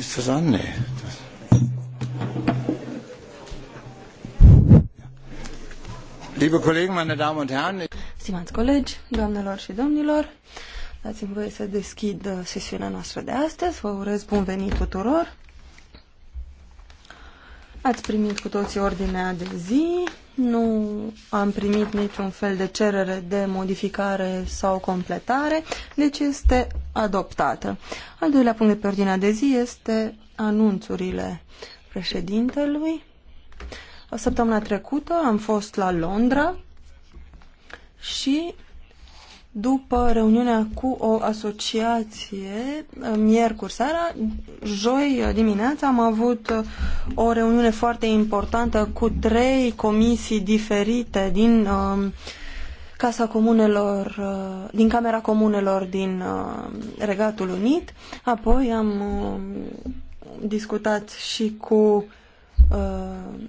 Ist das an? Nee. Liebe Kollegen, meine Damen und Herren. Stimați colegi, doamnelor și domnilor, dați-mi voie să deschid uh, sesiunea noastră de astăzi. Vă urez bun venit tuturor. Ați primit cu toții ordinea de zi. Nu am primit niciun fel de cerere de modificare sau completare, deci este adoptată. Al doilea punct de pe ordinea de zi este anunțurile președintelui. O săptămâna trecută am fost la Londra și după reuniunea cu o asociație miercuri seara, joi dimineața am avut o reuniune foarte importantă cu trei comisii diferite din um, Casa Comunelor, uh, din Camera Comunelor din uh, Regatul Unit. Apoi am um, discutat și cu uh,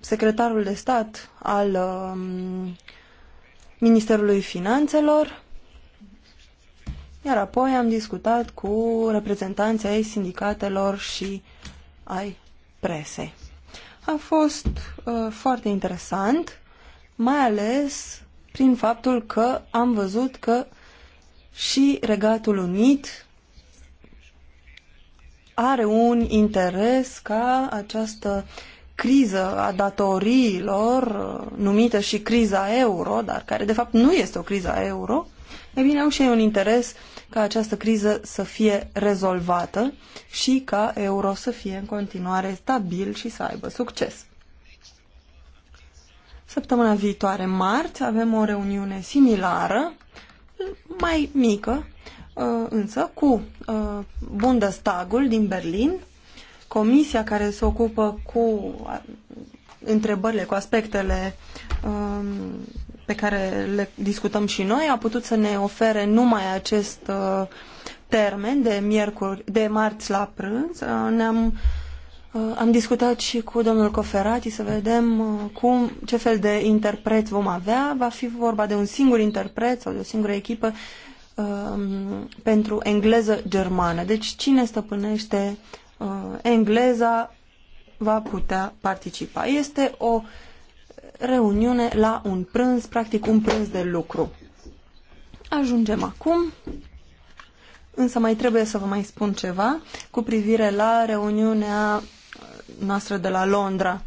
secretarul de stat al um, Ministerului Finanțelor, iar apoi am discutat cu reprezentanții ai sindicatelor și ai presei. A fost uh, foarte interesant, mai ales prin faptul că am văzut că și Regatul Unit are un interes ca această criză a datoriilor, uh, numită și criza euro, dar care de fapt nu este o criză a euro, e bine, au și ei un interes ca această criză să fie rezolvată și ca euro să fie în continuare stabil și să aibă succes. Săptămâna viitoare, marți, avem o reuniune similară, mai mică, uh, însă cu uh, Bundestagul din Berlin, comisia care se ocupă cu întrebările, cu aspectele um, pe care le discutăm și noi, a putut să ne ofere numai acest uh, termen de miercuri, de marți la prânz. Uh, ne-am uh, am discutat și cu domnul Coferati să vedem uh, cum, ce fel de interpret vom avea. Va fi vorba de un singur interpret sau de o singură echipă um, pentru engleză-germană. Deci cine stăpânește Uh, engleza va putea participa. Este o reuniune la un prânz, practic un prânz de lucru. Ajungem acum, însă mai trebuie să vă mai spun ceva cu privire la reuniunea noastră de la Londra.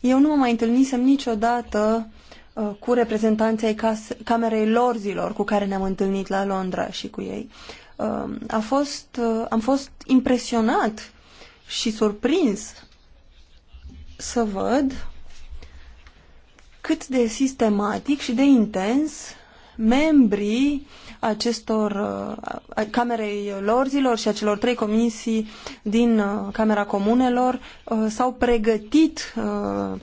Eu nu mă mai întâlnisem niciodată uh, cu reprezentanții Camerei Lorzilor cu care ne-am întâlnit la Londra și cu ei. Uh, a fost, uh, am fost impresionat și surprins să văd cât de sistematic și de intens membrii acestor uh, Camerei Lorzilor și a celor trei comisii din Camera Comunelor s-au pregătit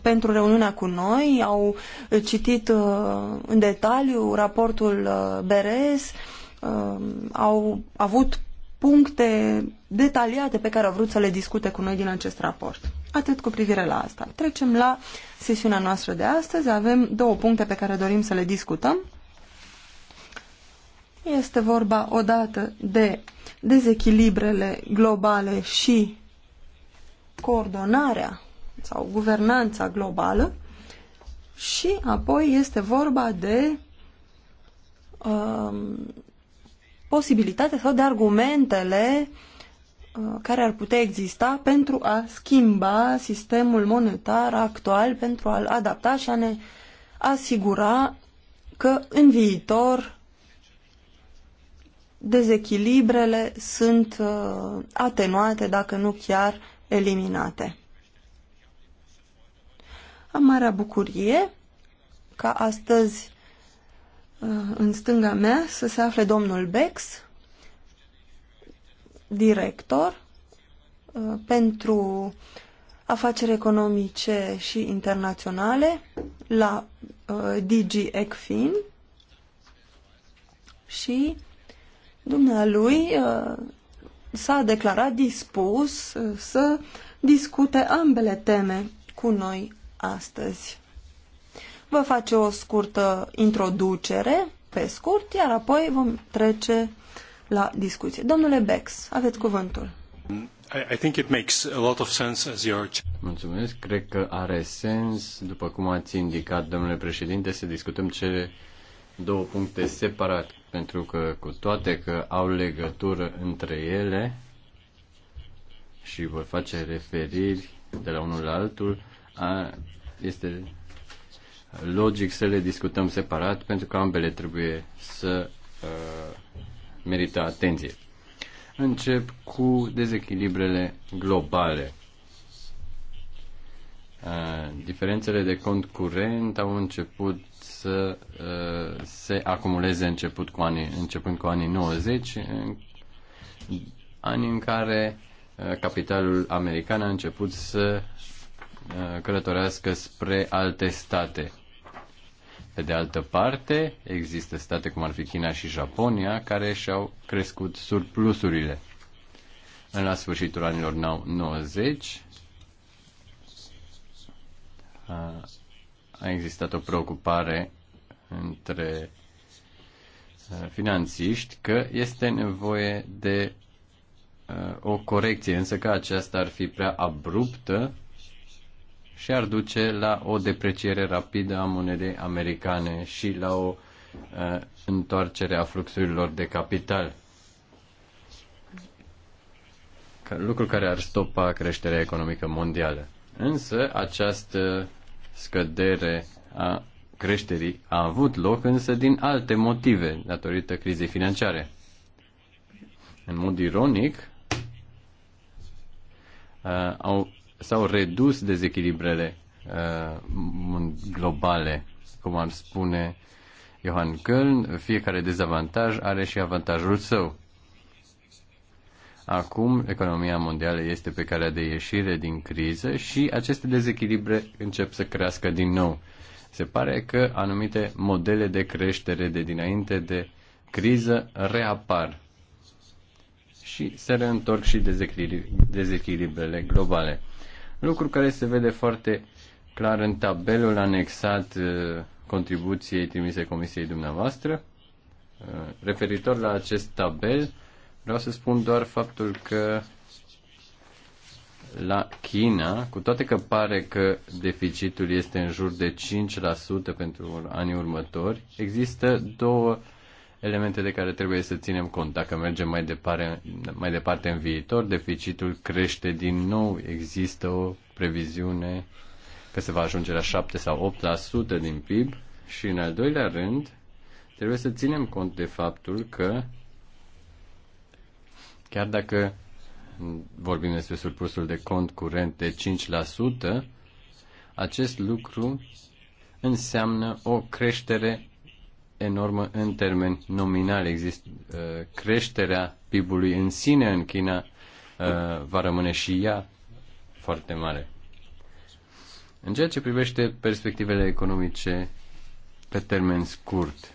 pentru reuniunea cu noi, au citit în detaliu raportul Beres, Um, au avut puncte detaliate pe care au vrut să le discute cu noi din acest raport. Atât cu privire la asta. Trecem la sesiunea noastră de astăzi. Avem două puncte pe care dorim să le discutăm. Este vorba odată de dezechilibrele globale și coordonarea sau guvernanța globală și apoi este vorba de um, posibilitate sau de argumentele uh, care ar putea exista pentru a schimba sistemul monetar actual, pentru a-l adapta și a ne asigura că în viitor dezechilibrele sunt uh, atenuate, dacă nu chiar eliminate. Am marea bucurie ca astăzi Uh, în stânga mea să se afle domnul Bex, director uh, pentru afaceri economice și internaționale la uh, DG ECFIN și dumnealui s-a declarat dispus să discute ambele teme cu noi astăzi vă face o scurtă introducere, pe scurt, iar apoi vom trece la discuție. Domnule Bex, aveți cuvântul. I think it makes a lot of sense as your... Mulțumesc. Cred că are sens, după cum ați indicat, domnule președinte, să discutăm cele două puncte separat, pentru că cu toate că au legătură între ele și vor face referiri de la unul la altul, a, este logic să le discutăm separat pentru că ambele trebuie să uh, merită atenție. Încep cu dezechilibrele globale. Uh, diferențele de cont curent au început să uh, se acumuleze început cu anii, începând cu anii 90, în, ani în care uh, capitalul american a început să uh, călătorească spre alte state. Pe de altă parte, există state cum ar fi China și Japonia care și-au crescut surplusurile. În la sfârșitul anilor 90 a existat o preocupare între finanțiști că este nevoie de o corecție, însă că aceasta ar fi prea abruptă și ar duce la o depreciere rapidă a monedei americane și la o uh, întoarcere a fluxurilor de capital. Lucru care ar stopa creșterea economică mondială. Însă această scădere a creșterii a avut loc însă din alte motive, datorită crizei financiare. În mod ironic, uh, au s-au redus dezechilibrele uh, globale, cum ar spune Johan Köln, fiecare dezavantaj are și avantajul său. Acum, economia mondială este pe calea de ieșire din criză și aceste dezechilibre încep să crească din nou. Se pare că anumite modele de creștere de dinainte de criză reapar și se reîntorc și dezechilibrele globale lucru care se vede foarte clar în tabelul anexat uh, contribuției trimise Comisiei dumneavoastră. Uh, referitor la acest tabel, vreau să spun doar faptul că la China, cu toate că pare că deficitul este în jur de 5% pentru anii următori, există două uh, elemente de care trebuie să ținem cont. Dacă mergem mai departe, mai departe în viitor, deficitul crește din nou, există o previziune că se va ajunge la 7 sau 8% din PIB și în al doilea rând trebuie să ținem cont de faptul că chiar dacă vorbim despre surplusul de cont curent de 5%, acest lucru înseamnă o creștere enormă în termeni nominali. Există uh, creșterea PIB-ului în sine în China uh, va rămâne și ea foarte mare. În ceea ce privește perspectivele economice pe termen scurt,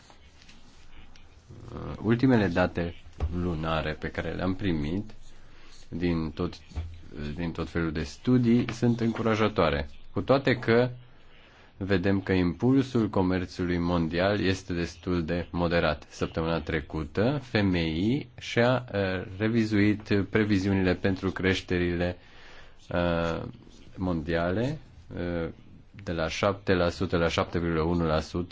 uh, ultimele date lunare pe care le-am primit din tot, din tot felul de studii sunt încurajatoare. Cu toate că vedem că impulsul comerțului mondial este destul de moderat. Săptămâna trecută, FMI și-a uh, revizuit previziunile pentru creșterile uh, mondiale uh, de la 7% la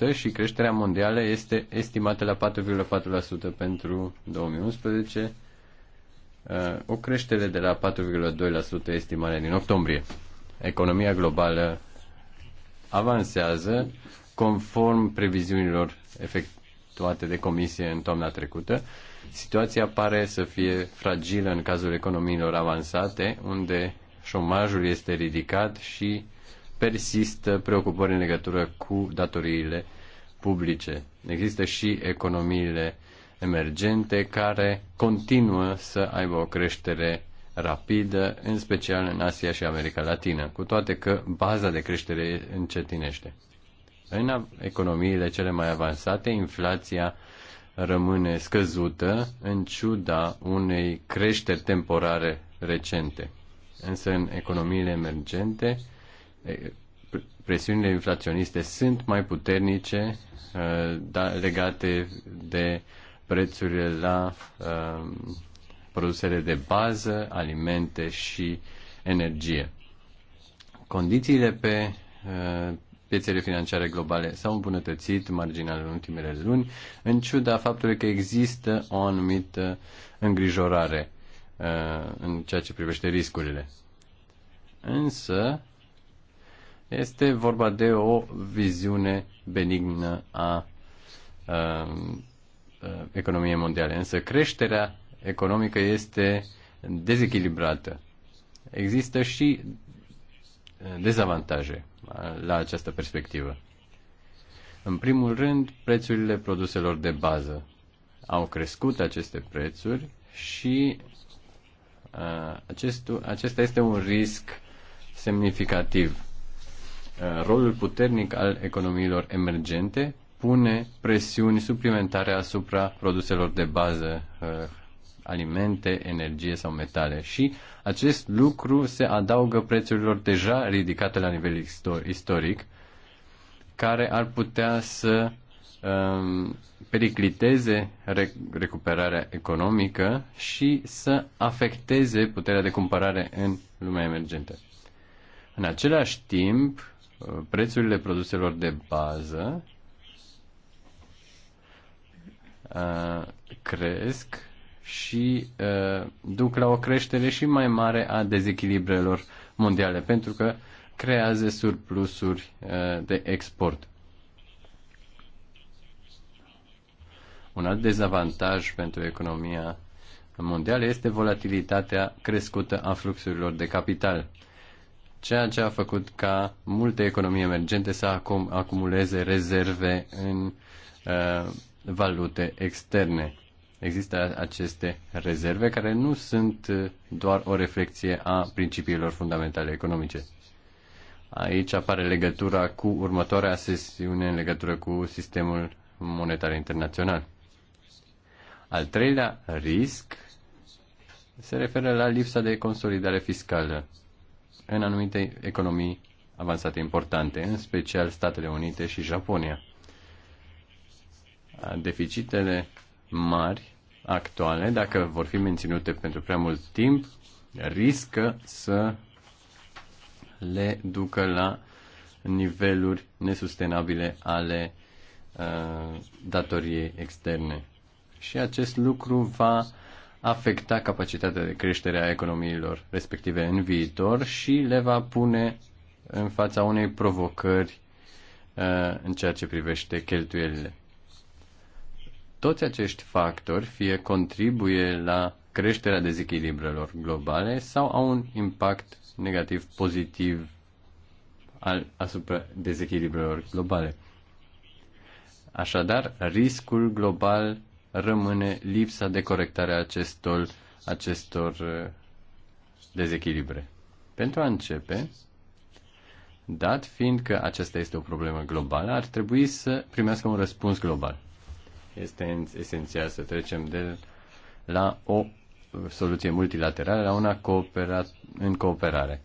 7,1% și creșterea mondială este estimată la 4,4% pentru 2011, o creștere de la 4,2% estimare din octombrie. Economia globală avansează conform previziunilor efectuate de comisie în toamna trecută. Situația pare să fie fragilă în cazul economiilor avansate, unde șomajul este ridicat și persistă preocupări în legătură cu datoriile publice. Există și economiile emergente care continuă să aibă o creștere rapidă, în special în Asia și America Latină, cu toate că baza de creștere încetinește. În economiile cele mai avansate, inflația rămâne scăzută în ciuda unei creșteri temporare recente. Însă în economiile emergente, presiunile inflaționiste sunt mai puternice uh, da, legate de prețurile la uh, produsele de bază, alimente și energie. Condițiile pe uh, piețele financiare globale s-au îmbunătățit marginal în ultimele luni, în ciuda faptului că există o anumită îngrijorare uh, în ceea ce privește riscurile. Însă, este vorba de o viziune benignă a uh, economiei mondiale. Însă creșterea economică este dezechilibrată. Există și uh, dezavantaje uh, la această perspectivă. În primul rând, prețurile produselor de bază. Au crescut aceste prețuri și uh, acesta este un risc semnificativ. Rolul puternic al economiilor emergente pune presiuni suplimentare asupra produselor de bază, alimente, energie sau metale. Și acest lucru se adaugă prețurilor deja ridicate la nivel istoric, care ar putea să um, pericliteze recuperarea economică și să afecteze puterea de cumpărare în lumea emergentă. În același timp, prețurile produselor de bază uh, cresc și duc la o creștere și mai mare a dezechilibrelor mondiale, pentru că creează surplusuri de export. Un alt dezavantaj pentru economia mondială este volatilitatea crescută a fluxurilor de capital, ceea ce a făcut ca multe economii emergente să acum, acumuleze rezerve în uh, valute externe există aceste rezerve care nu sunt uh, doar o reflexie a principiilor fundamentale economice. Aici apare legătura cu următoarea sesiune în legătură cu sistemul monetar internațional. Al treilea risc se referă la lipsa de consolidare fiscală în anumite economii avansate importante, în special Statele Unite și Japonia. Deficitele mari actuale, dacă vor fi menținute pentru prea mult timp, riscă să le ducă la niveluri nesustenabile ale uh, datoriei externe. Și acest lucru va afecta capacitatea de creștere a economiilor respective în viitor și le va pune în fața unei provocări uh, în ceea ce privește cheltuielile. Toți acești factori fie contribuie la creșterea dezechilibrelor globale sau au un impact negativ pozitiv al, asupra dezechilibrelor globale. Așadar, riscul global rămâne lipsa de corectare a acestor, acestor uh, dezechilibre. Pentru a începe, dat fiind că aceasta este o problemă globală, ar trebui să primească un răspuns global. Este esențial să trecem de la o soluție multilaterală la una coopera- în cooperare.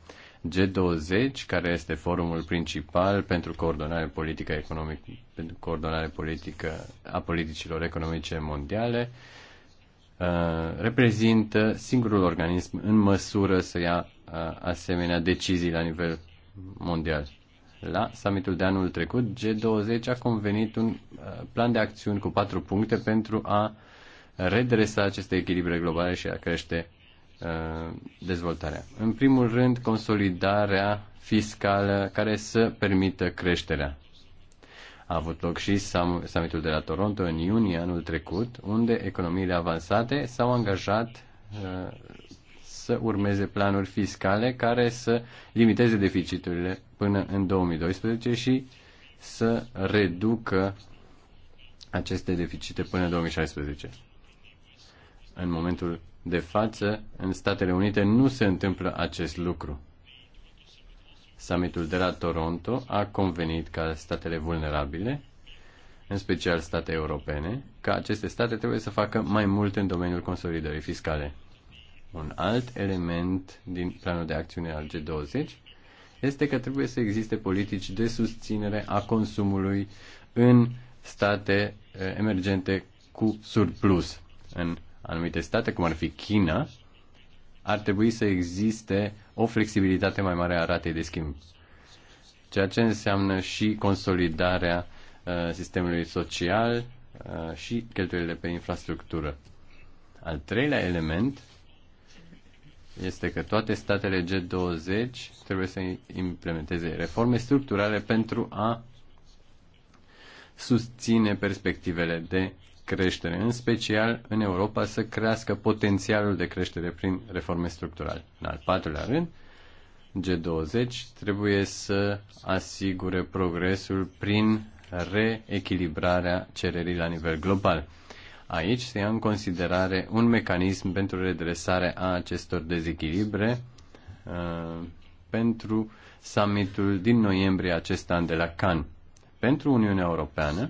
G20, care este forumul principal pentru coordonare politică, economic, pentru coordonare politică a politicilor economice mondiale, uh, reprezintă singurul organism în măsură să ia uh, asemenea decizii la nivel mondial. La summitul de anul trecut, G20 a convenit un uh, plan de acțiuni cu patru puncte pentru a redresa aceste echilibre globale și a crește uh, dezvoltarea. În primul rând, consolidarea fiscală care să permită creșterea. A avut loc și summitul de la Toronto în iunie anul trecut, unde economiile avansate s-au angajat uh, să urmeze planuri fiscale care să limiteze deficiturile până în 2012 și să reducă aceste deficite până în 2016. În momentul de față, în Statele Unite nu se întâmplă acest lucru. Summitul de la Toronto a convenit ca statele vulnerabile, în special state europene, că aceste state trebuie să facă mai mult în domeniul consolidării fiscale. Un alt element din planul de acțiune al G20 este că trebuie să existe politici de susținere a consumului în state eh, emergente cu surplus. În anumite state, cum ar fi China, ar trebui să existe o flexibilitate mai mare a ratei de schimb. Ceea ce înseamnă și consolidarea eh, sistemului social eh, și cheltuielile pe infrastructură. Al treilea element este că toate statele G20 trebuie să implementeze reforme structurale pentru a susține perspectivele de creștere, în special în Europa să crească potențialul de creștere prin reforme structurale. În al patrulea rând, G20 trebuie să asigure progresul prin reechilibrarea cererii la nivel global. Aici se ia în considerare un mecanism pentru redresarea a acestor dezechilibre uh, pentru summitul din noiembrie acest an de la Cannes. Pentru Uniunea Europeană,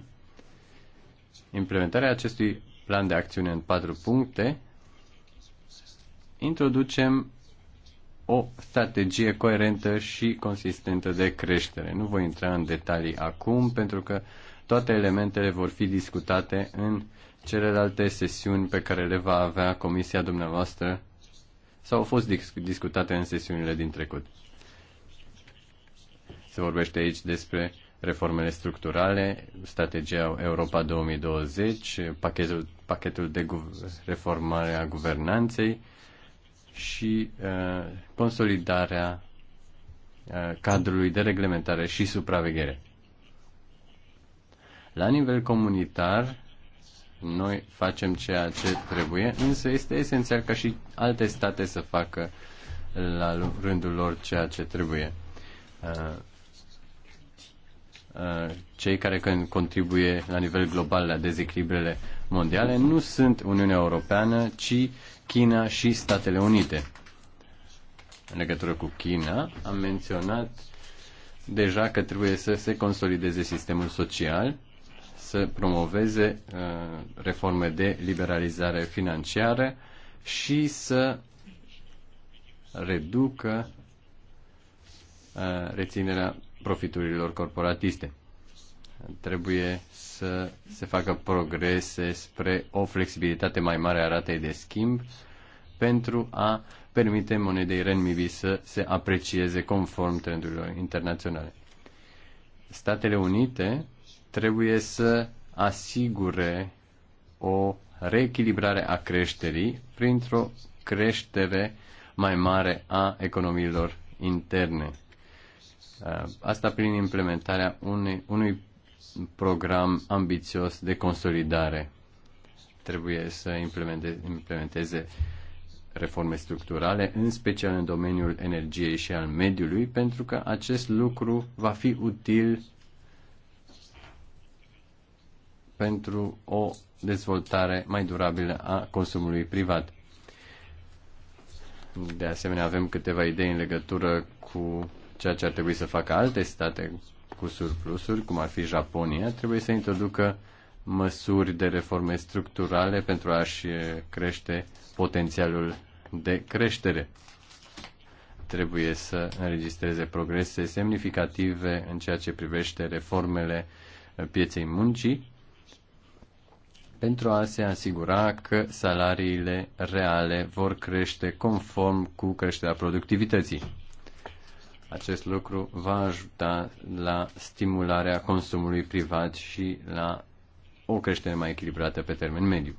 implementarea acestui plan de acțiune în patru puncte, introducem o strategie coerentă și consistentă de creștere. Nu voi intra în detalii acum, pentru că toate elementele vor fi discutate în Celelalte sesiuni pe care le va avea comisia dumneavoastră sau au fost discutate în sesiunile din trecut. Se vorbește aici despre reformele structurale, strategia Europa 2020, pachetul, pachetul de reformare a guvernanței și uh, consolidarea uh, cadrului de reglementare și supraveghere. La nivel comunitar, noi facem ceea ce trebuie, însă este esențial ca și alte state să facă la rândul lor ceea ce trebuie. Uh, uh, cei care contribuie la nivel global la dezechilibrele mondiale nu sunt Uniunea Europeană, ci China și Statele Unite. În legătură cu China, am menționat deja că trebuie să se consolideze sistemul social să promoveze uh, reforme de liberalizare financiară și să reducă uh, reținerea profiturilor corporatiste. Trebuie să se facă progrese spre o flexibilitate mai mare a ratei de schimb pentru a permite monedei renminbi să se aprecieze conform trendurilor internaționale. Statele Unite trebuie să asigure o reechilibrare a creșterii printr-o creștere mai mare a economiilor interne. Uh, asta prin implementarea unui, unui program ambițios de consolidare. Trebuie să implementeze, implementeze reforme structurale, în special în domeniul energiei și al mediului, pentru că acest lucru va fi util pentru o dezvoltare mai durabilă a consumului privat. De asemenea, avem câteva idei în legătură cu ceea ce ar trebui să facă alte state cu surplusuri, cum ar fi Japonia, trebuie să introducă măsuri de reforme structurale pentru a-și crește potențialul de creștere. Trebuie să înregistreze progrese semnificative în ceea ce privește reformele pieței muncii pentru a se asigura că salariile reale vor crește conform cu creșterea productivității. Acest lucru va ajuta la stimularea consumului privat și la o creștere mai echilibrată pe termen mediu.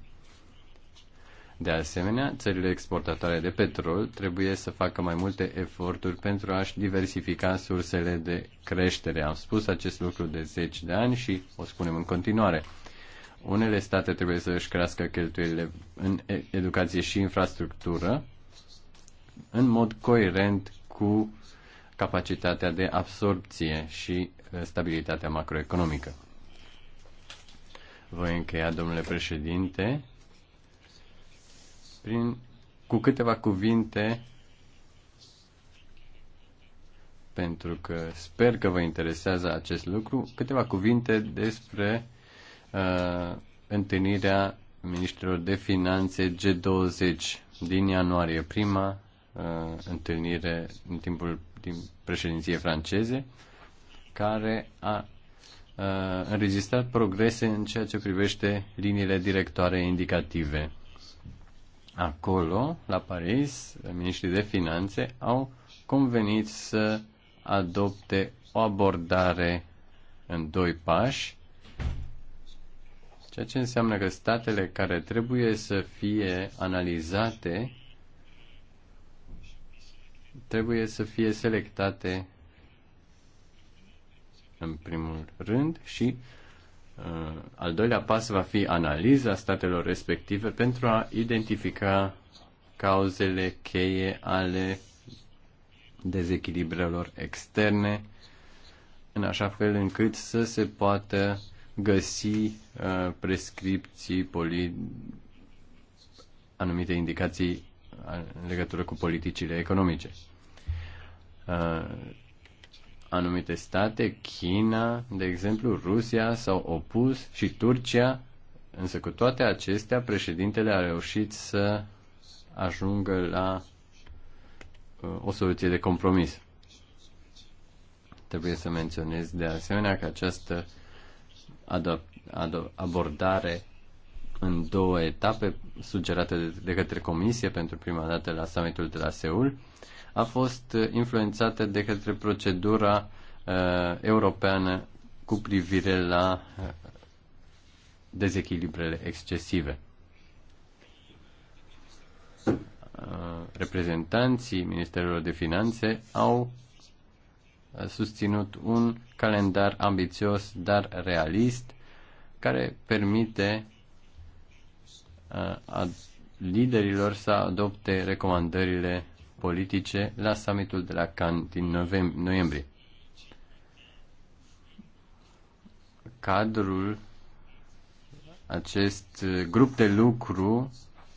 De asemenea, țările exportatoare de petrol trebuie să facă mai multe eforturi pentru a-și diversifica sursele de creștere. Am spus acest lucru de zeci de ani și o spunem în continuare. Unele state trebuie să își crească cheltuielile în educație și infrastructură în mod coerent cu capacitatea de absorpție și stabilitatea macroeconomică. Voi încheia, domnule președinte, prin, cu câteva cuvinte pentru că sper că vă interesează acest lucru, câteva cuvinte despre uh, întâlnirea ministrilor de finanțe G20 din ianuarie, prima uh, întâlnire în timpul din președinției franceze, care a uh, înregistrat progrese în ceea ce privește liniile directoare indicative. Acolo, la Paris, ministrii de finanțe au convenit să adopte o abordare în doi pași Ceea ce înseamnă că statele care trebuie să fie analizate trebuie să fie selectate în primul rând și uh, al doilea pas va fi analiza statelor respective pentru a identifica cauzele cheie ale dezechilibrelor externe în așa fel încât să se poată uh, găsi uh, prescripții, poli... anumite indicații uh, în legătură cu politicile economice. Uh, anumite state, China, de exemplu, Rusia s-au opus și Turcia, însă cu toate acestea, președintele a reușit să ajungă la o soluție de compromis. Trebuie să menționez de asemenea că această abordare în două etape sugerate de, către Comisie pentru prima dată la summitul de la Seul a fost influențată de către procedura uh, europeană cu privire la uh, dezechilibrele excesive. Uh, reprezentanții Ministerelor de Finanțe au susținut un calendar ambițios, dar realist, care permite uh, a liderilor să adopte recomandările politice la summitul de la Cannes din noiembrie. Cadrul acest grup de lucru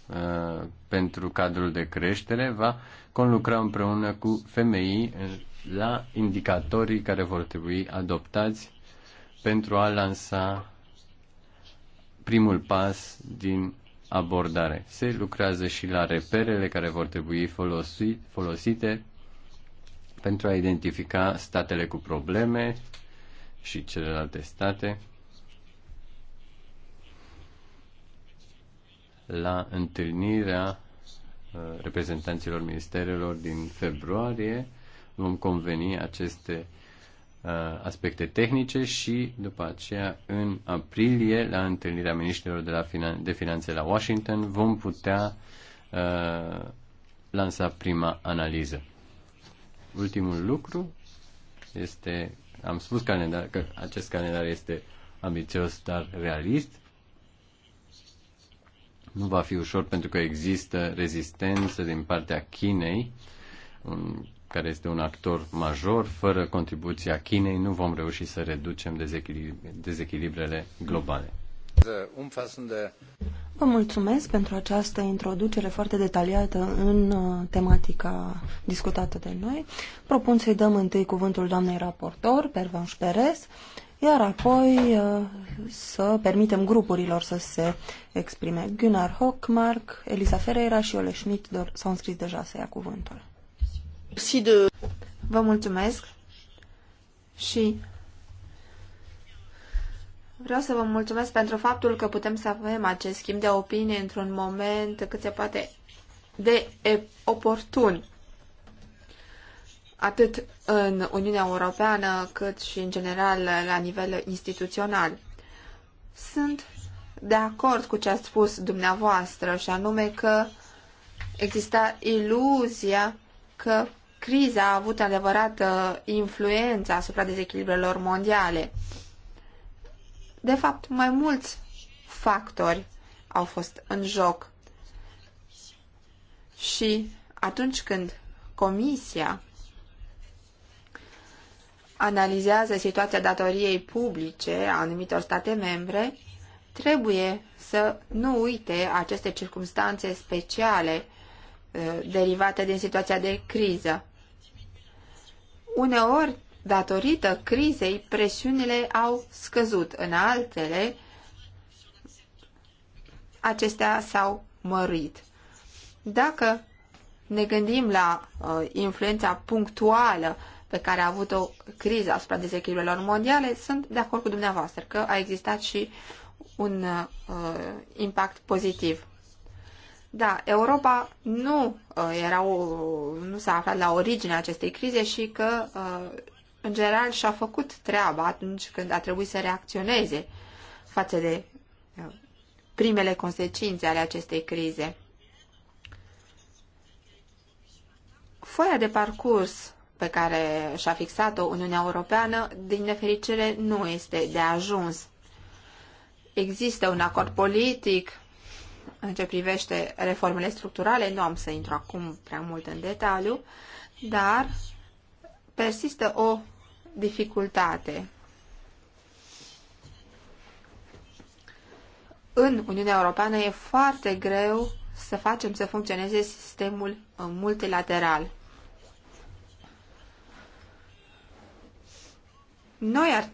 uh, pentru cadrul de creștere va conlucra împreună cu femei la indicatorii care vor trebui adoptați pentru a lansa primul pas din abordare. Se lucrează și la reperele care vor trebui folosi, folosite pentru a identifica statele cu probleme și celelalte state. La întâlnirea uh, reprezentanților ministerelor din februarie, vom conveni aceste uh, aspecte tehnice și după aceea în aprilie la întâlnirea ministrilor de, la finan- de finanțe la Washington vom putea uh, lansa prima analiză. Ultimul lucru este, am spus calendar, că acest calendar este ambițios, dar realist. Nu va fi ușor pentru că există rezistență din partea Chinei, un care este un actor major, fără contribuția Chinei nu vom reuși să reducem dezechilibrele globale. Vă mulțumesc pentru această introducere foarte detaliată în uh, tematica discutată de noi. Propun să-i dăm întâi cuvântul doamnei raportor, Pervanș Perez, iar apoi uh, să permitem grupurilor să se exprime. Gunnar Hockmark, Elisa Ferreira și Ole Schmidt s-au înscris deja să ia cuvântul. Vă mulțumesc și vreau să vă mulțumesc pentru faptul că putem să avem acest schimb de opinie într-un moment cât se poate de oportun atât în Uniunea Europeană, cât și în general la nivel instituțional. Sunt de acord cu ce ați spus dumneavoastră, și anume că exista iluzia că criza a avut adevărată influență asupra dezechilibrelor mondiale. De fapt, mai mulți factori au fost în joc. Și atunci când Comisia analizează situația datoriei publice a anumitor state membre, trebuie să nu uite aceste circunstanțe speciale eh, derivate din situația de criză. Uneori, datorită crizei, presiunile au scăzut. În altele, acestea s-au mărit. Dacă ne gândim la uh, influența punctuală pe care a avut-o criza asupra dezechilibrelor mondiale, sunt de acord cu dumneavoastră că a existat și un uh, impact pozitiv. Da, Europa nu uh, era o, nu s-a aflat la originea acestei crize și că uh, în general și-a făcut treaba atunci când a trebuit să reacționeze față de uh, primele consecințe ale acestei crize. Foaia de parcurs pe care și-a fixat-o Uniunea Europeană, din nefericire, nu este de ajuns. Există un acord politic în ce privește reformele structurale, nu am să intru acum prea mult în detaliu, dar persistă o dificultate. În Uniunea Europeană e foarte greu să facem să funcționeze sistemul uh, multilateral. Noi ar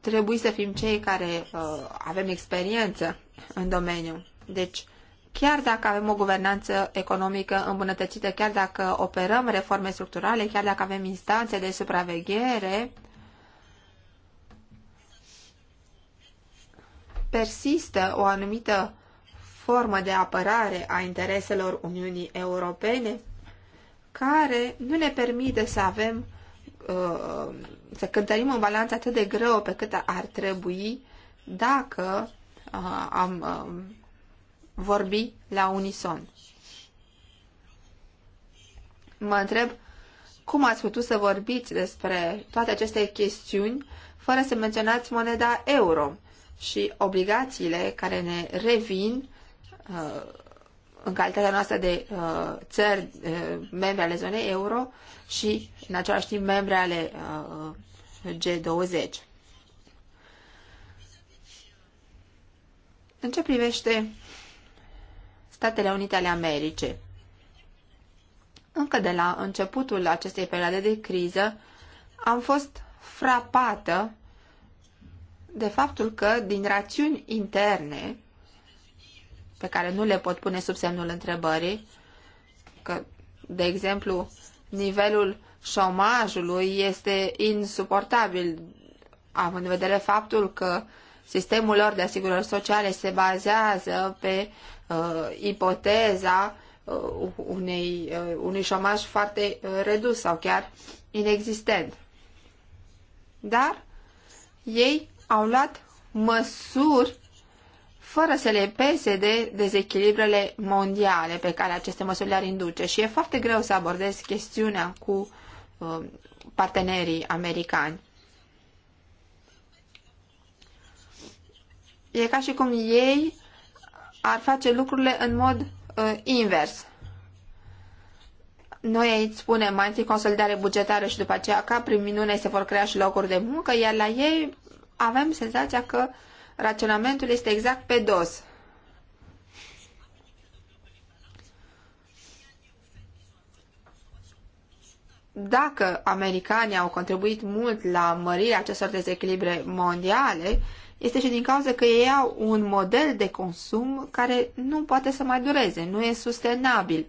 trebui să fim cei care uh, avem experiență în domeniu. Deci, chiar dacă avem o guvernanță economică îmbunătățită, chiar dacă operăm reforme structurale, chiar dacă avem instanțe de supraveghere, persistă o anumită formă de apărare a intereselor Uniunii Europene care nu ne permite să avem uh, să cântărim în balanță atât de greu pe cât ar trebui dacă uh, am uh, vorbi la unison. Mă întreb cum ați putut să vorbiți despre toate aceste chestiuni fără să menționați moneda euro și obligațiile care ne revin uh, în calitatea noastră de uh, țări uh, membre ale zonei euro și în același timp membre ale uh, G20. În ce privește Statele Unite ale Americii. Încă de la începutul acestei perioade de criză am fost frapată de faptul că, din rațiuni interne, pe care nu le pot pune sub semnul întrebării, că, de exemplu, nivelul șomajului este insuportabil, având în vedere faptul că sistemul lor de asigurări sociale se bazează pe uh, ipoteza uh, unei, uh, unui șomaj foarte uh, redus sau chiar inexistent. Dar ei au luat măsuri fără să le pese de dezechilibrele mondiale pe care aceste măsuri le-ar induce. Și e foarte greu să abordez chestiunea cu uh, partenerii americani. E ca și cum ei ar face lucrurile în mod uh, invers. Noi aici spunem mai întâi consolidare bugetară și după aceea ca prin minune se vor crea și locuri de muncă, iar la ei avem senzația că raționamentul este exact pe dos. Dacă americanii au contribuit mult la mărirea acestor dezechilibre mondiale, este și din cauza că ei au un model de consum care nu poate să mai dureze, nu e sustenabil.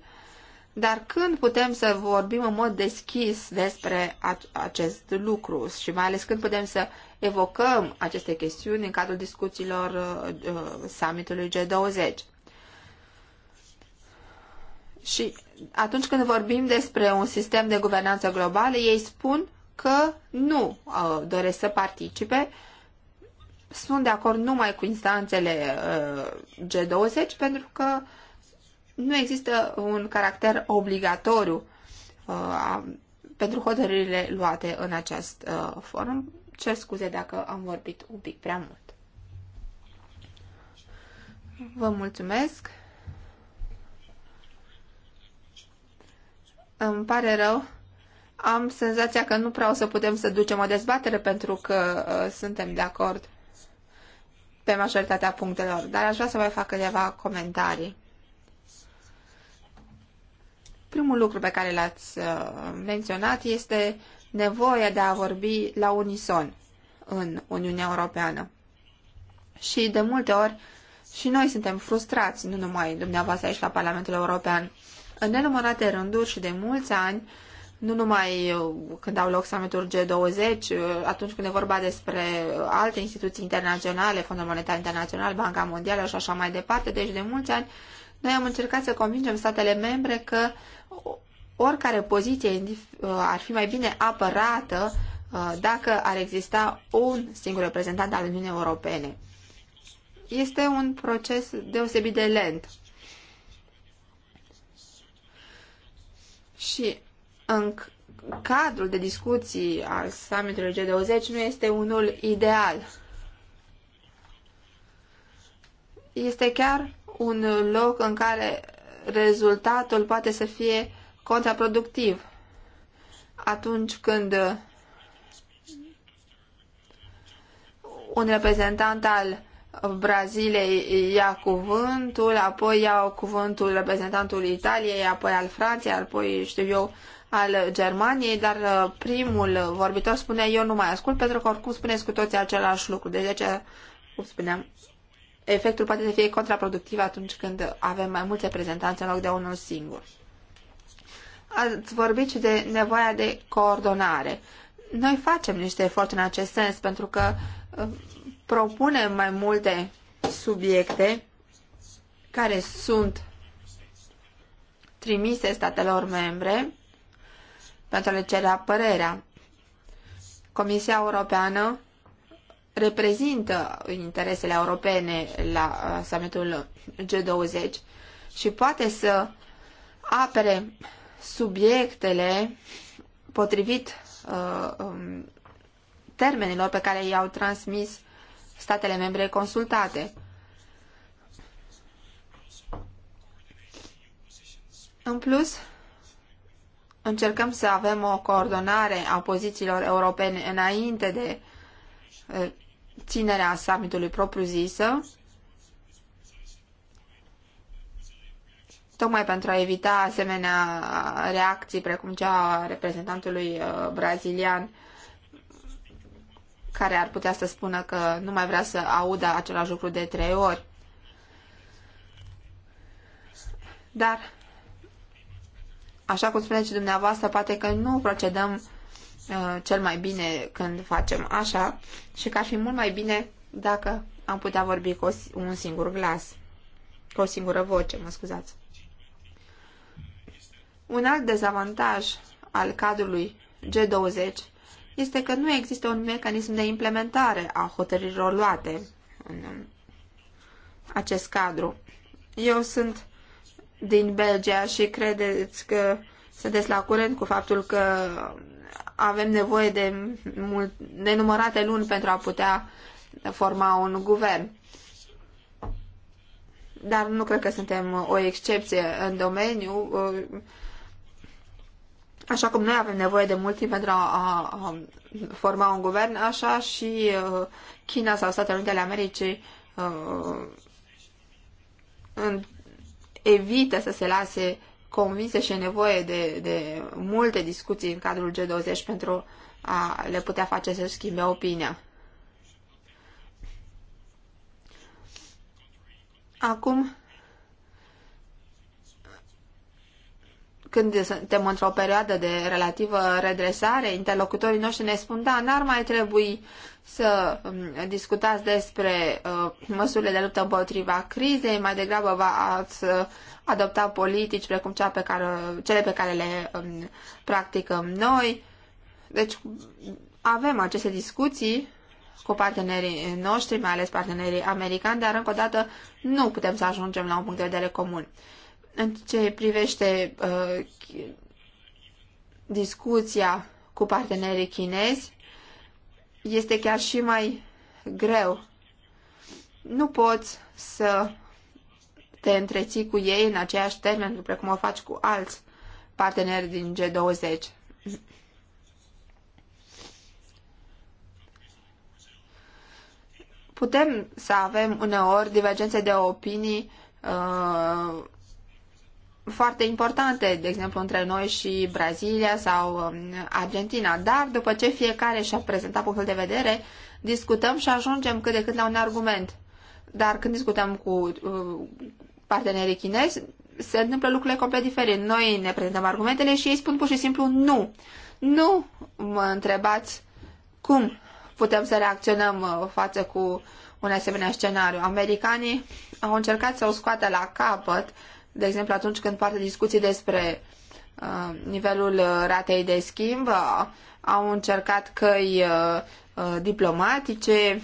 Dar când putem să vorbim în mod deschis despre acest lucru și mai ales când putem să evocăm aceste chestiuni în cadrul discuțiilor uh, uh, summitului G20? Și atunci când vorbim despre un sistem de guvernanță globală, ei spun că nu uh, doresc să participe sunt de acord numai cu instanțele uh, G20 pentru că nu există un caracter obligatoriu uh, pentru hotărârile luate în acest uh, forum. Cer scuze dacă am vorbit un pic prea mult. Vă mulțumesc. Îmi pare rău. Am senzația că nu prea o să putem să ducem o dezbatere pentru că uh, suntem de acord pe majoritatea punctelor, dar aș vrea să mai fac câteva comentarii. Primul lucru pe care l-ați uh, menționat este nevoia de a vorbi la unison în Uniunea Europeană. Și de multe ori și noi suntem frustrați, nu numai dumneavoastră aici la Parlamentul European. În nenumărate rânduri și de mulți ani, nu numai uh, când au loc summitul G20, uh, atunci când e vorba despre uh, alte instituții internaționale, Fondul Monetar Internațional, Banca Mondială și așa mai departe. Deci de mulți ani noi am încercat să convingem statele membre că oricare poziție ar fi mai bine apărată dacă ar exista un singur reprezentant al Uniunii Europene. Este un proces deosebit de lent. Și în cadrul de discuții al summitului G20 nu este unul ideal. Este chiar un loc în care rezultatul poate să fie contraproductiv. Atunci când un reprezentant al Braziliei ia cuvântul, apoi ia cuvântul reprezentantului Italiei, apoi al Franței, apoi, știu eu, al Germaniei, dar uh, primul vorbitor spunea eu nu mai ascult pentru că oricum spuneți cu toții același lucru. Deci, de deci, ce? cum spuneam, efectul poate să fie contraproductiv atunci când avem mai multe reprezentanți în loc de unul singur. Ați vorbit și de nevoia de coordonare. Noi facem niște eforturi în acest sens pentru că uh, propunem mai multe subiecte care sunt trimise statelor membre pentru a le cere părerea. Comisia Europeană reprezintă interesele europene la uh, summitul G20 și poate să apere subiectele potrivit uh, um, termenilor pe care i-au transmis statele membre consultate. În plus, încercăm să avem o coordonare a pozițiilor europene înainte de ținerea summitului propriu-zisă, tocmai pentru a evita asemenea reacții precum cea a reprezentantului brazilian care ar putea să spună că nu mai vrea să audă același lucru de trei ori. Dar așa cum spuneți și dumneavoastră, poate că nu procedăm uh, cel mai bine când facem așa și că ar fi mult mai bine dacă am putea vorbi cu un singur glas, cu o singură voce, mă scuzați. Un alt dezavantaj al cadrului G20 este că nu există un mecanism de implementare a hotărârilor luate în acest cadru. Eu sunt din Belgia și credeți că sunteți la curent cu faptul că avem nevoie de mult, nenumărate luni pentru a putea forma un guvern. Dar nu cred că suntem o excepție în domeniu. Așa cum noi avem nevoie de mult timp pentru a, a, a forma un guvern, așa și uh, China sau Statele Unite ale Americii uh, în evită să se lase convinse și e nevoie de, de multe discuții în cadrul G20 pentru a le putea face să schimbe opinia. Acum, când suntem într-o perioadă de relativă redresare, interlocutorii noștri ne spun, da, n-ar mai trebui să mm, discutați despre uh, măsurile de luptă împotriva crizei, mai degrabă va ați uh, adopta politici precum cea pe care, cele pe care le um, practicăm noi. Deci avem aceste discuții cu partenerii noștri, mai ales partenerii americani, dar încă o dată nu putem să ajungem la un punct de vedere comun. În ce privește uh, discuția cu partenerii chinezi, este chiar și mai greu. Nu poți să te întreții cu ei în aceeași termen, cum o faci cu alți parteneri din G20. Putem să avem uneori divergențe de opinii uh, foarte importante, de exemplu, între noi și Brazilia sau um, Argentina, dar după ce fiecare și-a prezentat punctul de vedere, discutăm și ajungem cât de cât la un argument. Dar când discutăm cu uh, partenerii chinezi, se întâmplă lucrurile complet diferite. Noi ne prezentăm argumentele și ei spun pur și simplu nu. Nu mă întrebați cum putem să reacționăm uh, față cu un asemenea scenariu. Americanii au încercat să o scoată la capăt de exemplu atunci când poartă discuții despre uh, nivelul uh, ratei de schimb, uh, au încercat căi uh, uh diplomatice,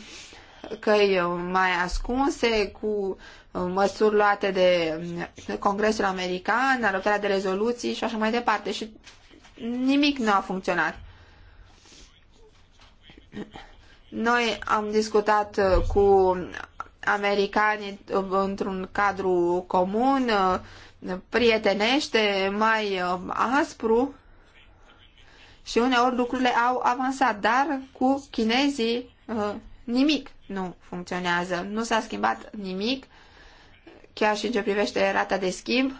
căi uh, mai ascunse, cu măsuri luate de Congresul American, adoptarea de rezoluții și așa mai departe. Și nimic nu a funcționat. Noi am discutat cu americani într-un cadru comun, prietenește, mai uh, aspru și uneori lucrurile au avansat, dar cu chinezii uh, nimic nu funcționează. Nu s-a schimbat nimic, chiar și în ce privește rata de schimb.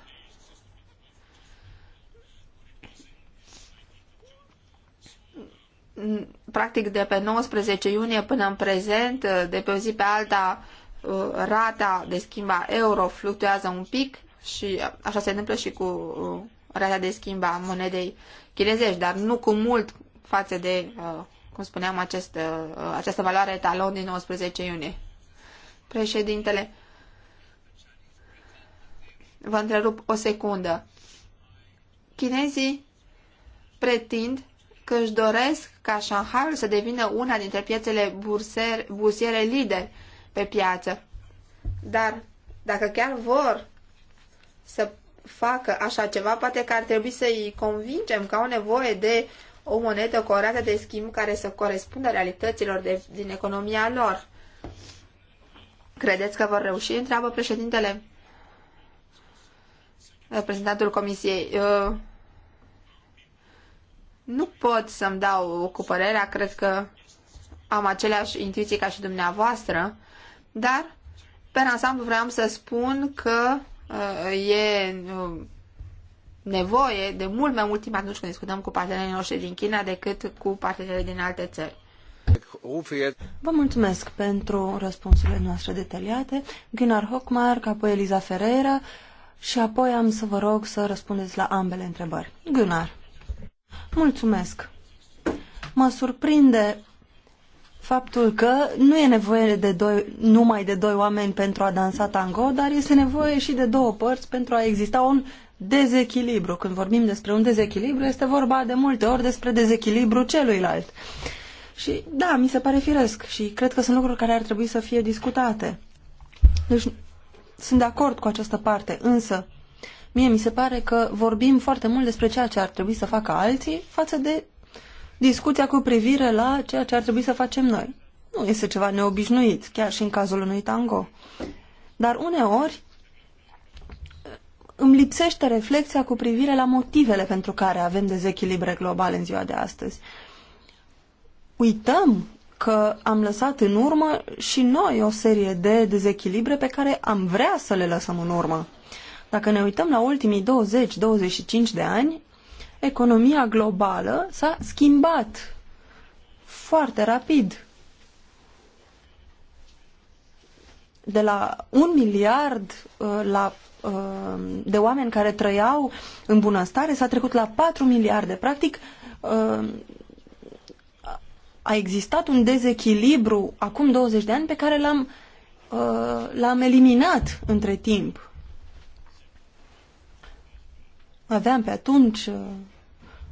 Practic de pe 19 iunie până în prezent, de pe o zi pe alta, Uh, rata de schimb a euro fluctuează un pic și așa se întâmplă și cu uh, rata de schimb a monedei chinezești, dar nu cu mult față de, uh, cum spuneam, acest, această valoare talon din 19 iunie. Președintele, vă întrerup o secundă. Chinezii pretind că își doresc ca Shanghai să devină una dintre piețele bursiere lideri pe piață. Dar dacă chiar vor să facă așa ceva, poate că ar trebui să-i convingem că au nevoie de o monedă cu o rată de schimb care să corespundă realităților de, din economia lor. Credeți că vor reuși? Întreabă președintele reprezentantul comisiei. Eu uh, nu pot să-mi dau cu părerea, cred că am aceleași intuiții ca și dumneavoastră, dar, pe ansamblu, vreau să spun că uh, e uh, nevoie de mult mai mult timp atunci când discutăm cu partenerii noștri din China decât cu partenerii din alte țări. Vă mulțumesc pentru răspunsurile noastre detaliate. Gunnar Hockmark, apoi Eliza Ferreira și apoi am să vă rog să răspundeți la ambele întrebări. Gunnar. Mulțumesc. Mă surprinde faptul că nu e nevoie de doi, numai de doi oameni pentru a dansa tango, dar este nevoie și de două părți pentru a exista un dezechilibru. Când vorbim despre un dezechilibru, este vorba de multe ori despre dezechilibru celuilalt. Și da, mi se pare firesc și cred că sunt lucruri care ar trebui să fie discutate. Deci sunt de acord cu această parte, însă mie mi se pare că vorbim foarte mult despre ceea ce ar trebui să facă alții față de discuția cu privire la ceea ce ar trebui să facem noi. Nu este ceva neobișnuit, chiar și în cazul unui tango. Dar uneori îmi lipsește reflexia cu privire la motivele pentru care avem dezechilibre globale în ziua de astăzi. Uităm că am lăsat în urmă și noi o serie de dezechilibre pe care am vrea să le lăsăm în urmă. Dacă ne uităm la ultimii 20-25 de ani, economia globală s-a schimbat foarte rapid. De la un miliard uh, la, uh, de oameni care trăiau în bunăstare s-a trecut la 4 miliarde. Practic, uh, a existat un dezechilibru acum 20 de ani pe care l-am, l-am eliminat între timp aveam pe atunci, uh,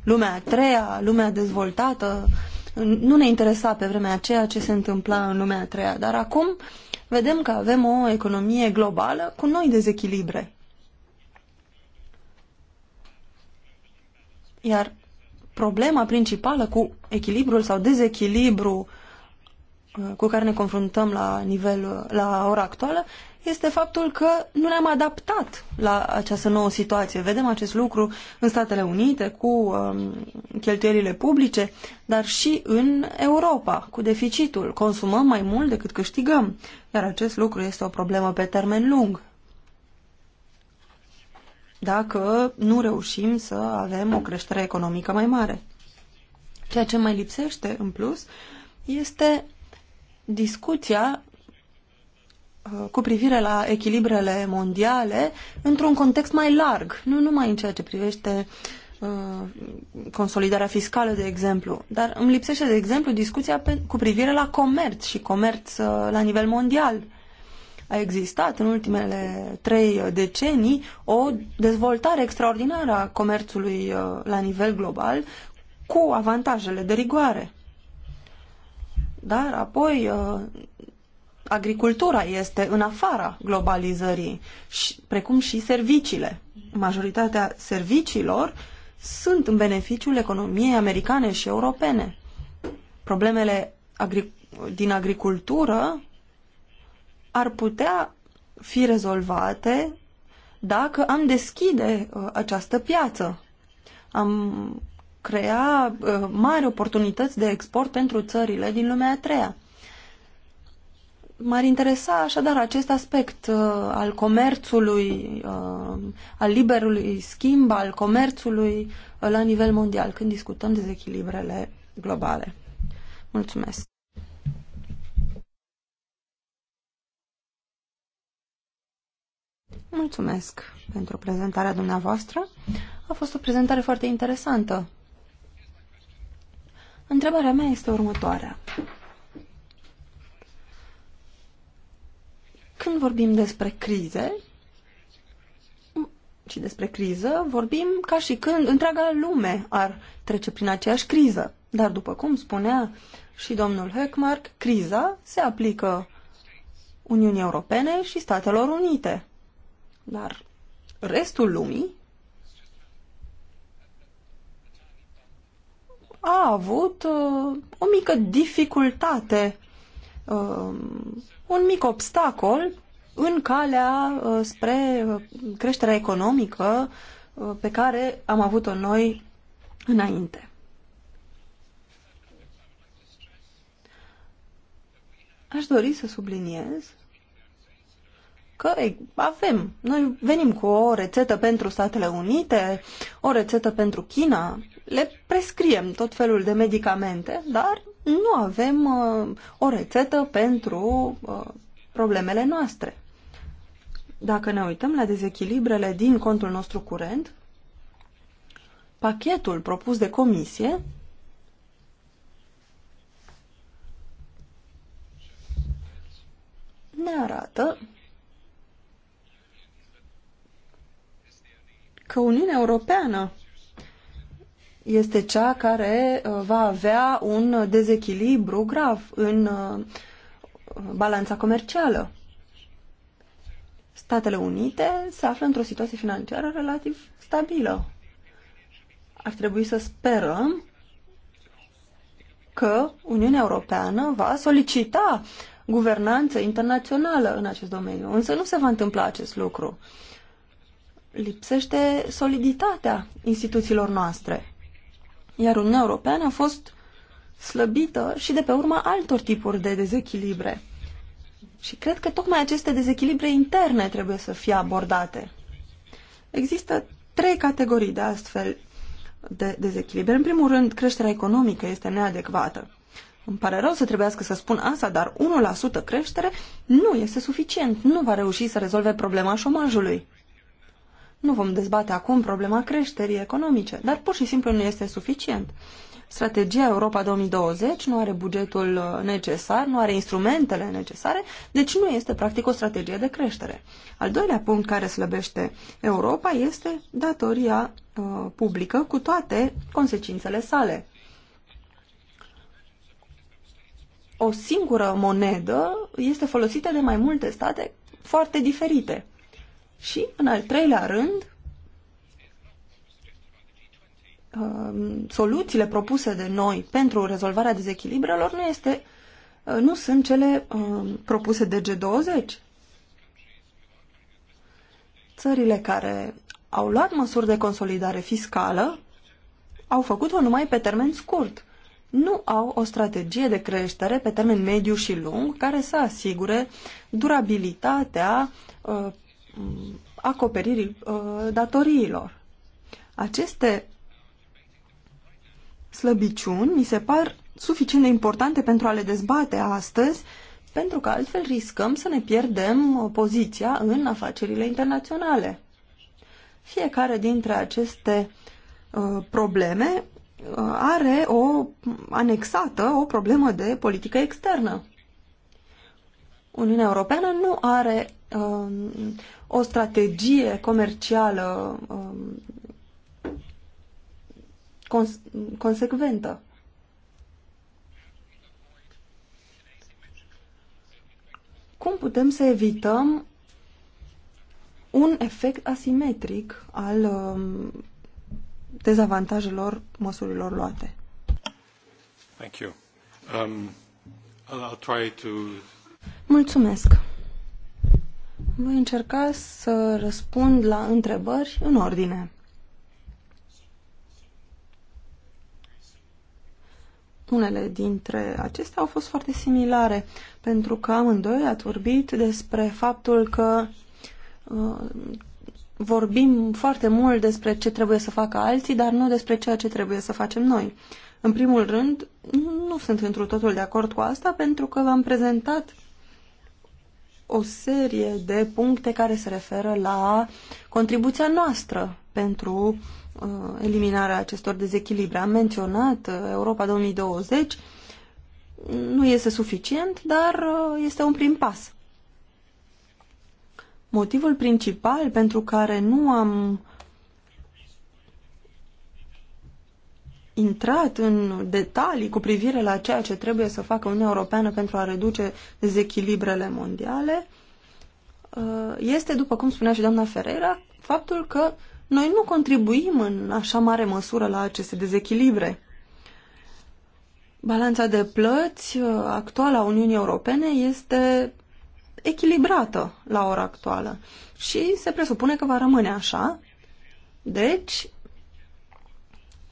lumea a treia, lumea dezvoltată, nu ne interesa pe vremea aceea ce se întâmpla în lumea a treia, dar acum vedem că avem o economie globală cu noi dezechilibre. Iar problema principală cu echilibrul sau dezechilibru uh, cu care ne confruntăm la nivel la ora actuală este faptul că nu ne-am adaptat la această nouă situație. Vedem acest lucru în Statele Unite cu um, cheltuielile publice, dar și în Europa cu deficitul. Consumăm mai mult decât câștigăm, iar acest lucru este o problemă pe termen lung. Dacă nu reușim să avem o creștere economică mai mare. Ceea ce mai lipsește, în plus, este discuția Uh, cu privire la echilibrele mondiale într-un context mai larg, nu numai în ceea ce privește uh, consolidarea fiscală, de exemplu. Dar îmi lipsește, de exemplu, discuția pe, cu privire la comerț și comerț uh, la nivel mondial. A existat în ultimele trei decenii o dezvoltare extraordinară a comerțului la nivel global cu avantajele de rigoare. Dar apoi agricultura este în afara globalizării, precum și serviciile. Majoritatea serviciilor sunt în beneficiul economiei americane și europene. Problemele agri din agricultură ar putea fi rezolvate dacă am deschide uh, această piață. Am crea uh, mari oportunități de export pentru țările din lumea a treia. M-ar interesa așadar acest aspect uh, al comerțului, uh, al liberului schimb, al comerțului uh, la nivel mondial, când discutăm dezechilibrele globale. Mulțumesc! Mulțumesc pentru prezentarea dumneavoastră. A fost o prezentare foarte interesantă. Întrebarea mea este următoarea. Când vorbim despre crize și despre criză, vorbim ca și când întreaga lume ar trece prin aceeași criză. Dar după cum spunea și domnul Heckmark, criza se aplică Uniunii Europene și Statelor Unite. Dar restul lumii a avut uh, o mică dificultate uh, un mic obstacol în calea uh, spre uh, creșterea economică uh, pe care am avut-o noi înainte. Aș dori să subliniez că avem, noi venim cu o rețetă pentru Statele Unite, o rețetă pentru China, le prescriem tot felul de medicamente, dar nu avem uh, o rețetă pentru uh, problemele noastre. Dacă ne uităm la dezechilibrele din contul nostru curent, pachetul propus de comisie ne arată că Uniunea Europeană este cea care uh, va avea un dezechilibru grav în uh, balanța comercială. Statele Unite se află într-o situație financiară relativ stabilă. Ar trebui să sperăm că Uniunea Europeană va solicita guvernanță internațională în acest domeniu, însă nu se va întâmpla acest lucru. Lipsește soliditatea instituțiilor noastre iar Uniunea Europeană a fost slăbită și de pe urma altor tipuri de dezechilibre. Și cred că tocmai aceste dezechilibre interne trebuie să fie abordate. Există trei categorii de astfel de dezechilibre. În primul rând, creșterea economică este neadecvată. Îmi pare rău să trebuiască să spun asta, dar 1% creștere nu este suficient, nu va reuși să rezolve problema șomajului. Nu vom dezbate acum problema creșterii economice, dar pur și simplu nu este suficient. Strategia Europa 2020 nu are bugetul uh, necesar, nu are instrumentele necesare, deci nu este practic o strategie de creștere. Al doilea punct care slăbește Europa este datoria uh, publică cu toate consecințele sale. O singură monedă este folosită de mai multe state foarte diferite. Și, în al treilea rând, um, soluțiile propuse de noi pentru rezolvarea dezechilibrelor nu, este, uh, nu sunt cele um, propuse de G20. Țările care au luat măsuri de consolidare fiscală au făcut-o numai pe termen scurt. Nu au o strategie de creștere pe termen mediu și lung care să asigure durabilitatea uh, acoperirii uh, datoriilor. Aceste slăbiciuni mi se par suficient de importante pentru a le dezbate astăzi, pentru că altfel riscăm să ne pierdem uh, poziția în afacerile internaționale. Fiecare dintre aceste uh, probleme are o anexată o problemă de politică externă. Uniunea Europeană nu are uh, o strategie comercială um, cons consecventă. Cum putem să evităm un efect asimetric al um, dezavantajelor măsurilor luate? Thank you. Um, I'll try to... Mulțumesc. Voi încerca să răspund la întrebări în ordine. Unele dintre acestea au fost foarte similare, pentru că amândoi ați vorbit despre faptul că uh, vorbim foarte mult despre ce trebuie să facă alții, dar nu despre ceea ce trebuie să facem noi. În primul rând, nu sunt într totul de acord cu asta, pentru că v-am prezentat o serie de puncte care se referă la contribuția noastră pentru uh, eliminarea acestor dezechilibre. Am menționat uh, Europa 2020, nu este suficient, dar uh, este un prim pas. Motivul principal pentru care nu am intrat în detalii cu privire la ceea ce trebuie să facă Uniunea Europeană pentru a reduce dezechilibrele mondiale uh, este, după cum spunea și doamna Ferreira, faptul că noi nu contribuim în așa mare măsură la aceste dezechilibre. Balanța de plăți uh, actuală a Uniunii Europene este echilibrată la ora actuală și se presupune că va rămâne așa. Deci,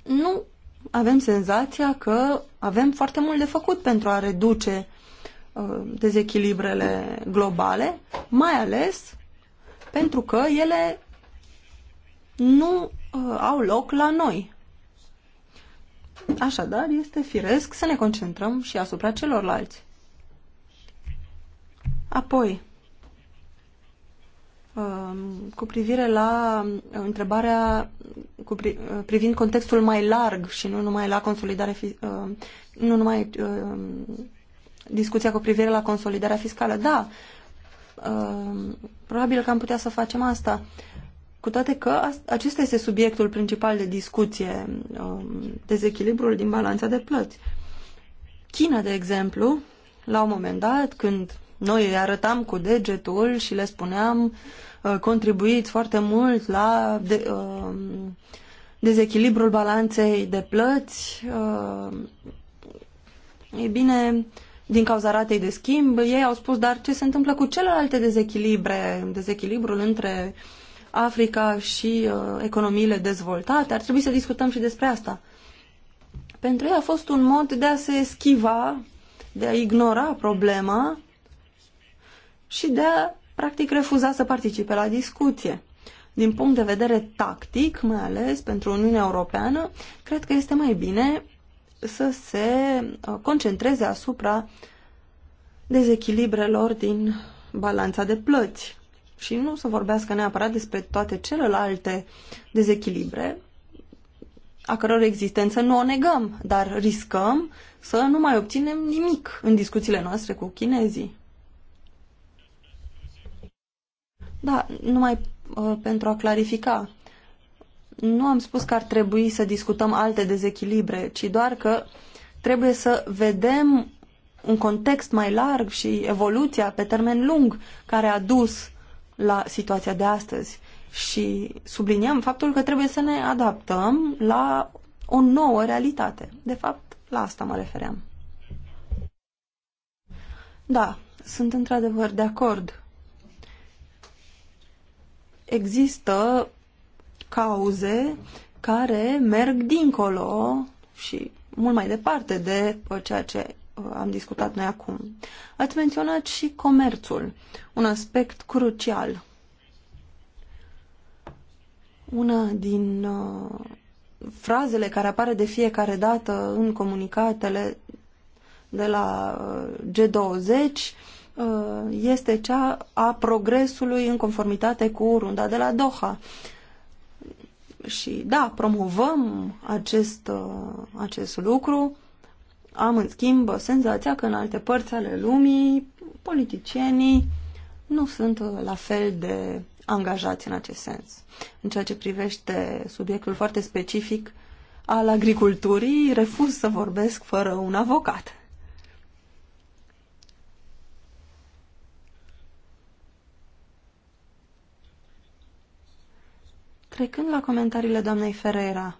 nu avem senzația că avem foarte mult de făcut pentru a reduce uh, dezechilibrele globale, mai ales pentru că ele nu uh, au loc la noi. Așadar, este firesc să ne concentrăm și asupra celorlalți. Apoi, Um, cu privire la um, întrebarea cu pri, uh, privind contextul mai larg și nu numai la consolidare, um, nu numai discuția cu privire la consolidarea fiscală. Da, probabil că am putea să facem asta. Cu toate că acesta este subiectul principal de discuție, dezechilibrul din balanța de plăți. China, de exemplu, la un moment dat, când noi îi arătam cu degetul și le spuneam uh, contribuit foarte mult la de, uh, dezechilibrul balanței de plăți. Uh, e bine, din cauza ratei de schimb, ei au spus, dar ce se întâmplă cu celelalte dezechilibre, dezechilibrul între Africa și uh, economiile dezvoltate? Ar trebui să discutăm și despre asta. Pentru ei a fost un mod de a se schiva, de a ignora problema și de a, practic, refuza să participe la discuție. Din punct de vedere tactic, mai ales pentru Uniunea Europeană, cred că este mai bine să se uh, concentreze asupra dezechilibrelor din balanța de plăți și nu să vorbească neapărat despre toate celelalte dezechilibre a căror existență nu o negăm, dar riscăm să nu mai obținem nimic în discuțiile noastre cu chinezii. Da, numai uh, pentru a clarifica. Nu am spus că ar trebui să discutăm alte dezechilibre, ci doar că trebuie să vedem un context mai larg și evoluția pe termen lung care a dus la situația de astăzi. Și subliniem faptul că trebuie să ne adaptăm la o nouă realitate. De fapt, la asta mă refeream. Da, sunt într-adevăr de acord există cauze care merg dincolo și mult mai departe de uh, ceea ce uh, am discutat noi acum. Ați menționat și comerțul, un aspect crucial. Una din uh, frazele care apare de fiecare dată în comunicatele de la uh, G20 Uh, este cea a progresului în conformitate cu runda de la Doha. Și da, promovăm acest, uh, acest lucru. Am, în schimb, senzația că în alte părți ale lumii politicienii nu sunt uh, la fel de angajați în acest sens. În ceea ce privește subiectul foarte specific al agriculturii, refuz să vorbesc fără un avocat. Trecând la comentariile doamnei Ferreira,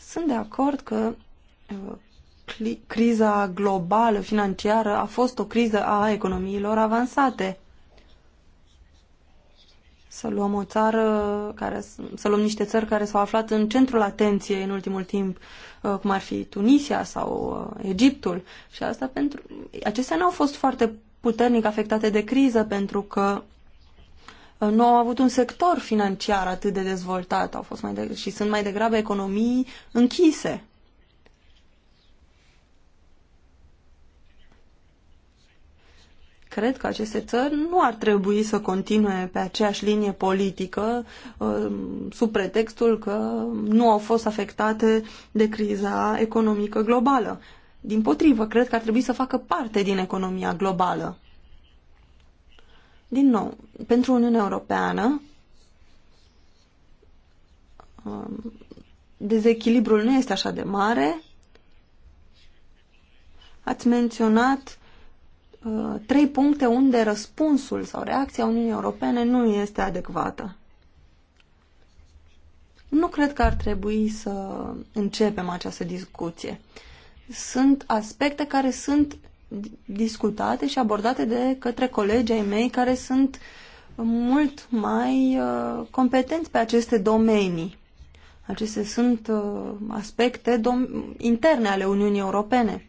sunt de acord că uh, criza globală financiară a fost o criză a economiilor avansate. Să luăm o țară care, să luăm niște țări care s-au aflat în centrul atenției în ultimul timp, uh, cum ar fi Tunisia sau uh, Egiptul. Și asta pentru. Acestea nu au fost foarte puternic afectate de criză pentru că nu au avut un sector financiar atât de dezvoltat au fost mai de- și sunt mai degrabă economii închise. Cred că aceste țări nu ar trebui să continue pe aceeași linie politică ă, sub pretextul că nu au fost afectate de criza economică globală. Din potrivă, cred că ar trebui să facă parte din economia globală. Din nou, pentru Uniunea Europeană, um, dezechilibrul nu este așa de mare. Ați menționat uh, trei puncte unde răspunsul sau reacția Uniunii Europene nu este adecvată. Nu cred că ar trebui să începem această discuție. Sunt aspecte care sunt discutate și abordate de către colegii ai mei care sunt mult mai uh, competenți pe aceste domenii. Aceste sunt uh, aspecte interne ale Uniunii Europene.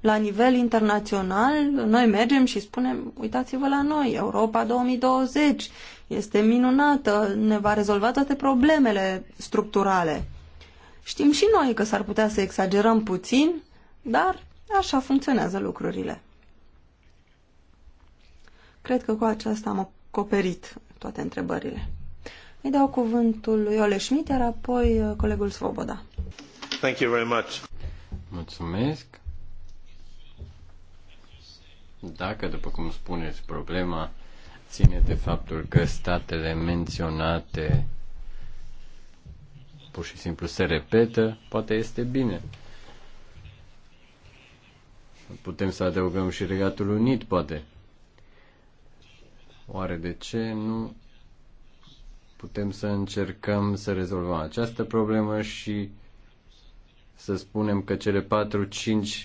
La nivel internațional, noi mergem și spunem, uitați-vă la noi, Europa 2020 este minunată, ne va rezolva toate problemele structurale. Știm și noi că s-ar putea să exagerăm puțin, dar Așa funcționează lucrurile. Cred că cu aceasta am acoperit toate întrebările. Îi dau cuvântul lui Ole Schmidt, iar apoi uh, colegul Svoboda. Thank you very much. Mulțumesc. Dacă, după cum spuneți, problema ține de faptul că statele menționate pur și simplu se repetă, poate este bine putem să adăugăm și Regatul Unit, poate. Oare de ce nu putem să încercăm să rezolvăm această problemă și să spunem că cele 4-5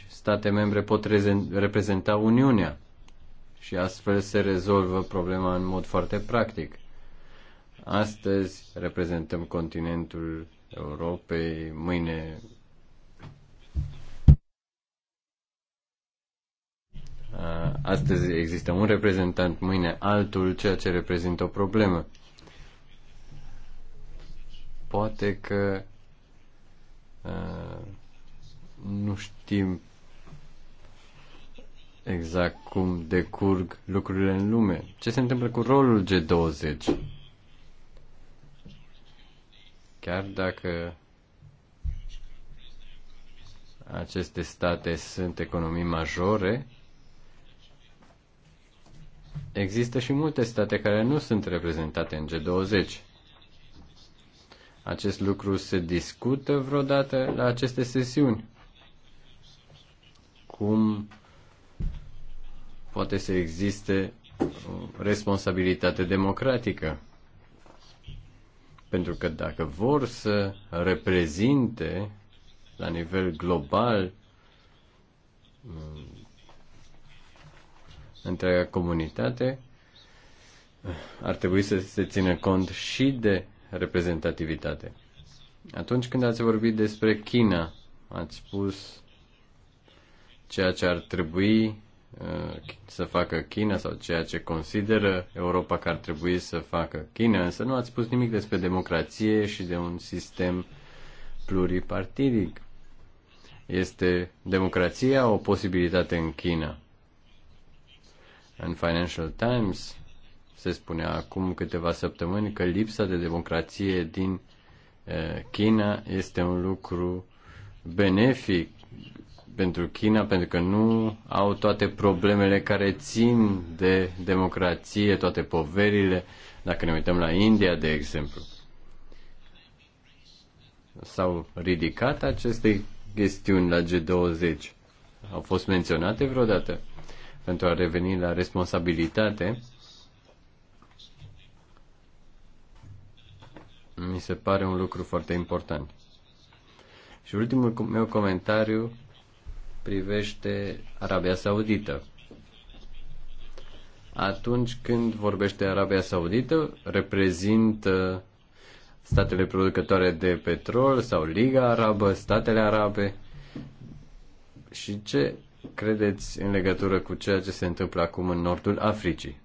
state membre pot reprezenta Uniunea și astfel se rezolvă problema în mod foarte practic. Astăzi reprezentăm continentul Europei, mâine Uh, astăzi există un reprezentant, mâine altul, ceea ce reprezintă o problemă. Poate că uh, nu știm exact cum decurg lucrurile în lume. Ce se întâmplă cu rolul G20? Chiar dacă aceste state sunt economii majore, există și multe state care nu sunt reprezentate în G20. Acest lucru se discută vreodată la aceste sesiuni. Cum poate să existe responsabilitate democratică? Pentru că dacă vor să reprezinte la nivel global întreaga comunitate, ar trebui să se țină cont și de reprezentativitate. Atunci când ați vorbit despre China, ați spus ceea ce ar trebui uh, să facă China sau ceea ce consideră Europa că ar trebui să facă China, însă nu ați spus nimic despre democrație și de un sistem pluripartidic. Este democrația o posibilitate în China? În Financial Times se spunea acum câteva săptămâni că lipsa de democrație din eh, China este un lucru benefic pentru China, pentru că nu au toate problemele care țin de democrație, toate poverile, dacă ne uităm la India, de exemplu. S-au ridicat aceste chestiuni la G20. Au fost menționate vreodată? pentru a reveni la responsabilitate, mi se pare un lucru foarte important. Și ultimul meu comentariu privește Arabia Saudită. Atunci când vorbește Arabia Saudită, reprezintă statele producătoare de petrol sau Liga Arabă, statele arabe și ce credeți în legătură cu ceea ce se întâmplă acum în nordul Africii?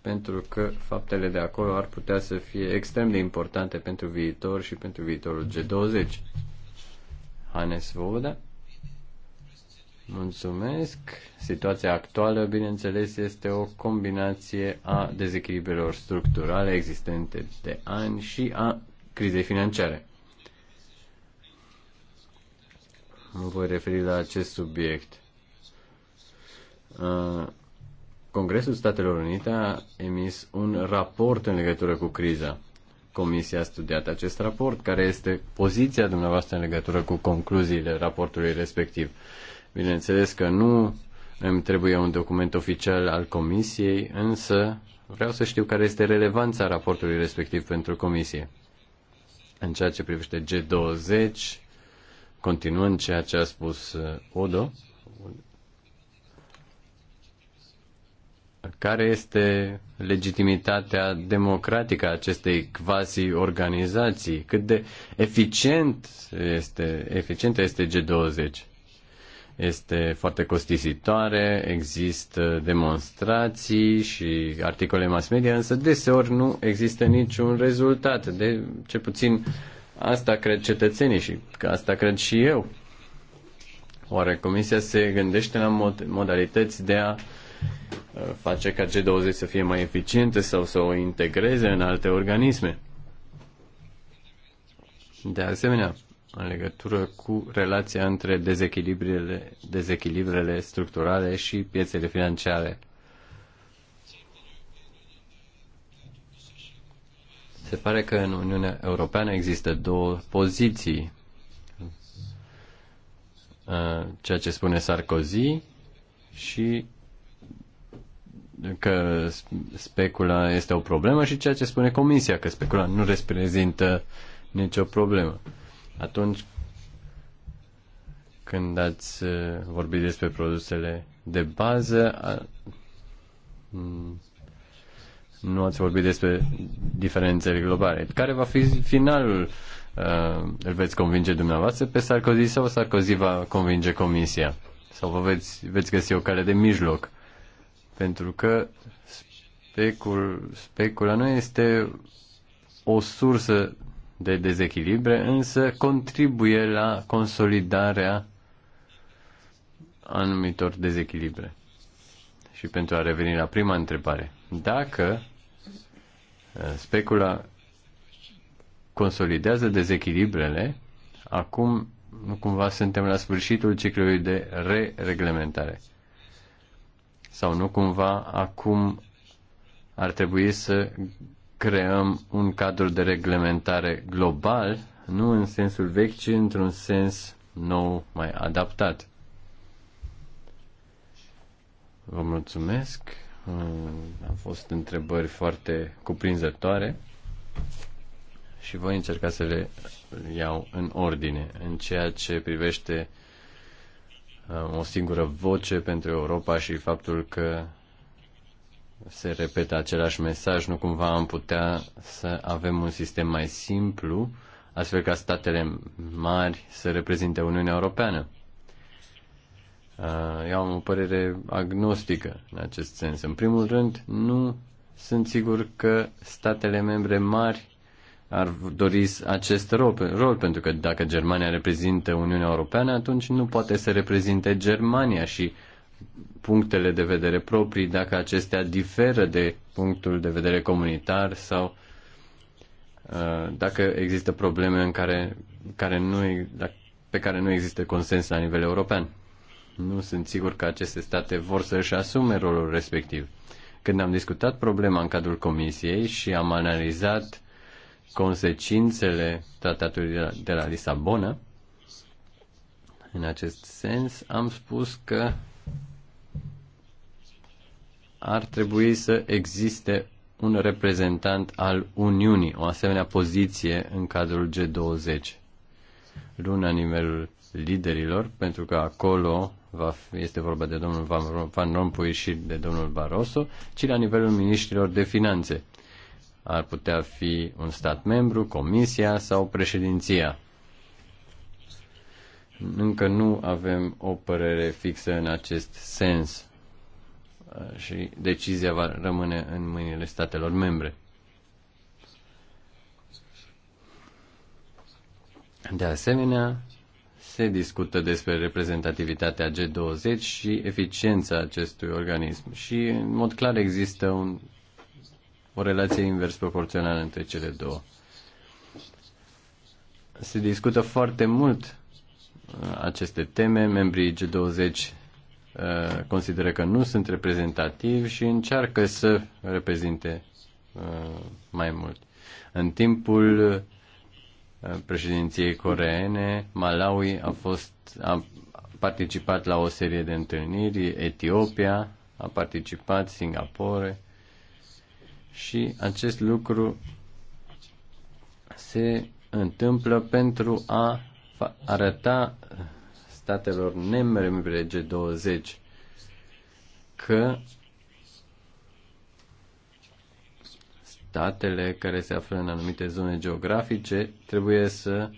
Pentru că faptele de acolo ar putea să fie extrem de importante pentru viitor și pentru viitorul G20. Hannes Voda? Mulțumesc. Situația actuală, bineînțeles, este o combinație a dezechilibrelor structurale existente de ani și a crizei financiare. mă voi referi la acest subiect. Uh, Congresul Statelor Unite a emis un raport în legătură cu criza. Comisia a studiat acest raport, care este poziția dumneavoastră în legătură cu concluziile raportului respectiv. Bineînțeles că nu îmi trebuie un document oficial al Comisiei, însă vreau să știu care este relevanța raportului respectiv pentru Comisie. În ceea ce privește G20, continuând ceea ce a spus Odo, uh, care este legitimitatea democratică a acestei quasi-organizații? Cât de eficient este, eficientă este G20? Este foarte costisitoare, există demonstrații și articole mass media, însă deseori nu există niciun rezultat, de ce puțin uh, Asta cred cetățenii și că asta cred și eu. Oare Comisia se gândește la mod, modalități de a uh, face ca G20 să fie mai eficiente sau să o integreze în alte organisme? De asemenea, în legătură cu relația între dezechilibrele, dezechilibrele structurale și piețele financiare – Se pare că în Uniunea Europeană există două poziții. Uh, ceea ce spune Sarkozy și că specula este o problemă și ceea ce spune Comisia, că specula nu reprezintă nicio problemă. Atunci când ați uh, vorbit despre produsele de bază, nu ați vorbit despre diferențele globale. Care va fi finalul? Uh, îl veți convinge dumneavoastră pe Sarkozy sau Sarkozy va convinge Comisia? Sau vă veți, veți găsi o cale de mijloc? Pentru că specul, specula nu este o sursă de dezechilibre, însă contribuie la consolidarea anumitor dezechilibre. Și pentru a reveni la prima întrebare, dacă Specula consolidează dezechilibrele. Acum, nu cumva, suntem la sfârșitul ciclului de re-reglementare. Sau nu cumva, acum ar trebui să creăm un cadru de reglementare global, nu în sensul vechi, ci într-un sens nou, mai adaptat. Vă mulțumesc. Au fost întrebări foarte cuprinzătoare și voi încerca să le iau în ordine. În ceea ce privește uh, o singură voce pentru Europa și faptul că se repetă același mesaj, nu cumva am putea să avem un sistem mai simplu, astfel ca statele mari să reprezinte Uniunea Europeană. Uh, eu am o părere agnostică în acest sens. În primul rând, nu sunt sigur că statele membre mari ar dori acest rol, rol, pentru că dacă Germania reprezintă Uniunea Europeană, atunci nu poate să reprezinte Germania și punctele de vedere proprii, dacă acestea diferă de punctul de vedere comunitar sau uh, dacă există probleme în care, care nu, pe care nu există consens la nivel european. Nu sunt sigur că aceste state vor să își asume rolul respectiv. Când am discutat problema în cadrul comisiei și am analizat consecințele tratatului de la Lisabona, în acest sens am spus că ar trebui să existe un reprezentant al Uniunii, o asemenea poziție în cadrul G20. Luna nivelul liderilor, pentru că acolo va, este vorba de domnul Van Rompuy și de domnul Barroso, ci la nivelul ministrilor de finanțe. Ar putea fi un stat membru, comisia sau președinția. Încă nu avem o părere fixă în acest sens uh, și decizia va rămâne în mâinile statelor membre. De asemenea, se discută despre reprezentativitatea G20 și eficiența acestui organism. Și, în mod clar, există un, o relație invers proporțională între cele două. Se discută foarte mult uh, aceste teme, membrii G20 uh, consideră că nu sunt reprezentativi și încearcă să reprezinte uh, mai mult. În timpul președinției coreene, Malawi a fost a participat la o serie de întâlniri, Etiopia a participat, Singapore și acest lucru se întâmplă pentru a arăta statelor nemembre G20 că statele care se află în anumite zone geografice trebuie să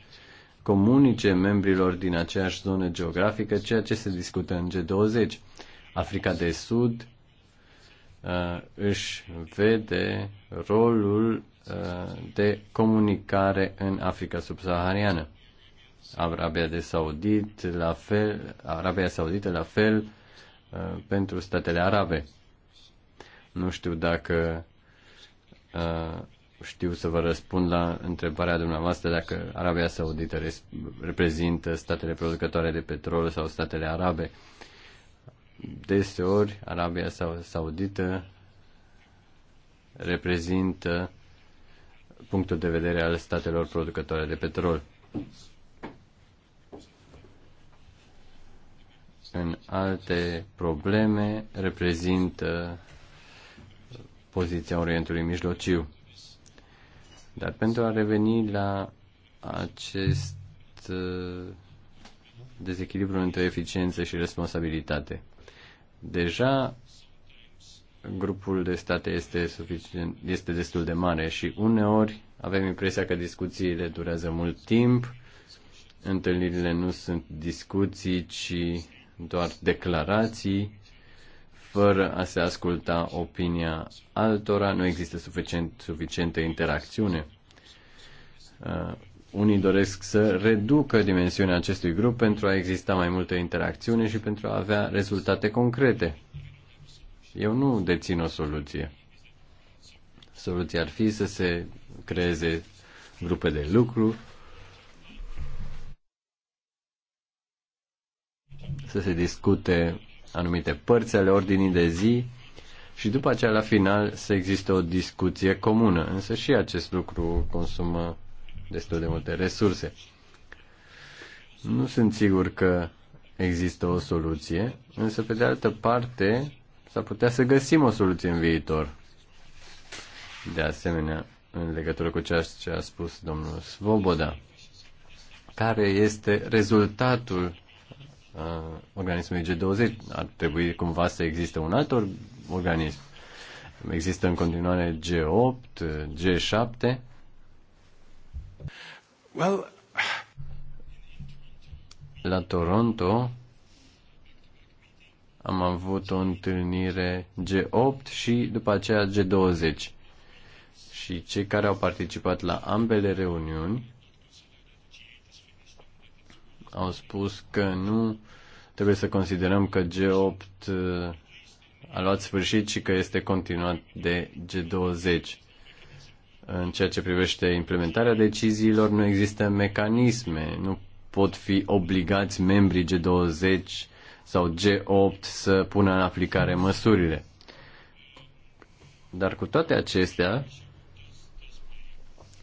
comunice membrilor din aceeași zonă geografică ceea ce se discută în G20. Africa de Sud uh, își vede rolul uh, de comunicare în Africa subsahariană. Arabia de Saudit, la fel, Arabia Saudită la fel uh, pentru statele arabe. Nu știu dacă Uh, știu să vă răspund la întrebarea dumneavoastră dacă Arabia Saudită reprezintă statele producătoare de petrol sau statele arabe. Deseori, Arabia Saudită reprezintă punctul de vedere al statelor producătoare de petrol. În alte probleme reprezintă poziția Orientului Mijlociu. Dar pentru a reveni la acest uh, dezechilibru între eficiență și responsabilitate. Deja grupul de state este, suficient, este destul de mare și uneori avem impresia că discuțiile durează mult timp, întâlnirile nu sunt discuții, ci doar declarații fără a se asculta opinia altora, nu există suficient, suficientă interacțiune. Uh, unii doresc să reducă dimensiunea acestui grup pentru a exista mai multă interacțiune și pentru a avea rezultate concrete. Eu nu dețin o soluție. Soluția ar fi să se creeze grupe de lucru, să se discute anumite părți ale ordinii de zi și după aceea la final să existe o discuție comună. Însă și acest lucru consumă destul de multe resurse. Nu sunt sigur că există o soluție, însă pe de altă parte s-ar putea să găsim o soluție în viitor. De asemenea, în legătură cu ceea ce a spus domnul Svoboda, care este rezultatul organismului G20. Ar trebui cumva să existe un alt organism. Există în continuare G8, G7. Well... La Toronto am avut o întâlnire G8 și după aceea G20. Și cei care au participat la ambele reuniuni au spus că nu trebuie să considerăm că G8 uh, a luat sfârșit și că este continuat de G20. În ceea ce privește implementarea deciziilor, nu există mecanisme, nu pot fi obligați membrii G20 sau G8 să pună în aplicare măsurile. Dar cu toate acestea,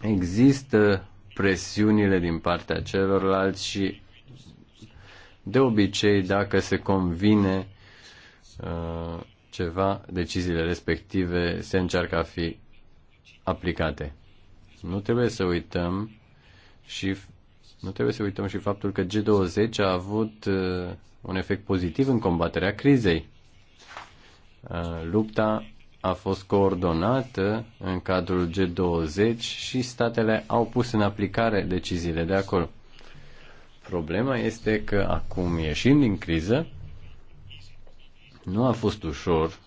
există presiunile din partea celorlalți și de obicei, dacă se convine uh, ceva, deciziile respective se încearcă a fi aplicate. Nu trebuie să uităm și nu trebuie să uităm și faptul că G20 a avut uh, un efect pozitiv în combaterea crizei. Uh, lupta a fost coordonată în cadrul G20 și statele au pus în aplicare deciziile de acolo. Problema este că acum ieșim din criză. Nu a fost ușor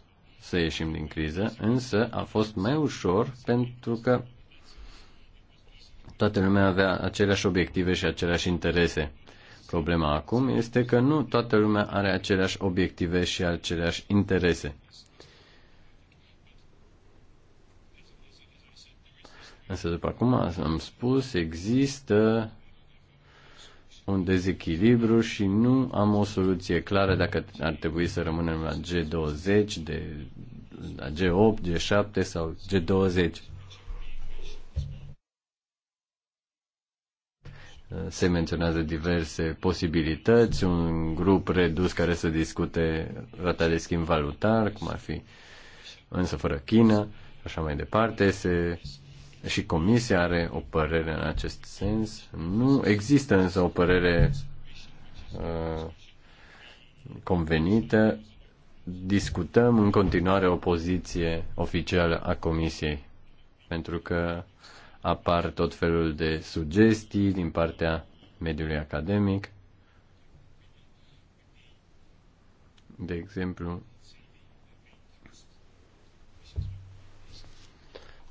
să ieșim din criză, însă a fost mai ușor pentru că toată lumea avea aceleași obiective și aceleași interese. Problema acum este că nu toată lumea are aceleași obiective și aceleași interese. Însă, după cum am spus, există un dezechilibru și nu am o soluție clară dacă ar trebui să rămânem la G20, de, la G8, G7 sau G20. Se menționează diverse posibilități, un grup redus care să discute rata de schimb valutar, cum ar fi însă fără China, așa mai departe, se și Comisia are o părere în acest sens. Nu există însă o părere uh, convenită. Discutăm în continuare o poziție oficială a Comisiei, pentru că apar tot felul de sugestii din partea mediului academic. De exemplu,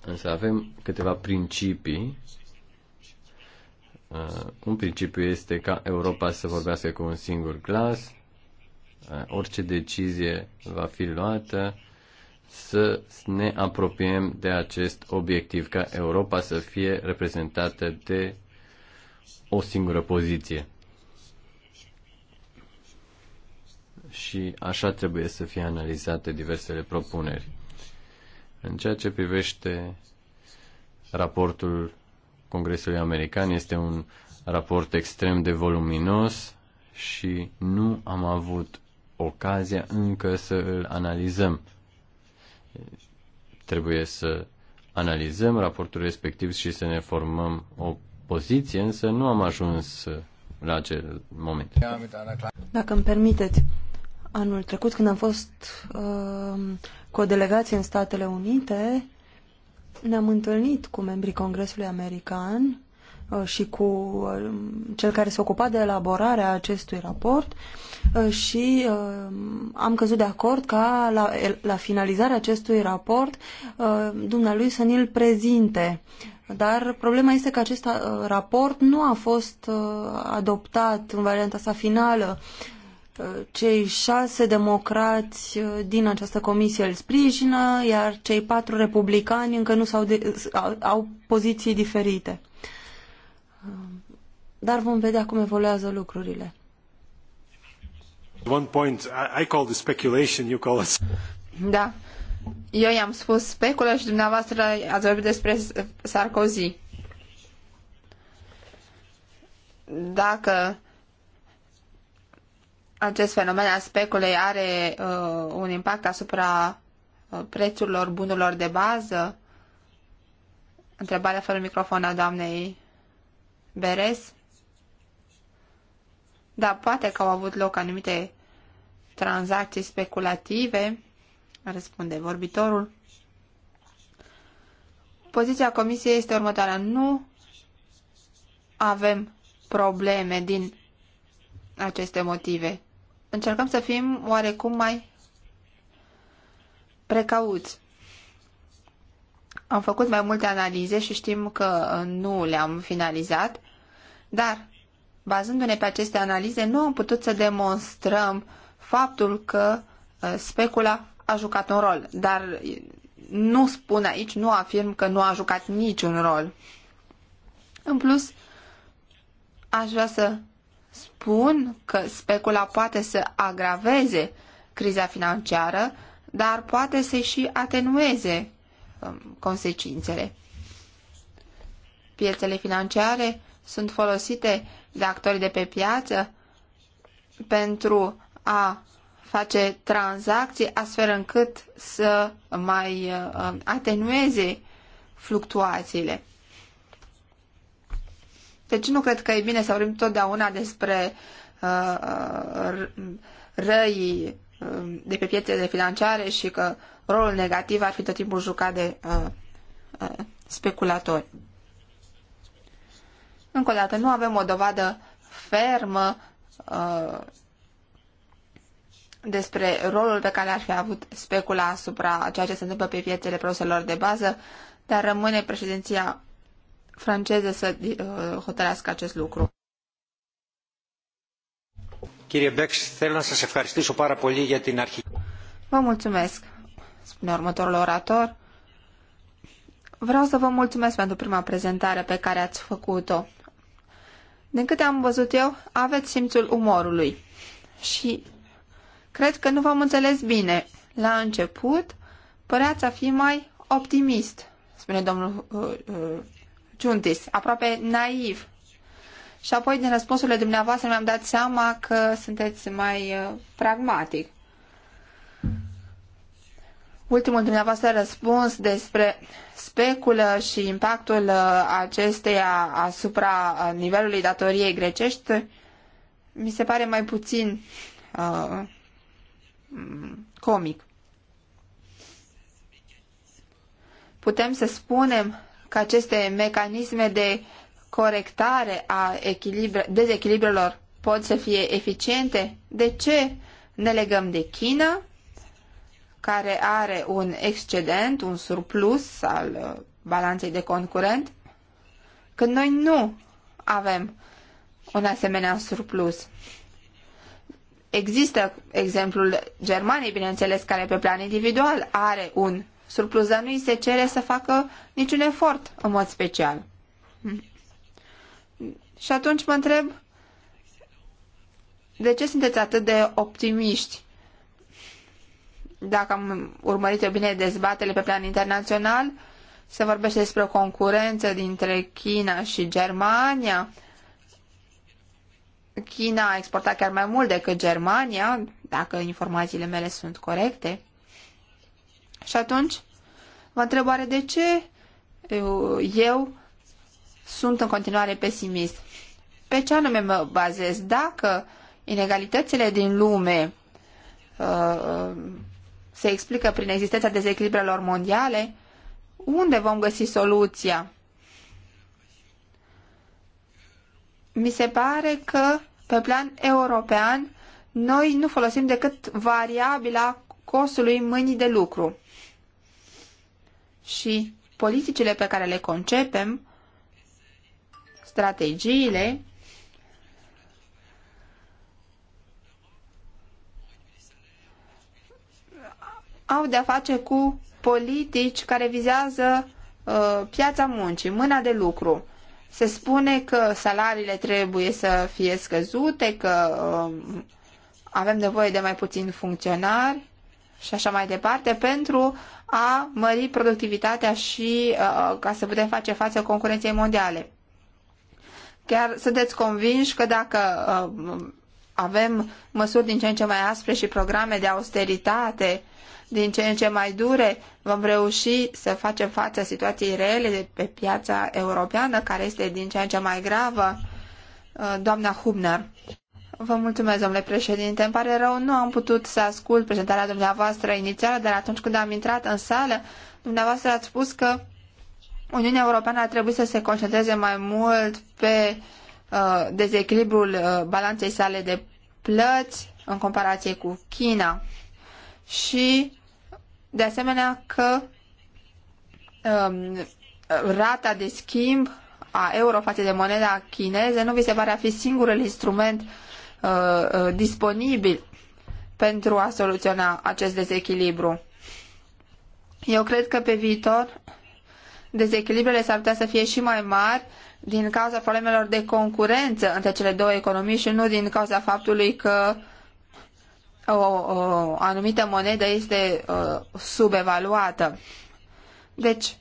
Însă avem câteva principii. Uh, un principiu este ca Europa să vorbească cu un singur glas, uh, orice decizie va fi luată, să ne apropiem de acest obiectiv, ca Europa să fie reprezentată de o singură poziție. Și așa trebuie să fie analizate diversele propuneri. În ceea ce privește raportul Congresului American, este un raport extrem de voluminos și nu am avut ocazia încă să îl analizăm. Trebuie să analizăm raportul respectiv și să ne formăm o poziție, însă nu am ajuns la acel moment. Dacă îmi permiteți, anul trecut când am fost uh, cu o delegație în Statele Unite ne-am întâlnit cu membrii Congresului American uh, și cu uh, cel care se ocupa de elaborarea acestui raport uh, și am căzut de acord ca la, la finalizarea acestui raport dumnealui să ne-l prezinte. Dar problema este că acest raport nu a fost adoptat în varianta sa finală cei șase democrați uh, din această comisie îl sprijină, iar cei patru republicani încă nu s-au de- au poziții diferite. Uh, dar vom vedea cum evoluează lucrurile. One point, I, call this speculation, you call it... Da. Eu i-am spus speculă și dumneavoastră ați vorbit despre Sarkozy. Dacă acest fenomen al speculei are uh, un impact asupra uh, prețurilor bunurilor de bază? Întrebarea fără microfon a doamnei Beres. Da, poate că au avut loc anumite tranzacții speculative, răspunde vorbitorul. Poziția comisiei este următoarea. Nu avem probleme din aceste motive încercăm să fim oarecum mai precauți. Am făcut mai multe analize și știm că uh, nu le-am finalizat, dar bazându-ne pe aceste analize, nu am putut să demonstrăm faptul că uh, specula a jucat un rol, dar uh, nu spun aici, nu afirm că nu a jucat niciun rol. În plus, aș vrea să spun că specula poate să agraveze criza financiară, dar poate să și atenueze um, consecințele. Piețele financiare sunt folosite de actorii de pe piață pentru a face tranzacții astfel încât să mai uh, um, atenueze fluctuațiile. Deci nu cred că e bine să vorbim totdeauna despre uh, răii uh, um, de pe piețele financiare și că rolul negativ ar fi tot timpul jucat de uh, uh, speculatori. Încă o dată, nu avem o dovadă fermă uh, despre rolul pe care ar fi avut specula asupra ceea ce se întâmplă pe piețele produselor de bază, dar rămâne președinția franceze să uh, hotărească acest lucru. Κύριε Μπέξ, θέλω να σας ευχαριστήσω πάρα πολύ για την αρχή. Vă mulțumesc, spune următorul orator. Vreau să vă mulțumesc pentru prima prezentare pe care ați făcut-o. Din câte am văzut eu, aveți simțul umorului. Și cred că nu v-am înțeles bine. La început, păreați a fi mai optimist, spune domnul uh, uh, Giuntis, aproape naiv. Și apoi din răspunsurile dumneavoastră mi-am dat seama că sunteți mai uh, pragmatic. Ultimul dumneavoastră răspuns despre speculă și impactul uh, acesteia asupra uh, nivelului datoriei grecești mi se pare mai puțin uh, comic. Putem să spunem că aceste mecanisme de corectare a echilibre, dezechilibrelor pot să fie eficiente? De ce ne legăm de China, care are un excedent, un surplus al uh, balanței de concurent, când noi nu avem un asemenea surplus? Există exemplul Germaniei, bineînțeles, care pe plan individual are un surpluză nu îi se cere să facă niciun efort în mod special. Și atunci mă întreb, de ce sunteți atât de optimiști? Dacă am urmărit eu bine dezbatele pe plan internațional, se vorbește despre o concurență dintre China și Germania. China a exportat chiar mai mult decât Germania, dacă informațiile mele sunt corecte. Și atunci vă întreb oare de ce eu, eu sunt în continuare pesimist. Pe ce anume mă bazez? Dacă inegalitățile din lume uh, se explică prin existența dezechilibrelor mondiale, unde vom găsi soluția? Mi se pare că pe plan european noi nu folosim decât variabila costului mâinii de lucru și politicile pe care le concepem, strategiile, au de-a face cu politici care vizează uh, piața muncii, mâna de lucru. Se spune că salariile trebuie să fie scăzute, că uh, avem nevoie de mai puțin funcționari, și așa mai departe, pentru a mări productivitatea și uh, uh, ca să putem face față concurenței mondiale. Chiar sunteți convinși că dacă uh, avem măsuri din ce în ce mai aspre și programe de austeritate din ce în ce mai dure, vom reuși să facem față situației reale de pe piața europeană, care este din ce în ce mai gravă? Uh, doamna Hubner. Vă mulțumesc, domnule președinte. Îmi pare rău, nu am putut să ascult prezentarea dumneavoastră inițială, dar atunci când am intrat în sală, dumneavoastră ați spus că Uniunea Europeană ar trebui să se concentreze mai mult pe uh, dezechilibrul uh, balanței sale de plăți în comparație cu China și, de asemenea, că um, rata de schimb a euro față de moneda chineză nu vi se pare a fi singurul instrument Uh, uh, disponibil pentru a soluționa acest dezechilibru. Eu cred că pe viitor dezechilibrele s-ar putea să fie și mai mari din cauza problemelor de concurență între cele două economii și nu din cauza faptului că o, o anumită monedă este uh, subevaluată. Deci,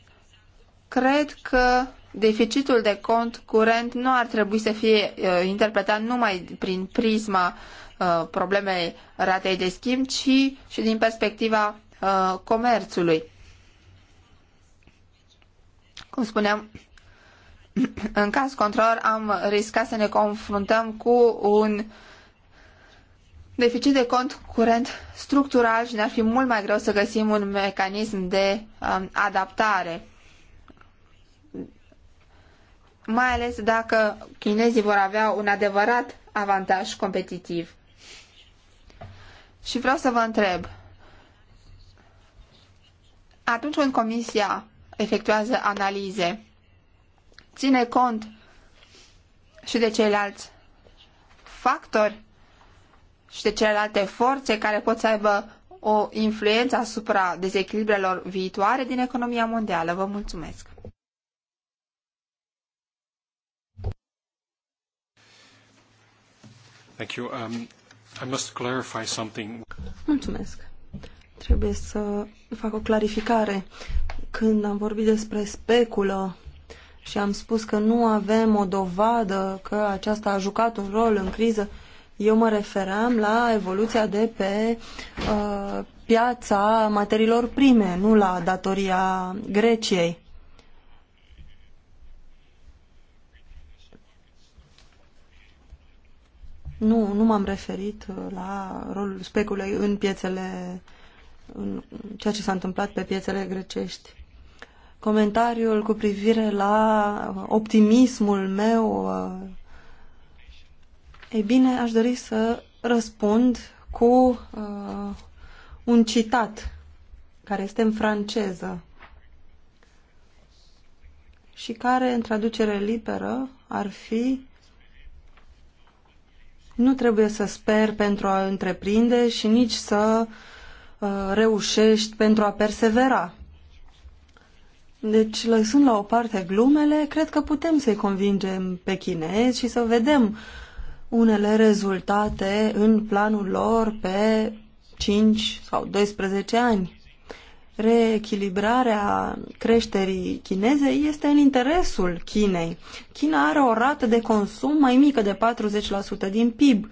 cred că deficitul de cont curent nu ar trebui să fie uh, interpretat numai prin prisma uh, problemei ratei de schimb, ci și din perspectiva uh, comerțului. Cum spuneam, în caz contrar am riscat să ne confruntăm cu un deficit de cont curent structural și ne-ar fi mult mai greu să găsim un mecanism de um, adaptare mai ales dacă chinezii vor avea un adevărat avantaj competitiv. Și vreau să vă întreb, atunci când Comisia efectuează analize, ține cont și de ceilalți factori și de celelalte forțe care pot să aibă o influență asupra dezechilibrelor viitoare din economia mondială. Vă mulțumesc! Thank you. Um, I must clarify something. Mulțumesc. Trebuie să fac o clarificare. Când am vorbit despre speculă și am spus că nu avem o dovadă că aceasta a jucat un rol în criză, eu mă referam la evoluția de pe uh, piața materiilor prime, nu la datoria Greciei. Nu, nu m-am referit uh, la rolul speculei în piețele, în ceea ce s-a întâmplat pe piețele grecești. Comentariul cu privire la uh, optimismul meu, uh, ei bine, aș dori să răspund cu uh, un citat care este în franceză și care, în traducere liberă, ar fi nu trebuie să sper pentru a întreprinde și nici să uh, reușești pentru a persevera. Deci, lăsând la o parte glumele, cred că putem să-i convingem pe chinezi și să vedem unele rezultate în planul lor pe 5 sau 12 ani reechilibrarea creșterii chineze este în interesul Chinei. China are o rată de consum mai mică de 40% din PIB,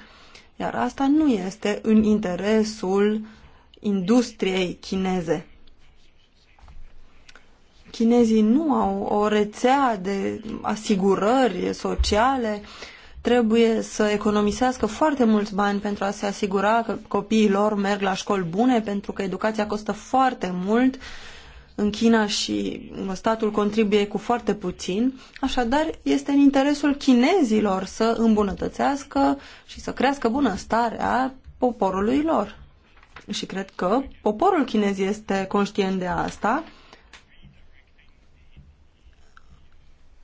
iar asta nu este în interesul industriei chineze. Chinezii nu au o rețea de asigurări sociale trebuie să economisească foarte mulți bani pentru a se asigura că copiii lor merg la școli bune, pentru că educația costă foarte mult în China și statul contribuie cu foarte puțin. Așadar, este în interesul chinezilor să îmbunătățească și să crească bunăstarea poporului lor. Și cred că poporul chinez este conștient de asta.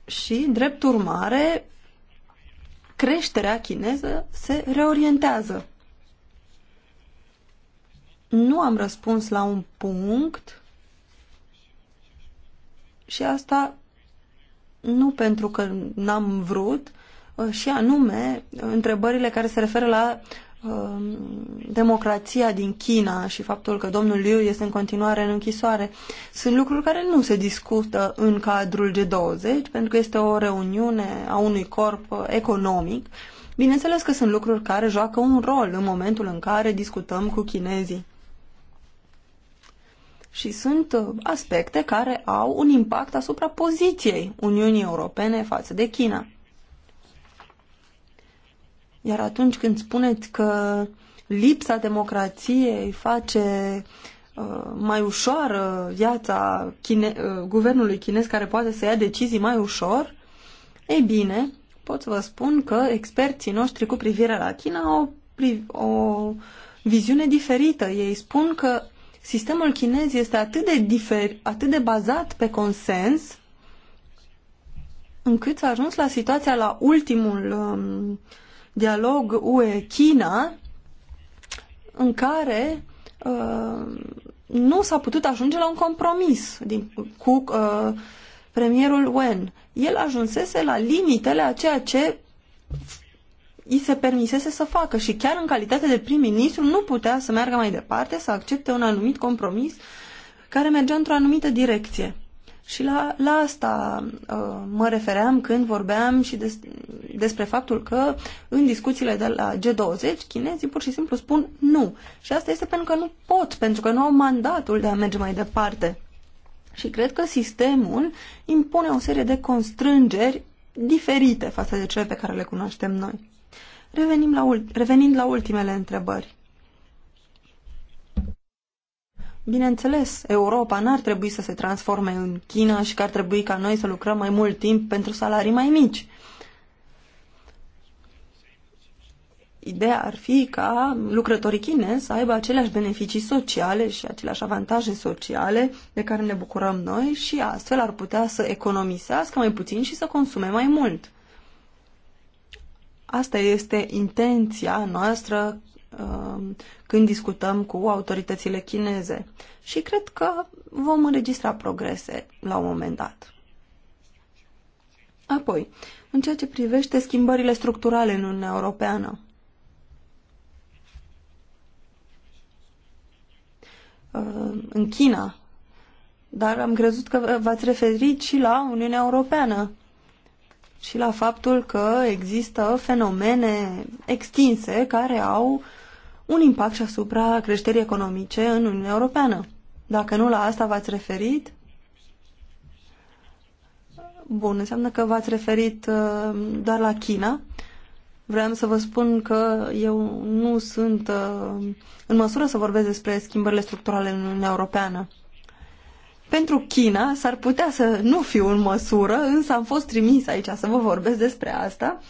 Și, drept urmare, creșterea chineză se reorientează. Nu am răspuns la un punct și asta nu pentru că n-am vrut, uh, și anume întrebările care se referă la Um, democrația din China și faptul că domnul Liu este în continuare în închisoare sunt lucruri care nu se discută în cadrul G20 pentru că este o reuniune a unui corp uh, economic. Bineînțeles că sunt lucruri care joacă un rol în momentul în care discutăm cu chinezii. Și sunt uh, aspecte care au un impact asupra poziției Uniunii Europene față de China. Iar atunci când spuneți că lipsa democrației face uh, mai ușoară viața chine, uh, guvernului chinez care poate să ia decizii mai ușor, ei bine, pot să vă spun că experții noștri cu privire la China au o, o viziune diferită. Ei spun că sistemul chinez este atât de, difer, atât de bazat pe consens încât s-a ajuns la situația la ultimul um, dialog UE-China în care uh, nu s-a putut ajunge la un compromis din, cu uh, premierul Wen. El ajunsese la limitele a ceea ce i se permisese să facă și chiar în calitate de prim-ministru nu putea să meargă mai departe, să accepte un anumit compromis care mergea într-o anumită direcție. Și la, la asta uh, mă refeream când vorbeam și des, despre faptul că în discuțiile de la G20 chinezii pur și simplu spun nu. Și asta este pentru că nu pot, pentru că nu au mandatul de a merge mai departe. Și cred că sistemul impune o serie de constrângeri diferite față de cele pe care le cunoaștem noi. Revenim la, revenind la ultimele întrebări. Bineînțeles, Europa n-ar trebui să se transforme în China și că ar trebui ca noi să lucrăm mai mult timp pentru salarii mai mici. Ideea ar fi ca lucrătorii chinezi să aibă aceleași beneficii sociale și aceleași avantaje sociale de care ne bucurăm noi și astfel ar putea să economisească mai puțin și să consume mai mult. Asta este intenția noastră Um, când discutăm cu autoritățile chineze. Și cred că vom înregistra progrese la un moment dat. Apoi, în ceea ce privește schimbările structurale în Uniunea Europeană, uh, în China, dar am crezut că v-ați referit și la Uniunea Europeană și la faptul că există fenomene extinse care au un impact și asupra creșterii economice în Uniunea Europeană. Dacă nu la asta v-ați referit, bun, înseamnă că v-ați referit uh, doar la China. Vreau să vă spun că eu nu sunt uh, în măsură să vorbesc despre schimbările structurale în Uniunea Europeană. Pentru China s-ar putea să nu fiu în măsură, însă am fost trimis aici să vă vorbesc despre asta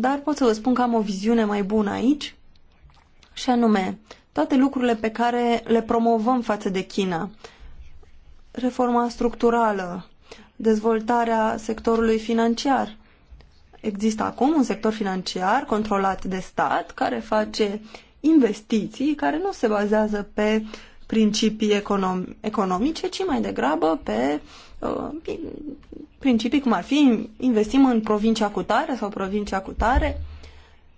dar pot să vă spun că am o viziune mai bună aici, și anume, toate lucrurile pe care le promovăm față de China, reforma structurală, dezvoltarea sectorului financiar. Există acum un sector financiar controlat de stat care face investiții care nu se bazează pe uh, principii econom economice, ci mai degrabă pe uh, principii cum ar fi investim în provincia cutare sau provincia cutare.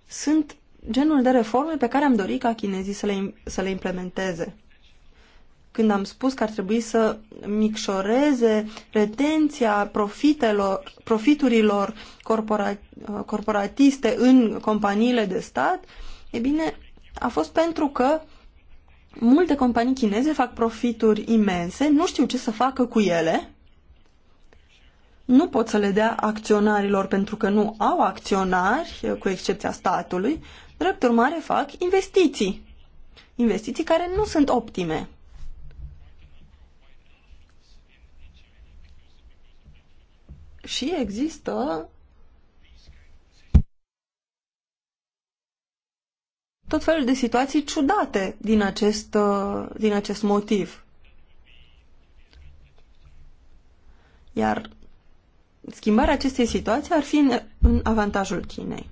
Sunt genul de reforme pe care am dorit ca chinezii să le, să le implementeze. Când am spus că ar trebui să micșoreze retenția profitelor, profiturilor corpora, corporatiste în companiile de stat, e bine, a fost pentru că Multe companii chineze fac profituri imense, nu știu ce să facă cu ele, nu pot să le dea acționarilor pentru că nu au acționari, cu excepția statului, drept urmare fac investiții. Investiții care nu sunt optime. Și există tot felul de situații ciudate din acest, uh, din acest motiv. Iar schimbarea acestei situații ar fi în, în avantajul Chinei.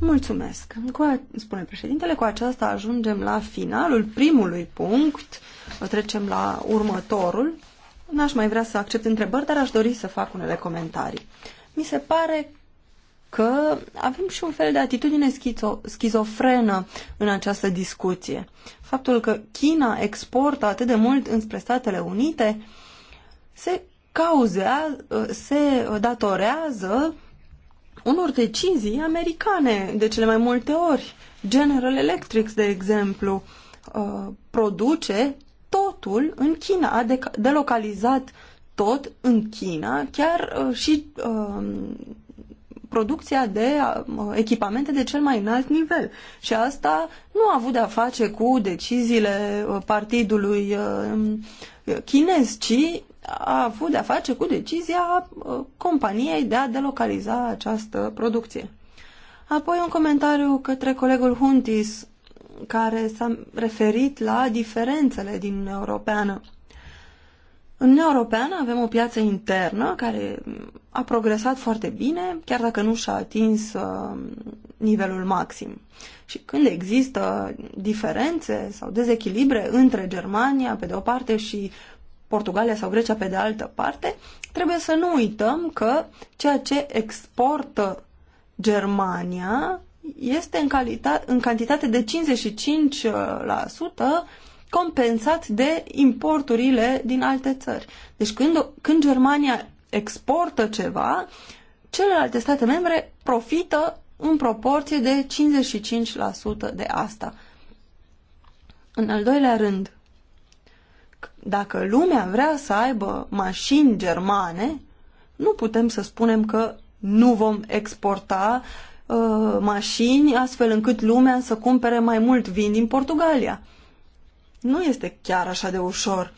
Mulțumesc. Cu a, spune președintele, cu aceasta ajungem la finalul primului punct. O trecem la următorul. N-aș mai vrea să accept întrebări, dar aș dori să fac unele comentarii. Mi se pare că avem și un fel de atitudine schizo schizofrenă în această discuție. Faptul că China exportă atât de mult înspre Statele Unite se, cauzea, se datorează unor decizii americane de cele mai multe ori. General Electric, de exemplu, uh, produce totul în China, a delocalizat tot în China, chiar uh, și uh, producția de echipamente de cel mai înalt nivel. Și asta nu a avut de-a face cu deciziile uh, partidului uh, chinez, ci a avut de-a face cu decizia uh, companiei de a delocaliza această producție. Apoi un comentariu către colegul Huntis, care s-a referit la diferențele din Europeană. În Uniunea Europeană avem o piață internă care a progresat foarte bine, chiar dacă nu și-a atins uh, nivelul maxim. Și când există diferențe sau dezechilibre între Germania, pe de o parte, și Portugalia sau Grecia, pe de altă parte, trebuie să nu uităm că ceea ce exportă Germania este în, calitate, în cantitate de 55% compensat de importurile din alte țări. Deci când, când Germania exportă ceva, celelalte state membre profită în proporție de 55% de asta. În al doilea rând, dacă lumea vrea să aibă mașini germane, nu putem să spunem că nu vom exporta uh, mașini astfel încât lumea să cumpere mai mult vin din Portugalia nu este chiar așa de ușor.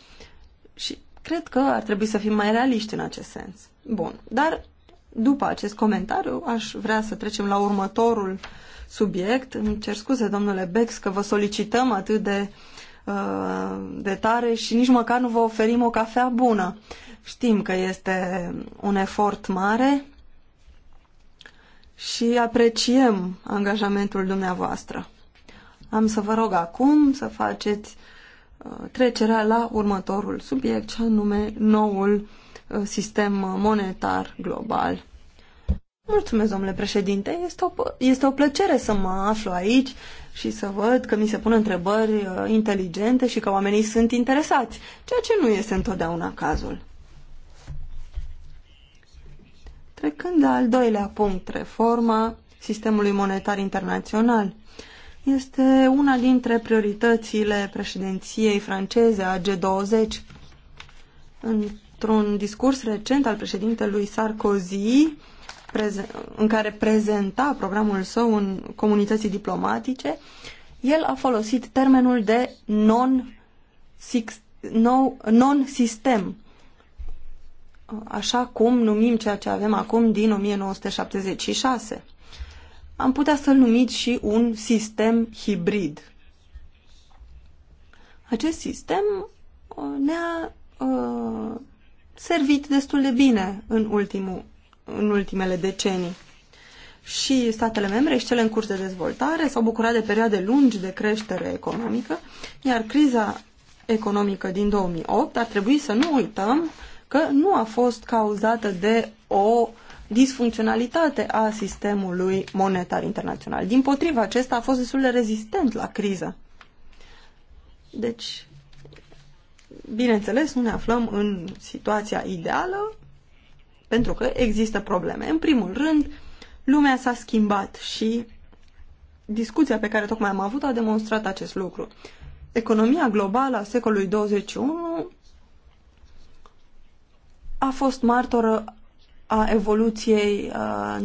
Și cred că ar trebui să fim mai realiști în acest sens. Bun, dar după acest comentariu aș vrea să trecem la următorul subiect. Îmi cer scuze, domnule Bex, că vă solicităm atât de, uh, de tare și nici măcar nu vă oferim o cafea bună. Știm că este un efort mare și apreciem angajamentul dumneavoastră. Am să vă rog acum să faceți Uh, trecerea la următorul subiect, ce anume noul uh, sistem monetar global. Mulțumesc, domnule președinte. Este o, este o plăcere să mă aflu aici și să văd că mi se pun întrebări uh, inteligente și că oamenii sunt interesați, ceea ce nu este întotdeauna cazul. Trecând la al doilea punct, reforma sistemului monetar internațional este una dintre prioritățile președinției franceze a G20. Într-un discurs recent al președintelui Sarkozy, în care prezenta programul său în comunității diplomatice, el a folosit termenul de non-sistem, așa cum numim ceea ce avem acum din 1976 am putea să-l numim și un sistem hibrid. Acest sistem uh, ne-a uh, servit destul de bine în, ultimul, în ultimele decenii. Și statele membre și cele în curs de dezvoltare s-au bucurat de perioade lungi de creștere economică, iar criza economică din 2008 ar trebui să nu uităm că nu a fost cauzată de o uh, disfuncționalitate a sistemului monetar internațional. Din potrivă, acesta a fost destul de rezistent la criză. Deci, bineînțeles, nu ne aflăm în situația ideală, pentru că există probleme. În primul rând, lumea s-a schimbat și discuția pe care tocmai am avut a demonstrat acest lucru. Economia globală a secolului 21 a fost martoră a evoluției a,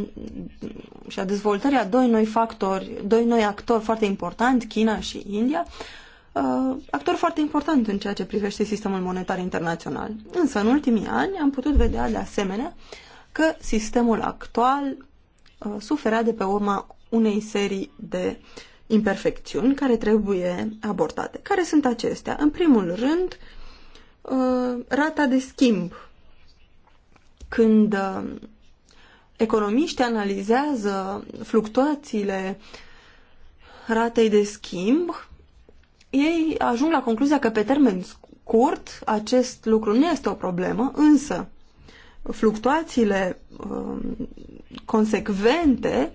și a dezvoltării a doi noi factori, doi noi actori foarte importanti, China și India, actor foarte important în ceea ce privește sistemul monetar internațional. Însă, în ultimii ani, am putut vedea de asemenea că sistemul actual a, suferea de pe urma unei serii de imperfecțiuni care trebuie abordate. Care sunt acestea? În primul rând, rata de schimb când uh, economiștii analizează fluctuațiile ratei de schimb, ei ajung la concluzia că pe termen scurt acest lucru nu este o problemă, însă fluctuațiile um, consecvente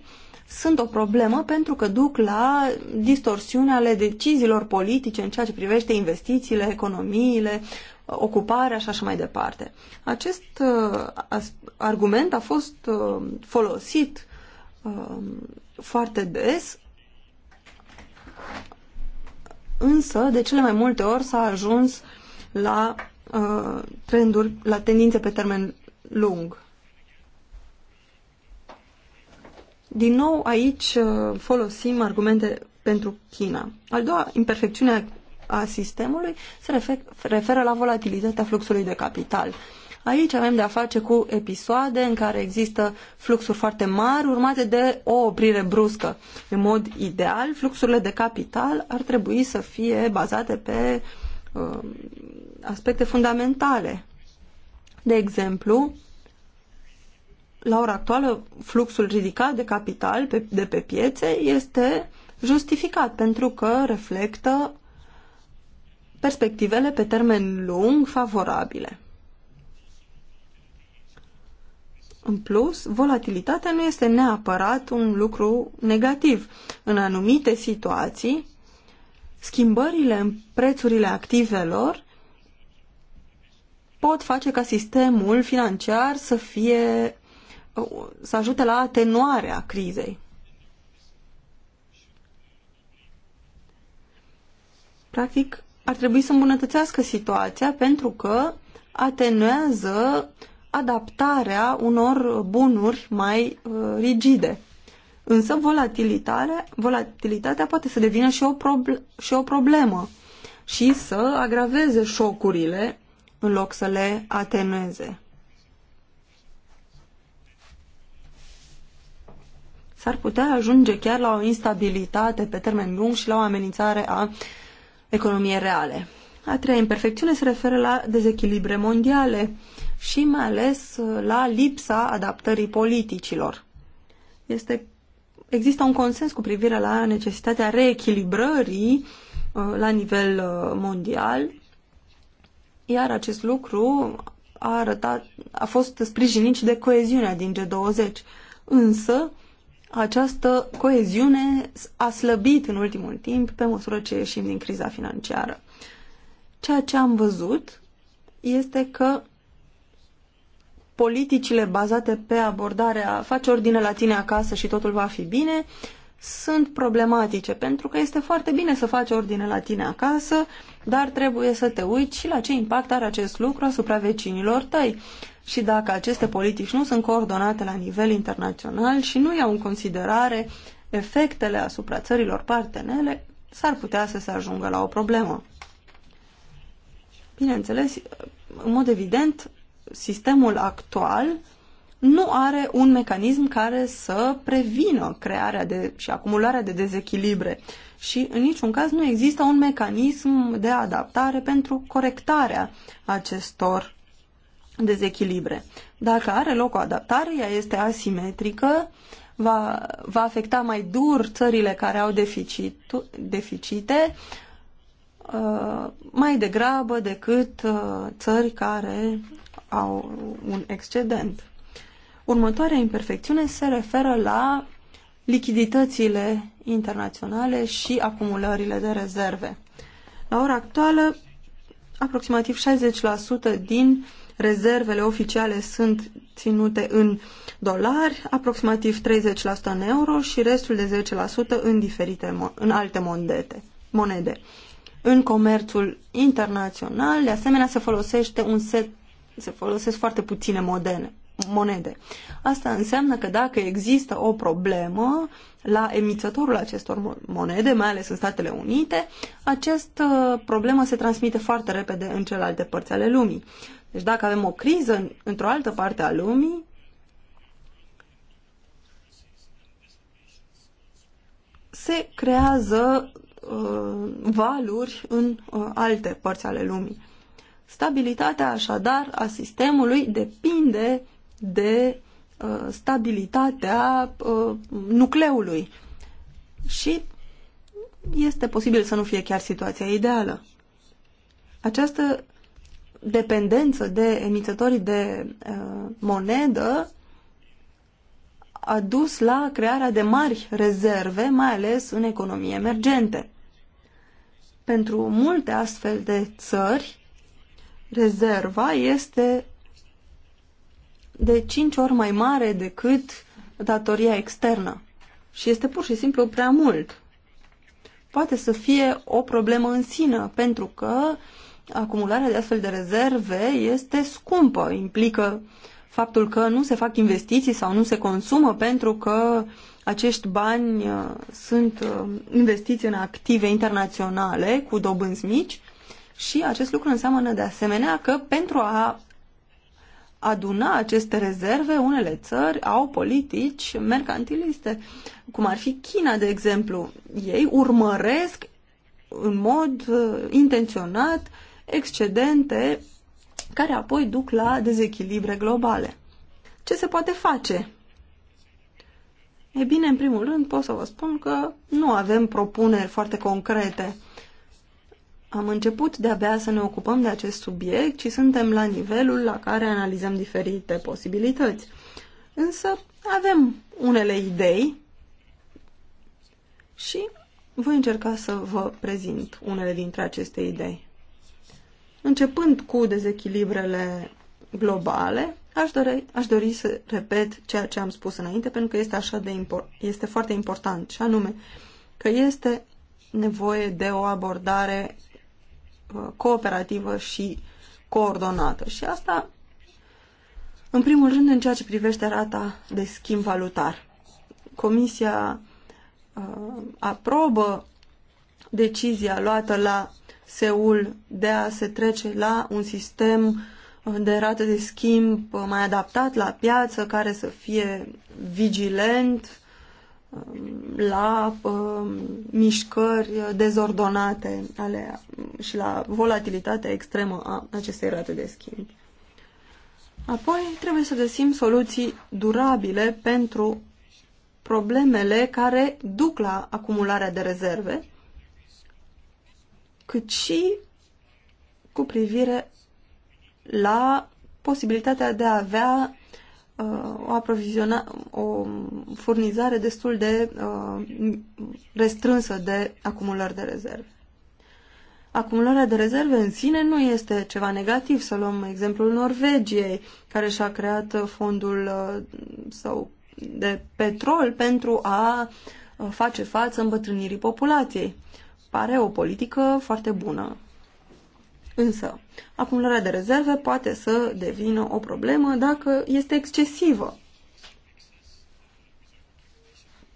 sunt o problemă pentru că duc la distorsiune ale deciziilor politice în ceea ce privește investițiile, economiile, ocuparea și așa mai departe. Acest uh, argument a fost uh, folosit uh, foarte des, însă de cele mai multe ori s-a ajuns la trenduri, la tendințe pe termen lung. Din nou, aici folosim argumente pentru China. Al doua imperfecțiune a sistemului se referă la volatilitatea fluxului de capital. Aici avem de a face cu episoade în care există fluxuri foarte mari urmate de o oprire bruscă. În mod ideal, fluxurile de capital ar trebui să fie bazate pe uh, aspecte fundamentale. De exemplu, la ora actuală, fluxul ridicat de capital pe, de pe piețe este justificat pentru că reflectă perspectivele pe termen lung favorabile. În plus, volatilitatea nu este neapărat un lucru negativ. În anumite situații, schimbările în prețurile activelor pot face ca sistemul financiar să fie să ajute la atenuarea crizei. Practic, ar trebui să îmbunătățească situația pentru că atenuează adaptarea unor bunuri mai uh, rigide. Însă volatilitatea, volatilitatea poate să devină și o, proble- și o problemă și să agraveze șocurile în loc să le atenueze. S-ar putea ajunge chiar la o instabilitate pe termen lung și la o amenințare a uh, economie reale. A treia imperfecțiune se referă la dezechilibre mondiale și mai ales uh, la lipsa adaptării politicilor. Este, există un consens cu privire la necesitatea reechilibrării uh, la nivel uh, mondial, iar acest lucru a, arătat, a fost sprijinit și de coeziunea din G20. Însă, această coeziune a slăbit în ultimul timp pe măsură ce ieșim din criza financiară. Ceea ce am văzut este că politicile bazate pe abordarea face ordine la tine acasă și totul va fi bine sunt problematice, pentru că este foarte bine să faci ordine la tine acasă, dar trebuie să te uiți și la ce impact are acest lucru asupra vecinilor tăi și dacă aceste politici nu sunt coordonate la nivel internațional și nu iau în considerare efectele asupra țărilor partenele, s-ar putea să se ajungă la o problemă. Bineînțeles, în mod evident, sistemul actual nu are un mecanism care să prevină crearea de, și acumularea de dezechilibre și în niciun caz nu există un mecanism de adaptare pentru corectarea acestor dezechilibre. Dacă are loc o adaptare, ea este asimetrică, va, va afecta mai dur țările care au deficit, deficite uh, mai degrabă decât uh, țări care au un excedent. Următoarea imperfecțiune se referă la lichiditățile internaționale și acumulările de rezerve. La ora actuală, aproximativ 60% din uh, rezervele oficiale sunt ținute în dolari, aproximativ 30% în euro și restul de 10% în, diferite, în alte monede. monede. În comerțul internațional, de asemenea, se folosește un set, se folosesc foarte puține modene, monede. Asta înseamnă că dacă există o problemă la emițătorul acestor monede, mai ales în Statele Unite, această problemă se transmite foarte repede în celelalte părți ale lumii. Deci dacă avem o criză într-o altă parte a lumii, se creează uh, valuri în uh, alte părți ale lumii. Stabilitatea, așadar, a sistemului depinde de uh, stabilitatea uh, nucleului și este posibil să nu fie chiar situația ideală. Această dependență de emițătorii de uh, monedă a dus la crearea de mari rezerve, mai ales în economii emergente. Pentru multe astfel de țări, rezerva este de 5 ori mai mare decât datoria externă. Și este pur și simplu prea mult. Poate să fie o problemă în sine, pentru că uh, acumularea de astfel de rezerve este scumpă, implică faptul că nu se fac investiții sau nu se consumă pentru că acești bani uh, sunt uh, investiți în active internaționale cu dobânzi mici și acest lucru înseamnă de asemenea că pentru a aduna aceste rezerve, unele țări au politici mercantiliste, cum ar fi China, de exemplu. Ei urmăresc în mod uh, intenționat excedente care apoi duc la dezechilibre globale. Ce se poate face? E bine, în primul rând pot să vă spun că nu avem propuneri foarte concrete. Am început de-abia să ne ocupăm de acest subiect și suntem la nivelul la care analizăm diferite posibilități. Însă avem unele idei și voi încerca să vă prezint unele dintre aceste idei. Începând cu dezechilibrele globale, aș dori, aș dori să repet ceea ce am spus înainte, pentru că este, așa de este foarte important, și anume că este nevoie de o abordare uh, cooperativă și coordonată. Și asta, în primul rând, în ceea ce privește rata de schimb valutar. Comisia uh, aprobă decizia luată la Seul de a se trece la un sistem de rată de schimb mai adaptat la piață, care să fie vigilent um, la um, mișcări dezordonate ale, și la volatilitatea extremă a acestei rate de schimb. Apoi trebuie să găsim soluții durabile pentru problemele care duc la acumularea de rezerve cât și cu privire la posibilitatea de a avea uh, o, aproviziona, o furnizare destul de uh, restrânsă de acumulări de rezerve. Acumularea de rezerve în sine nu este ceva negativ. Să luăm exemplul Norvegiei, care și-a creat uh, fondul uh, sau de petrol pentru a uh, face față îmbătrânirii populației pare o politică foarte bună. Însă, acumularea de rezerve poate să devină o problemă dacă este excesivă.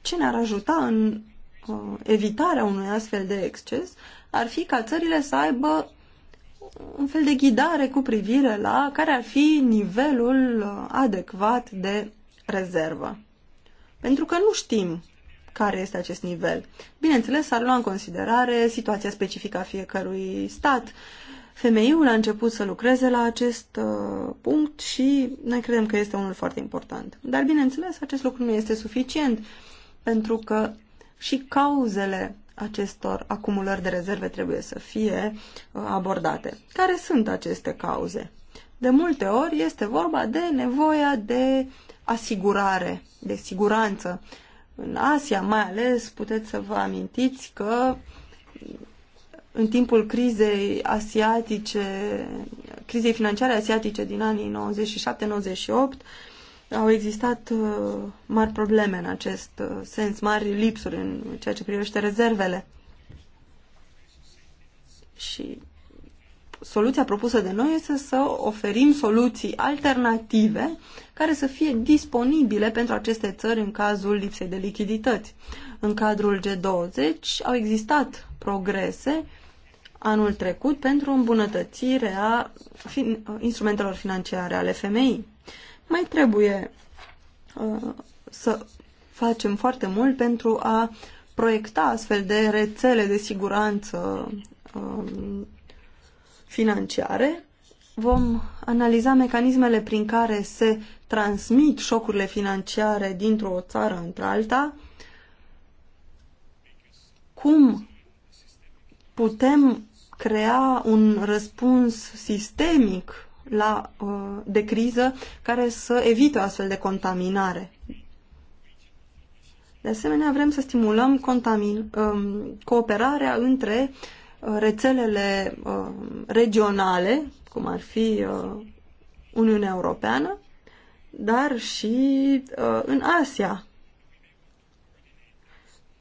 Ce ne-ar ajuta în uh, evitarea unui astfel de exces ar fi ca țările să aibă un fel de ghidare cu privire la care ar fi nivelul uh, adecvat de rezervă. Pentru că nu știm care este acest nivel. Bineînțeles, ar lua în considerare situația specifică a fiecărui stat. Femeiul a început să lucreze la acest uh, punct și noi credem că este unul foarte important. Dar, bineînțeles, acest lucru nu este suficient, pentru că și cauzele acestor acumulări de rezerve trebuie să fie uh, abordate. Care sunt aceste cauze? De multe ori este vorba de nevoia de asigurare, de siguranță în Asia, mai ales puteți să vă amintiți că în timpul crizei asiatice, crizei financiare asiatice din anii 97-98, au existat uh, mari probleme în acest uh, sens, mari lipsuri în ceea ce privește rezervele. Și soluția propusă de noi este să oferim soluții alternative care să fie disponibile pentru aceste țări în cazul lipsei de lichidități. În cadrul G20 au existat progrese anul trecut pentru îmbunătățirea fin instrumentelor financiare ale FMI. Mai trebuie uh, să facem foarte mult pentru a proiecta astfel de rețele de siguranță uh, financiare, vom analiza mecanismele prin care se transmit șocurile financiare dintr-o țară într-alta, cum putem crea un răspuns sistemic la, uh, de criză care să evite o astfel de contaminare. De asemenea, vrem să stimulăm um, cooperarea între uh, rețelele uh, regionale, cum ar fi uh, Uniunea Europeană, dar și uh, în Asia.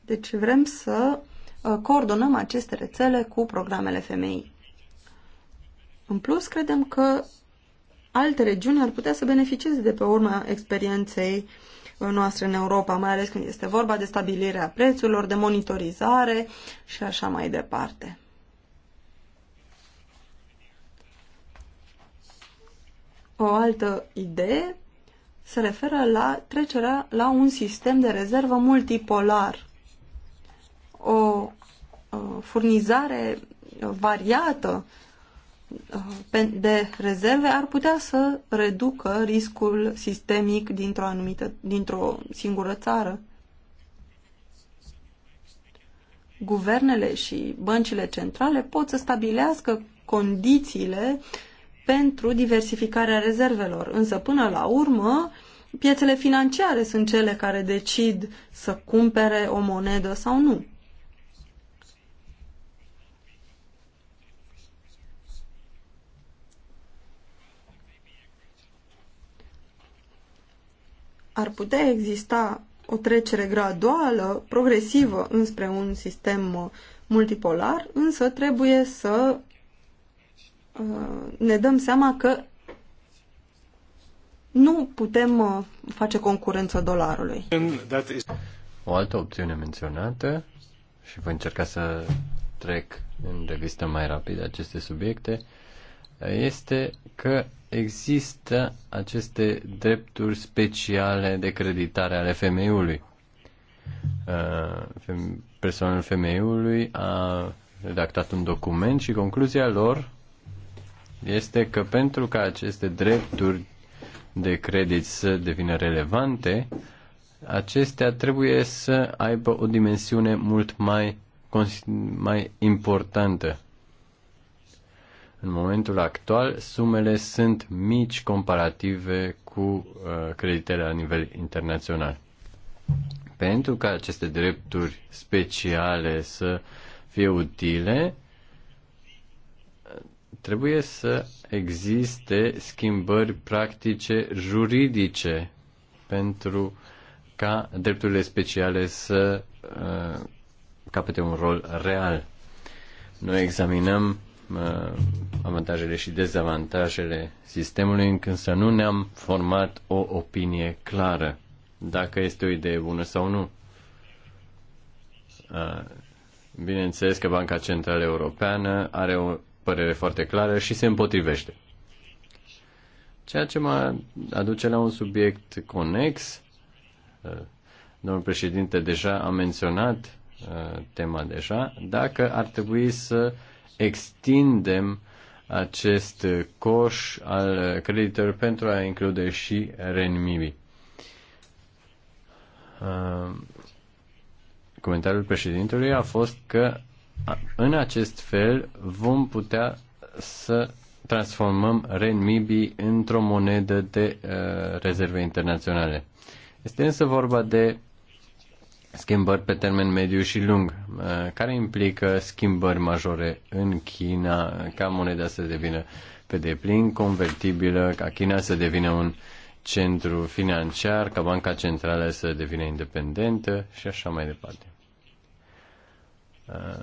Deci vrem să coordonăm aceste rețele cu programele femei. În plus, credem că alte regiuni ar putea să beneficieze de pe urma experienței noastre în Europa, mai ales când este vorba de stabilirea prețurilor, de monitorizare și așa mai departe. O altă idee se referă la trecerea la un sistem de rezervă multipolar. O furnizare variată uh, de rezerve ar putea să reducă riscul sistemic dintr-o anumită, dintr-o singură țară. Guvernele și băncile centrale pot să stabilească condițiile uh, pentru diversificarea rezervelor. Însă, până la urmă, piețele financiare sunt cele care decid să cumpere o monedă sau nu. Ar putea exista o trecere graduală, progresivă înspre un sistem multipolar, însă trebuie să Uh, ne dăm seama că nu putem uh, face concurență dolarului. O altă opțiune menționată și voi încerca să trec în revistă mai rapid aceste subiecte este că există aceste drepturi speciale de creditare ale femeiului. Uh, Persoanele femeiului a redactat un document și concluzia lor este că pentru ca aceste drepturi de credit să devină relevante, acestea trebuie să aibă o dimensiune mult mai, mai importantă. În momentul actual, sumele sunt mici comparative cu uh, creditele la nivel internațional. Pentru ca aceste drepturi speciale să fie utile, Trebuie să existe schimbări practice juridice pentru ca drepturile speciale să uh, capete un rol real. Noi examinăm uh, avantajele și dezavantajele sistemului, însă nu ne-am format o opinie clară dacă este o idee bună sau nu. Uh, bineînțeles că Banca Centrală Europeană are o părere foarte clară și se împotrivește. Ceea ce mă aduce la un subiect conex, uh, domnul președinte deja a menționat uh, tema deja, dacă ar trebui să extindem acest coș al creditorilor pentru a include și renminbi. Uh, comentariul președintelui a fost că în acest fel vom putea să transformăm renminbi într-o monedă de uh, rezerve internaționale. Este însă vorba de schimbări pe termen mediu și lung, uh, care implică schimbări majore în China, ca moneda să devină pe deplin convertibilă, ca China să devină un centru financiar, ca banca centrală să devină independentă și așa mai departe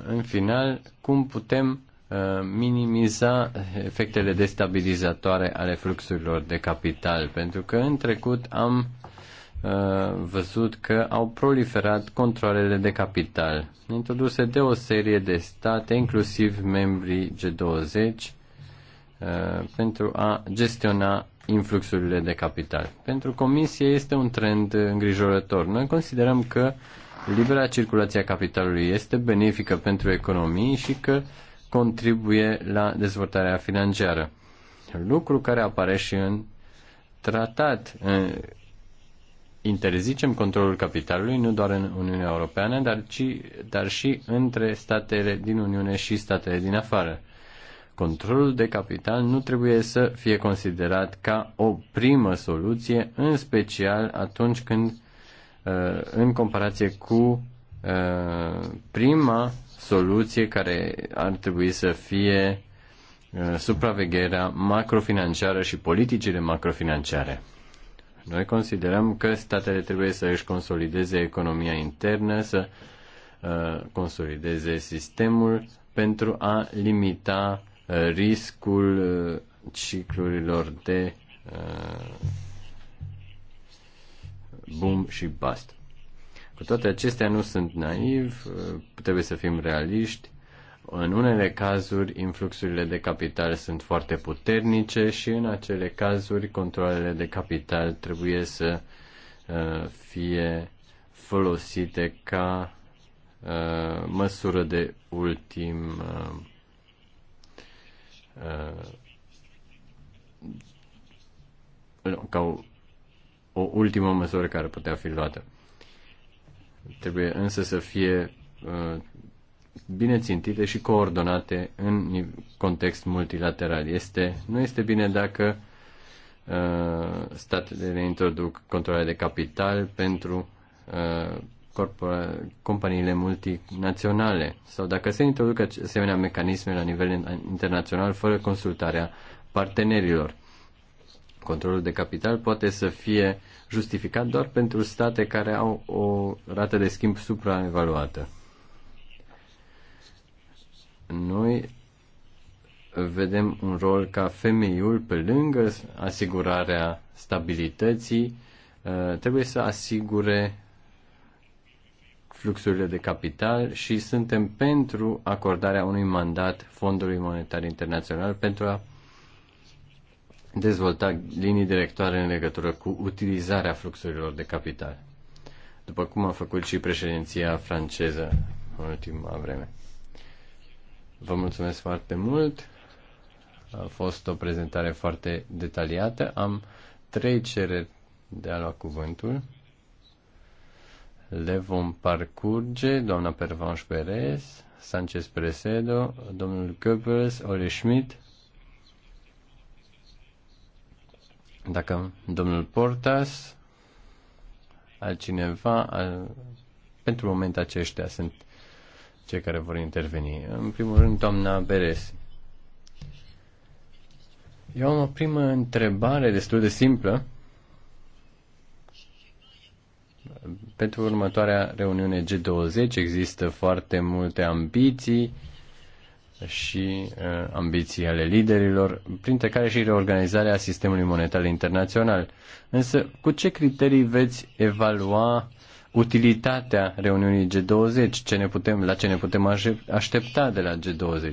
în final, cum putem uh, minimiza efectele destabilizatoare ale fluxurilor de capital, pentru că în trecut am uh, văzut că au proliferat controlele de capital, introduse de o serie de state, inclusiv membrii G20, uh, pentru a gestiona influxurile de capital. Pentru Comisie este un trend îngrijorător. Noi considerăm că uh, libera circulație a capitalului este benefică pentru economii și că contribuie la dezvoltarea financiară. Lucru care apare și în tratat. Interzicem controlul capitalului nu doar în Uniunea Europeană, dar, ci, dar și între statele din Uniune și statele din afară. Controlul de capital nu trebuie să fie considerat ca o primă soluție, în special atunci când Uh, în comparație cu uh, prima soluție care ar trebui să fie uh, supravegherea macrofinanciară și politicile macrofinanciare. Noi considerăm că statele trebuie să își consolideze economia internă, să consolideze sistemul pentru a limita riscul ciclurilor de boom și bust. Cu toate acestea nu sunt naiv, trebuie să fim realiști. În unele cazuri, influxurile de capital sunt foarte puternice și în acele cazuri, controlele de capital trebuie să uh, fie folosite ca uh, măsură de ultim uh, ca o ultimă măsură care putea fi luată. Trebuie însă să fie uh, bine țintite și coordonate în context multilateral. Este, nu este bine dacă uh, statele introduc controle de capital pentru uh, corpora- companiile multinaționale sau dacă se introduc asemenea mecanisme la nivel internațional fără consultarea partenerilor. Controlul de capital poate să fie justificat doar pentru state care au o rată de schimb supraevaluată. Noi vedem un rol ca femeiul, pe lângă asigurarea stabilității, uh, trebuie să asigure fluxurile de capital și suntem pentru acordarea unui mandat Fondului Monetar Internațional pentru a dezvolta linii directoare în legătură cu utilizarea fluxurilor de capital, după cum a făcut și președinția franceză în ultima vreme. Vă mulțumesc foarte mult. A fost o prezentare foarte detaliată. Am trei cereri de a lua cuvântul. Le vom parcurge doamna Pervanș Perez, Sanchez Presedo, domnul Goebbels, Ole Schmidt Dacă domnul Portas, altcineva, al... pentru moment aceștia sunt cei care vor interveni. În primul rând, doamna Beres. Eu am o primă întrebare destul de simplă pentru următoarea reuniune G20 există foarte multe ambiții și uh, ambiții ale liderilor, printre care și reorganizarea sistemului monetar internațional. Însă, cu ce criterii veți evalua utilitatea reuniunii G20? Ce ne putem, la ce ne putem aștepta de la G20?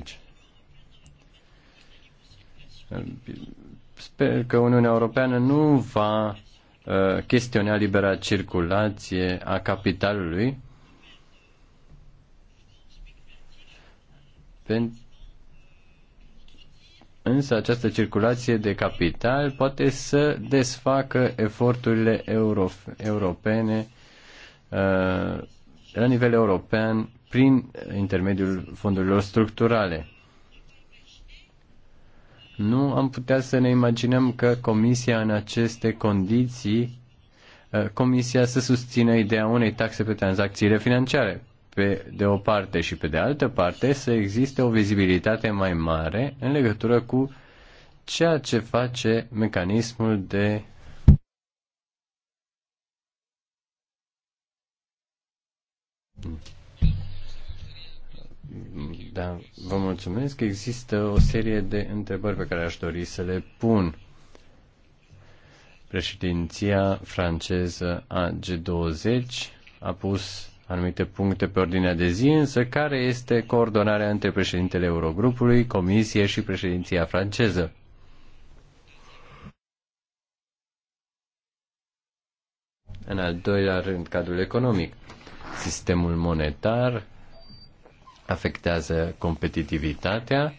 Sper că Uniunea Europeană nu va uh, chestiona libera circulație a capitalului Pentru Însă această circulație de capital poate să desfacă eforturile euro, europene uh, la nivel european prin intermediul fondurilor structurale. Nu am putea să ne imaginăm că Comisia în aceste condiții, uh, Comisia să susțină ideea unei taxe pe tranzacțiile financiare pe de o parte și pe de altă parte să existe o vizibilitate mai mare în legătură cu ceea ce face mecanismul de Da, vă mulțumesc. Există o serie de întrebări pe care aș dori să le pun. Președinția franceză a G20 a pus anumite puncte pe ordinea de zi, însă care este coordonarea între președintele Eurogrupului, Comisie și președinția franceză. În al doilea rând, cadrul economic. Sistemul monetar afectează competitivitatea,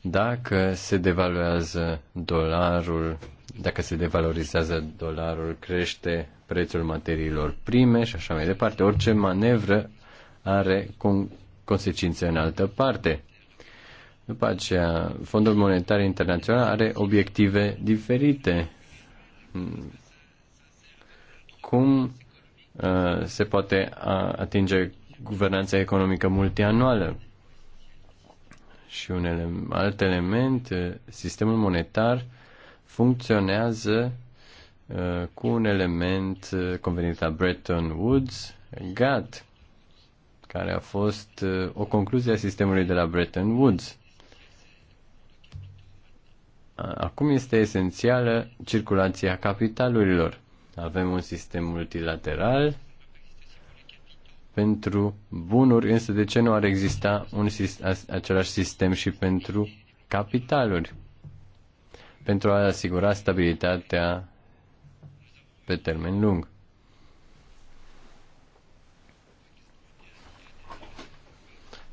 dacă se devaluează dolarul dacă se devalorizează dolarul, crește prețul materiilor prime și așa mai departe. Orice manevră are consecințe în altă parte. După aceea, Fondul Monetar Internațional are obiective diferite. Cum uh, se poate atinge guvernanța economică multianuală? Și un alt element, uh, sistemul monetar funcționează uh, cu un element uh, convenit la Bretton Woods, GATT, care a fost uh, o concluzie a sistemului de la Bretton Woods. Acum este esențială circulația capitalurilor. Avem un sistem multilateral pentru bunuri, însă de ce nu ar exista un, același sistem și pentru capitaluri? pentru a asigura stabilitatea pe termen lung.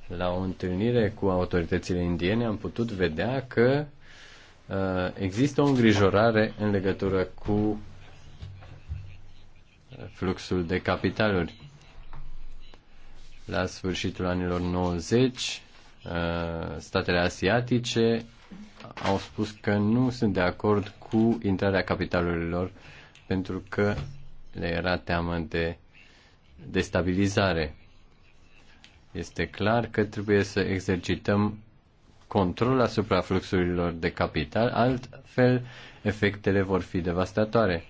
La o întâlnire cu autoritățile indiene am putut vedea că uh, există o îngrijorare în legătură cu fluxul de capitaluri. La sfârșitul anilor 90, uh, statele asiatice au spus că nu sunt de acord cu intrarea capitalurilor pentru că le era teamă de destabilizare. Este clar că trebuie să exercităm control asupra fluxurilor de capital, altfel efectele vor fi devastatoare.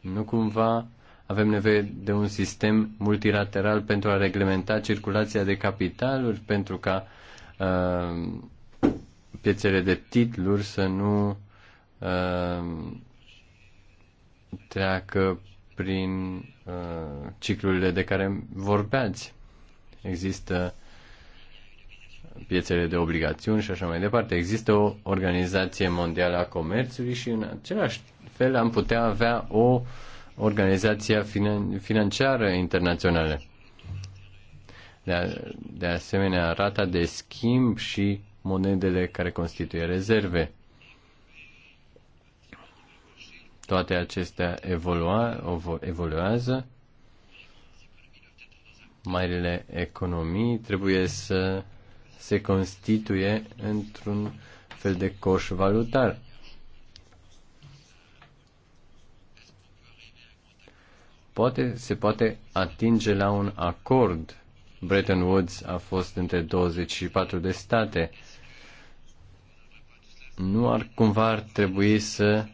Nu cumva avem nevoie de un sistem multilateral pentru a reglementa circulația de capitaluri, pentru ca uh, piețele de titluri să nu uh, treacă prin uh, ciclurile de care vorbeați. Există piețele de obligațiuni și așa mai departe. Există o organizație mondială a comerțului și în același fel am putea avea o uh, Organizația Finan- Financiară Internațională. De, de asemenea, rata de schimb și monedele care constituie rezerve. Toate acestea evolua, evoluează. Marile economii trebuie să se constituie într-un fel de coș valutar. poate, se poate atinge la un acord. Bretton Woods a fost între 24 de state. Nu ar cumva ar trebui să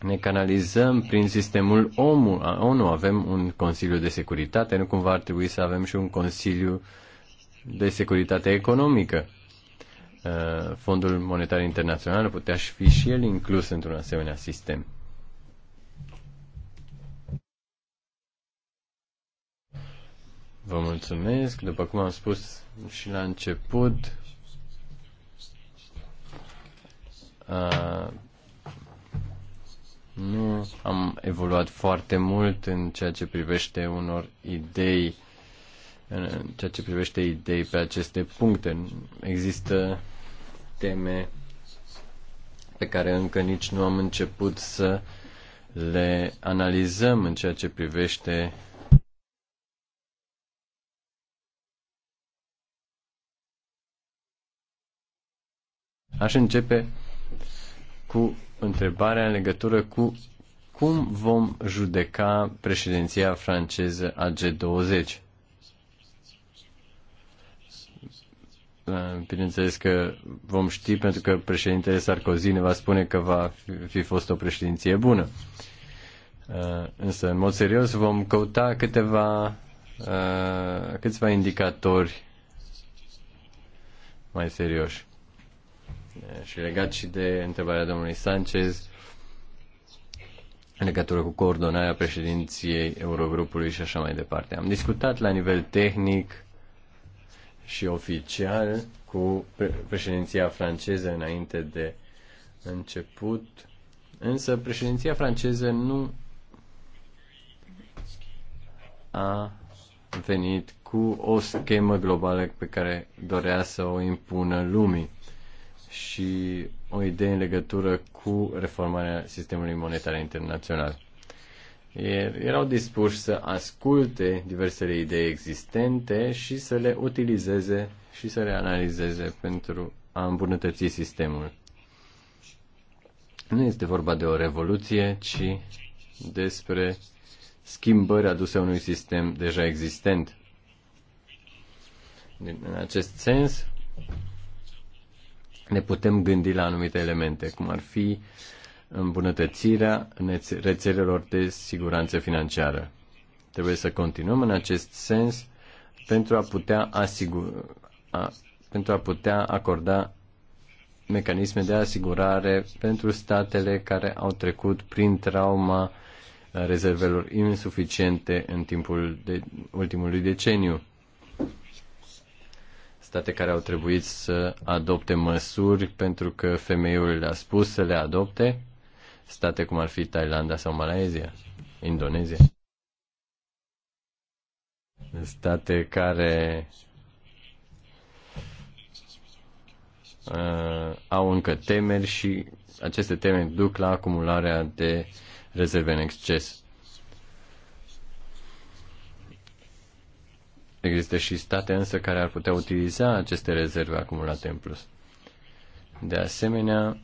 ne canalizăm prin sistemul ONU. Avem un Consiliu de Securitate, nu cumva ar trebui să avem și un Consiliu de Securitate Economică. Uh, Fondul Monetar Internațional putea fi și el inclus într-un asemenea sistem. Vă mulțumesc. După cum am spus și la început, a, nu am evoluat foarte mult în ceea ce privește unor idei, în ceea ce privește idei pe aceste puncte. Există teme pe care încă nici nu am început să le analizăm în ceea ce privește Aș începe cu întrebarea în legătură cu cum vom judeca președinția franceză a G20. Eh, bineînțeles că vom ști pentru că președintele Sarkozy ne va spune că va fi fost o președinție bună. Eh, însă, în mod serios, vom căuta câteva, eh, câțiva indicatori mai serioși și legat și de întrebarea domnului Sanchez în legătură cu coordonarea președinției Eurogrupului și așa mai departe. Am discutat la nivel tehnic și oficial cu președinția franceză înainte de început, însă președinția franceză nu a venit cu o schemă globală pe care dorea să o impună lumii și o idee în legătură cu reformarea sistemului monetar internațional. Erau dispuși să asculte diversele idei existente și să le utilizeze și să le analizeze pentru a îmbunătăți sistemul. Nu este vorba de o revoluție, ci despre schimbări aduse unui sistem deja existent. În acest sens, ne putem gândi la anumite elemente, cum ar fi îmbunătățirea rețelelor de siguranță financiară. Trebuie să continuăm în acest sens pentru a putea, asigur, a, pentru a putea acorda mecanisme de asigurare pentru statele care au trecut prin trauma rezervelor insuficiente în timpul de, ultimului deceniu state care au trebuit să adopte măsuri pentru că femeiul le-a spus să le adopte, state cum ar fi Thailanda sau Malaezia, Indonezia. State care uh, au încă temeri și aceste temeri duc la acumularea de rezerve în exces. Există și state însă care ar putea utiliza aceste rezerve acumulate în plus. De asemenea,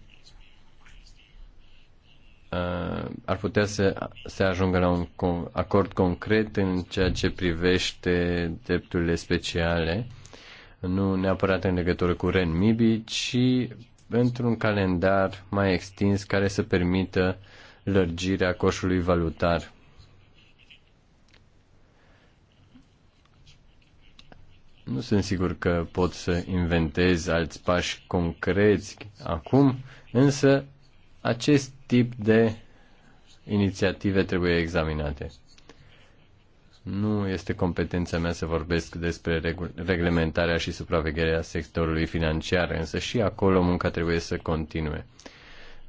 uh, ar putea să se ajungă la un acord concret în ceea ce privește drepturile speciale, nu neapărat în legătură cu RENMIBI, ci într-un calendar mai extins care să permită lărgirea coșului valutar Nu sunt sigur că pot să inventez alți pași concreți acum, însă acest tip de inițiative trebuie examinate. Nu este competența mea să vorbesc despre reglementarea și supravegherea sectorului financiar, însă și acolo munca trebuie să continue.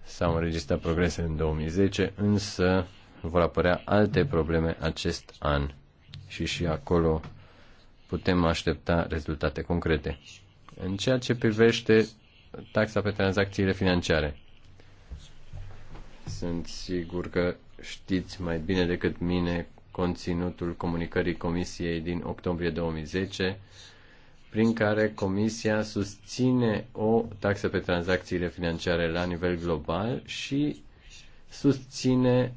S-au înregistrat progrese în 2010, însă vor apărea alte probleme acest an și și acolo putem aștepta rezultate concrete. În ceea ce privește taxa pe tranzacțiile financiare, sunt sigur că știți mai bine decât mine conținutul comunicării Comisiei din octombrie 2010, prin care Comisia susține o taxă pe tranzacțiile financiare la nivel global și susține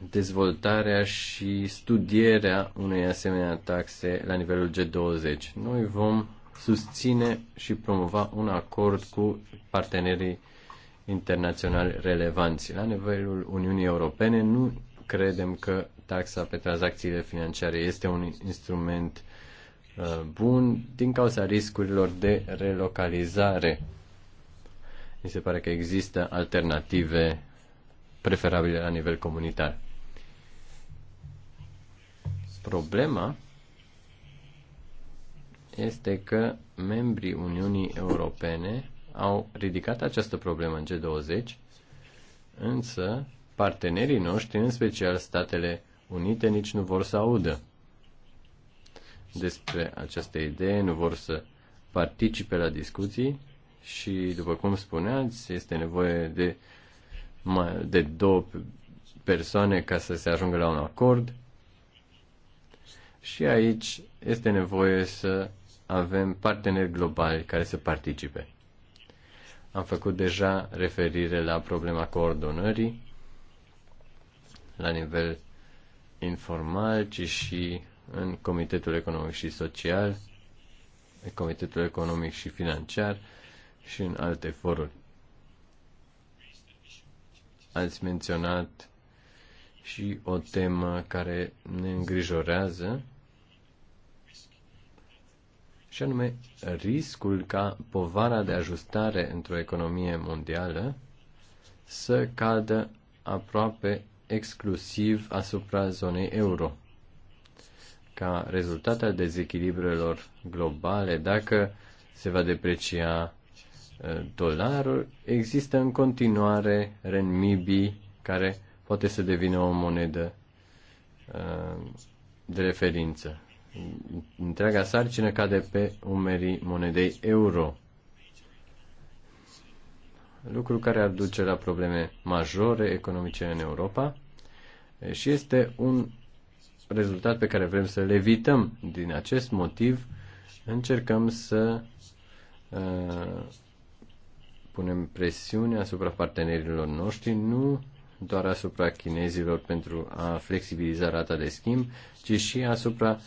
dezvoltarea și studierea unei asemenea taxe la nivelul G20. Noi vom susține și promova un acord cu partenerii internaționali relevanți. La nivelul Uniunii Europene nu credem că taxa pe tranzacțiile financiare este un instrument uh, bun din cauza riscurilor de relocalizare. Mi se pare că există alternative preferabile la nivel comunitar. Problema este că membrii Uniunii Europene au ridicat această problemă în G20, însă partenerii noștri, în special Statele Unite, nici nu vor să audă despre această idee, nu vor să participe la discuții și, după cum spuneați, este nevoie de, de două persoane ca să se ajungă la un acord și aici este nevoie să avem parteneri globali care să participe. Am făcut deja referire la problema coordonării la nivel informal, ci și în Comitetul Economic și Social, în Comitetul Economic și Financiar și în alte foruri. Ați menționat și o temă care ne îngrijorează, și anume riscul ca povara de ajustare într-o economie mondială să cadă aproape exclusiv asupra zonei euro. Ca rezultat al dezechilibrelor globale, dacă se va deprecia eh, dolarul, există în continuare renmibii care poate să devină o monedă uh, de referință. Întreaga sarcină cade pe umerii monedei euro, lucru care ar duce la probleme majore economice în Europa și este un rezultat pe care vrem să-l evităm. Din acest motiv încercăm să uh, punem presiune asupra partenerilor noștri, nu doar asupra chinezilor pentru a flexibiliza rata de schimb, ci și asupra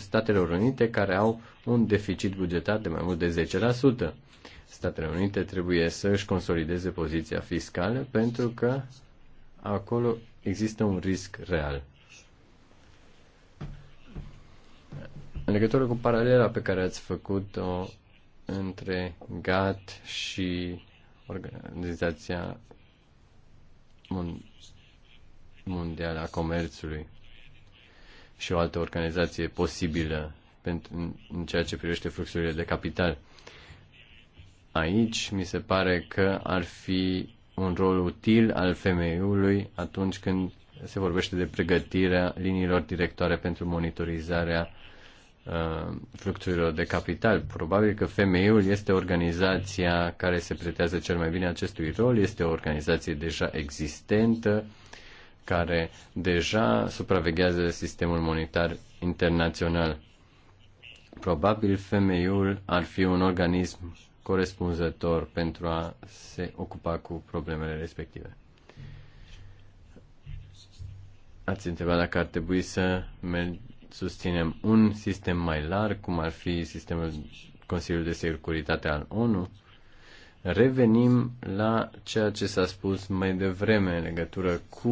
Statelor Unite care au un deficit bugetar de mai mult de 10%. Statele Unite trebuie să își consolideze poziția fiscală pentru că acolo există un risc real. În legătură cu paralela pe care ați făcut-o între GATT și Organizația Mondial a Comerțului și o altă organizație posibilă pentru, în ceea ce privește fluxurile de capital. Aici mi se pare că ar fi un rol util al femeiului atunci când se vorbește de pregătirea liniilor directoare pentru monitorizarea uh, Uh, fluxurilor de capital. Probabil că FMI-ul este organizația care se pretează cel mai bine acestui rol, este o organizație deja existentă, care deja supraveghează sistemul monetar internațional. Probabil femeiul ar fi un organism corespunzător pentru a se ocupa cu problemele respective. Ați întrebat dacă ar trebui să susținem un sistem mai larg, cum ar fi sistemul Consiliului de Securitate al ONU, revenim la ceea ce s-a spus mai devreme în legătură cu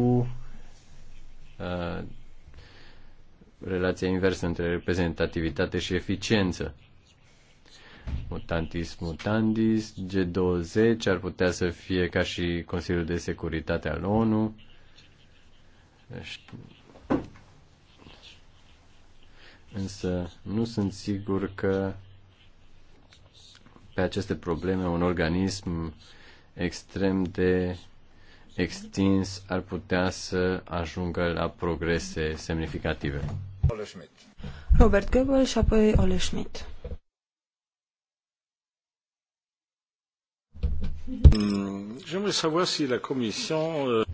uh, relația inversă între reprezentativitate și eficiență. Mutantis mutandis, G20 ar putea să fie ca și Consiliul de Securitate al ONU, însă nu sunt sigur că pe aceste probleme un organism extrem de extins ar putea să ajungă la progrese semnificative. Ole Schmidt. Robert Goebbels și apoi Ole Schmidt. Mm, euh,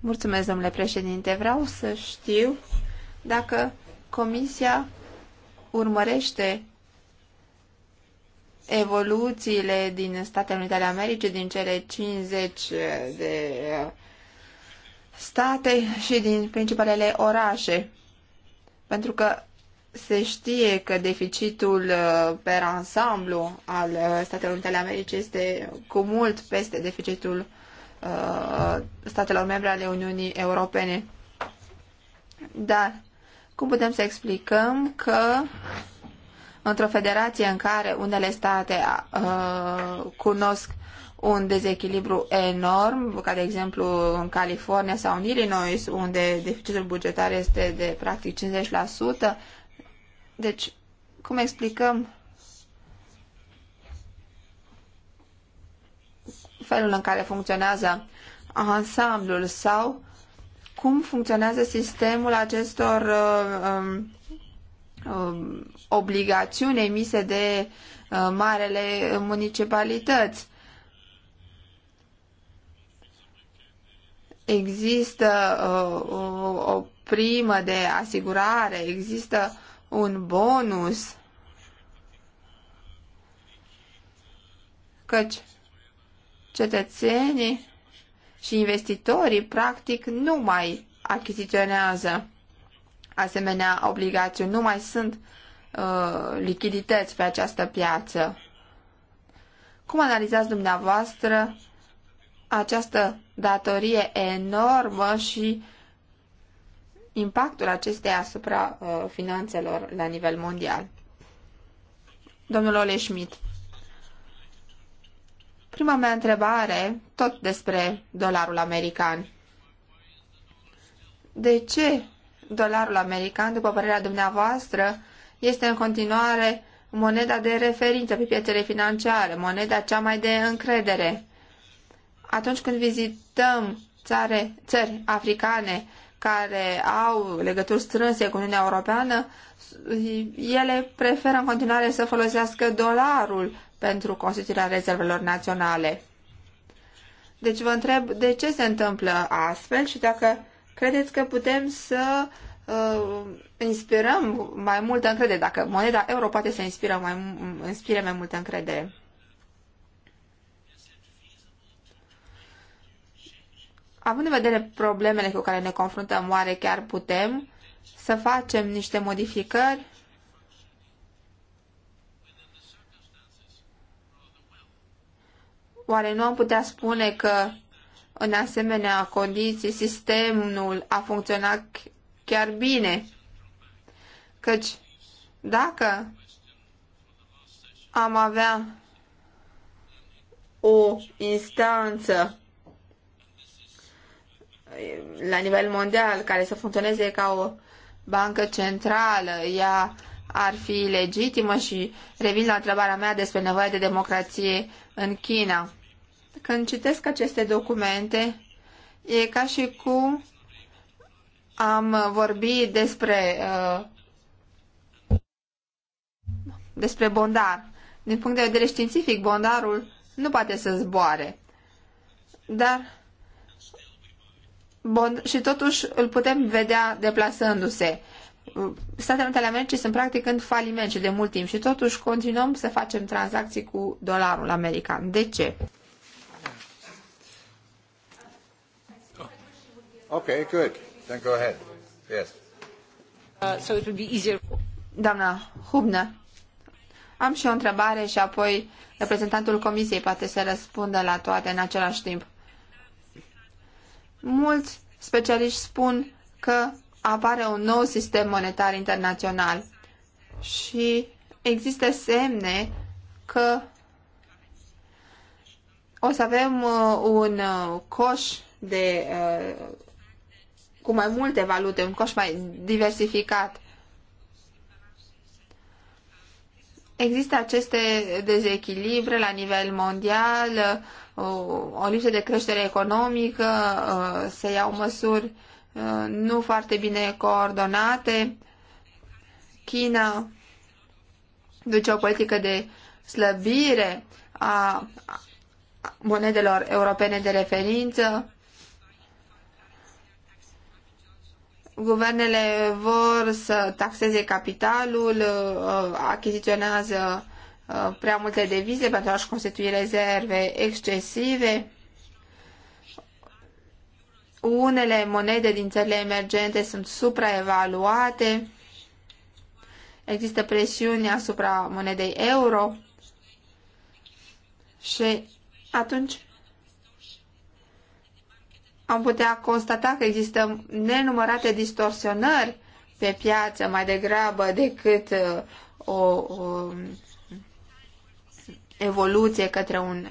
Mulțumesc, domnule președinte. Vreau să știu dacă Comisia urmărește evoluțiile din Statele Unite ale Americii, din cele 50 de uh, state și din principalele orașe. Pentru că se știe că deficitul uh, per ansamblu al uh, Statelor Unite ale Americii este cu mult peste deficitul uh, statelor membre ale Uniunii Europene. Dar cum putem să explicăm că într-o federație în care unele state uh, cunosc un dezechilibru enorm, ca de exemplu în California sau în Illinois, unde deficitul bugetar este de practic 50%. Deci, cum explicăm felul în care funcționează ansamblul sau cum funcționează sistemul acestor uh, um, um, obligațiuni emise de uh, marele municipalități. Există uh, o, o primă de asigurare, există un bonus. Căci cetățenii și investitorii practic nu mai achiziționează asemenea obligațiuni, nu mai sunt uh, lichidități pe această piață. Cum analizați dumneavoastră această datorie enormă și impactul acesteia asupra uh, finanțelor la nivel mondial? Domnul Ole Schmidt. Prima mea întrebare, tot despre dolarul american. De ce dolarul american, după părerea dumneavoastră, este în continuare moneda de referință pe piețele financiare, moneda cea mai de încredere? Atunci când vizităm țare, țări africane care au legături strânse cu Uniunea Europeană, ele preferă în continuare să folosească dolarul pentru constituirea rezervelor naționale. Deci vă întreb de ce se întâmplă astfel și dacă credeți că putem să uh, inspirăm mai multă încredere, dacă moneda euro poate să inspire mai, inspire mai multă încredere. Având în vedere problemele cu care ne confruntăm, oare chiar putem să facem niște modificări Oare nu am putea spune că în asemenea condiții sistemul a funcționat chiar bine? Căci dacă am avea o instanță la nivel mondial care să funcționeze ca o bancă centrală, ea ar fi legitimă și revin la întrebarea mea despre nevoia de democrație în China. Când citesc aceste documente, e ca și cum am vorbit despre uh, despre bondar. Din punct de vedere științific, bondarul nu poate să zboare. Dar bond- și totuși îl putem vedea deplasându-se. Statele Unite ale Americii sunt practic în faliment și de mult timp și totuși continuăm să facem tranzacții cu dolarul american. De ce? Okay, good. Then go ahead. Yes. Uh, so it would be easier. Doamna Hubner, am și o întrebare și apoi reprezentantul comisiei poate să răspundă la toate în același timp. Mulți specialiști spun că apare un nou sistem monetar internațional și există semne că o să avem uh, un uh, coș de uh, cu mai multe valute, un coș mai diversificat. Există aceste dezechilibre la nivel mondial, o lipsă de creștere economică, se iau măsuri nu foarte bine coordonate. China duce o politică de slăbire a monedelor europene de referință. Guvernele vor să taxeze capitalul, uh, achiziționează uh, prea multe devize pentru a-și constitui rezerve excesive. Unele monede din țările emergente sunt supraevaluate, există presiuni asupra monedei euro și atunci am putea constata că există nenumărate distorsionări pe piață mai degrabă decât uh, o, o um, evoluție către un,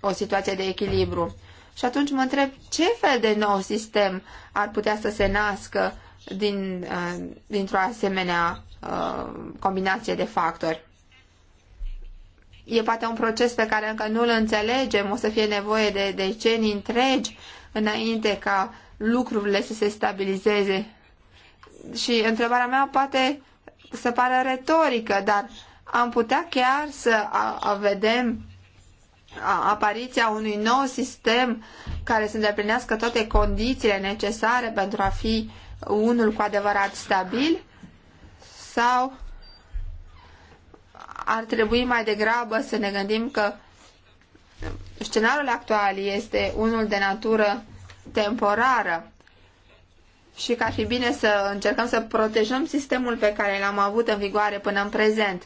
o situație de echilibru. Și atunci mă întreb ce fel de nou sistem ar putea să se nască din, uh, dintr-o asemenea uh, combinație de factori. E poate un proces pe care încă nu-l înțelegem, o să fie nevoie de decenii întregi înainte ca lucrurile să se stabilizeze. Și întrebarea mea poate să pară retorică, dar am putea chiar să vedem apariția unui nou sistem care să îndeplinească toate condițiile necesare pentru a fi unul cu adevărat stabil sau ar trebui mai degrabă să ne gândim că scenariul actual este unul de natură temporară și că ar fi bine să încercăm să protejăm sistemul pe care l-am avut în vigoare până în prezent.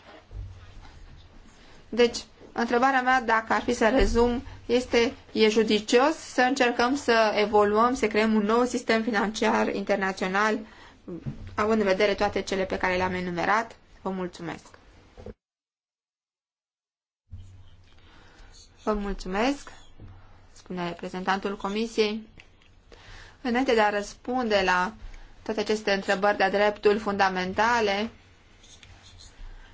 Deci, întrebarea mea, dacă ar fi să rezum, este, e judicios să încercăm să evoluăm, să creăm un nou sistem financiar internațional, având în vedere toate cele pe care le-am enumerat? Vă mulțumesc! Vă mulțumesc, spune reprezentantul Comisiei. Înainte de a răspunde la toate aceste întrebări de-a dreptul fundamentale,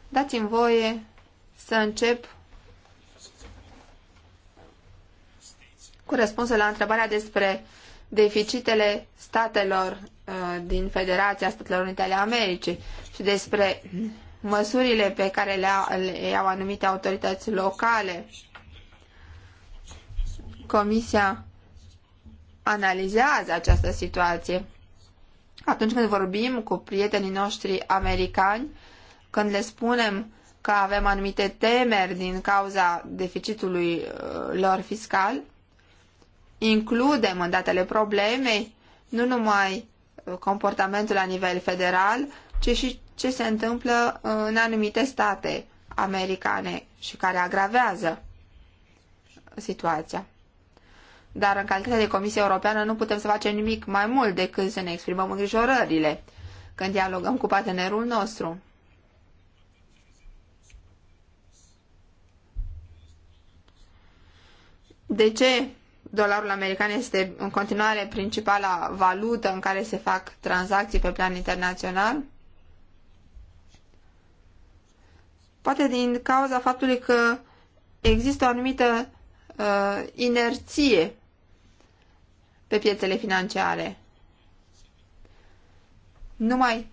dați-mi voie să încep cu răspunsul la întrebarea despre deficitele statelor uh, din Federația Statelor Unite ale Americii și despre măsurile pe care le, au, le au anumite autorități locale. Comisia analizează această situație. Atunci când vorbim cu prietenii noștri americani, când le spunem că avem anumite temeri din cauza deficitului uh, lor fiscal, includem în datele problemei nu numai uh, comportamentul la nivel federal, ci și ce se întâmplă uh, în anumite state americane și care agravează situația. Dar în calitate de Comisie Europeană nu putem să facem nimic mai mult decât să ne exprimăm îngrijorările când dialogăm cu partenerul nostru. De ce Dolarul american este în continuare principala valută în care se fac tranzacții pe plan internațional. Poate din cauza faptului că există o anumită uh, inerție pe piețele financiare. Numai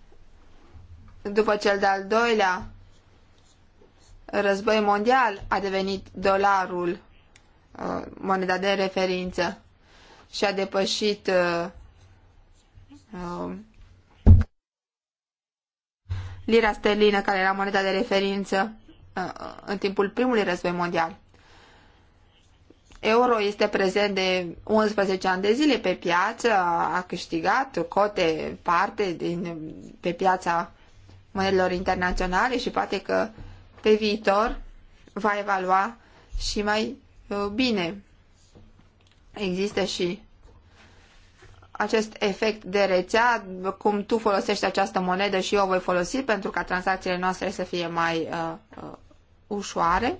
după cel de-al doilea război mondial a devenit dolarul Uh, moneda de referință și a depășit uh, uh, lira sterlină, care era moneda de referință în timpul primului război mondial. Euro este prezent de 11 ani de zile pe piață, a câștigat cote parte din, pe piața monedelor internaționale și poate că pe viitor va evalua și mai bine. Există și acest efect de rețea, cum tu folosești această monedă și eu o voi folosi pentru ca tranzacțiile noastre să fie mai uh, uh, ușoare.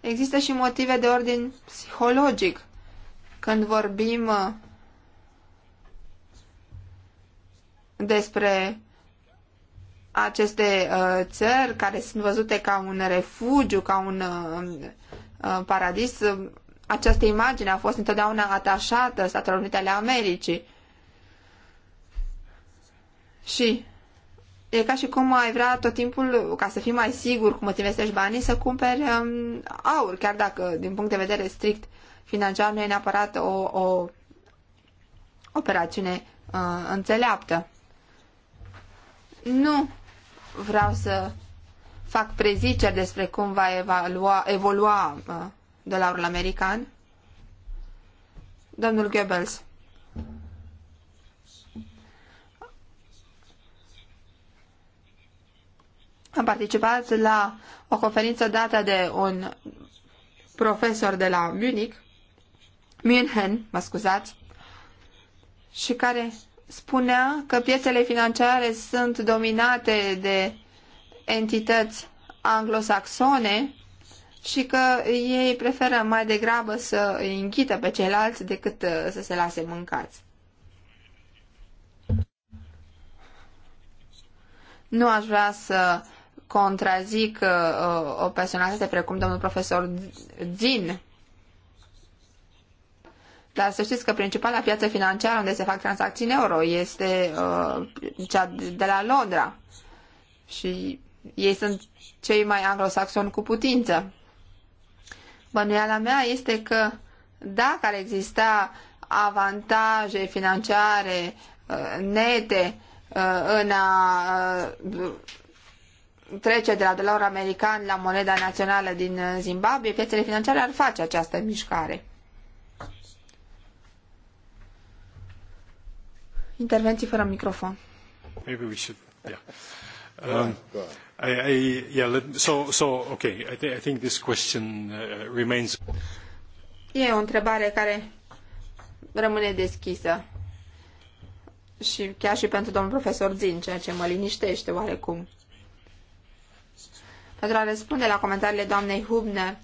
Există și motive de ordin psihologic. Când vorbim uh, despre aceste uh, țări care sunt văzute ca un refugiu, ca un uh, uh, paradis, această imagine a fost întotdeauna atașată Statelor Unite ale Americii. Și e ca și cum ai vrea tot timpul, ca să fii mai sigur cum îți investești banii, să cumperi um, aur, chiar dacă, din punct de vedere strict financiar, nu e neapărat o, o operațiune uh, înțeleaptă. Nu vreau să fac preziceri despre cum va evalua, evolua uh, dolarul american. Domnul Goebbels. Am participat la o conferință dată de un profesor de la Munich, München, mă scuzați, și care spunea că piețele financiare sunt dominate de entități anglosaxone și că ei preferă mai degrabă să îi înghită pe ceilalți decât uh, să se lase mâncați. Nu aș vrea să contrazic uh, o personalitate precum domnul profesor Zin, dar să știți că principala piață financiară unde se fac tranzacții în euro este uh, cea de la Londra. Și ei sunt cei mai anglosaxoni cu putință. Bănuiala mea este că dacă ar exista avantaje financiare uh, nete uh, în a uh, trece de la dollar american la moneda națională din uh, Zimbabwe, piețele financiare ar face această mișcare. Intervenții fără microfon. Maybe we should, yeah. Um, I, I, yeah, let, so, so, okay, I, th I think this question uh, remains... E o întrebare care rămâne deschisă și chiar și pentru domnul profesor Zin, ceea ce mă liniștește oarecum. Pentru a răspunde la comentariile doamnei Hubner,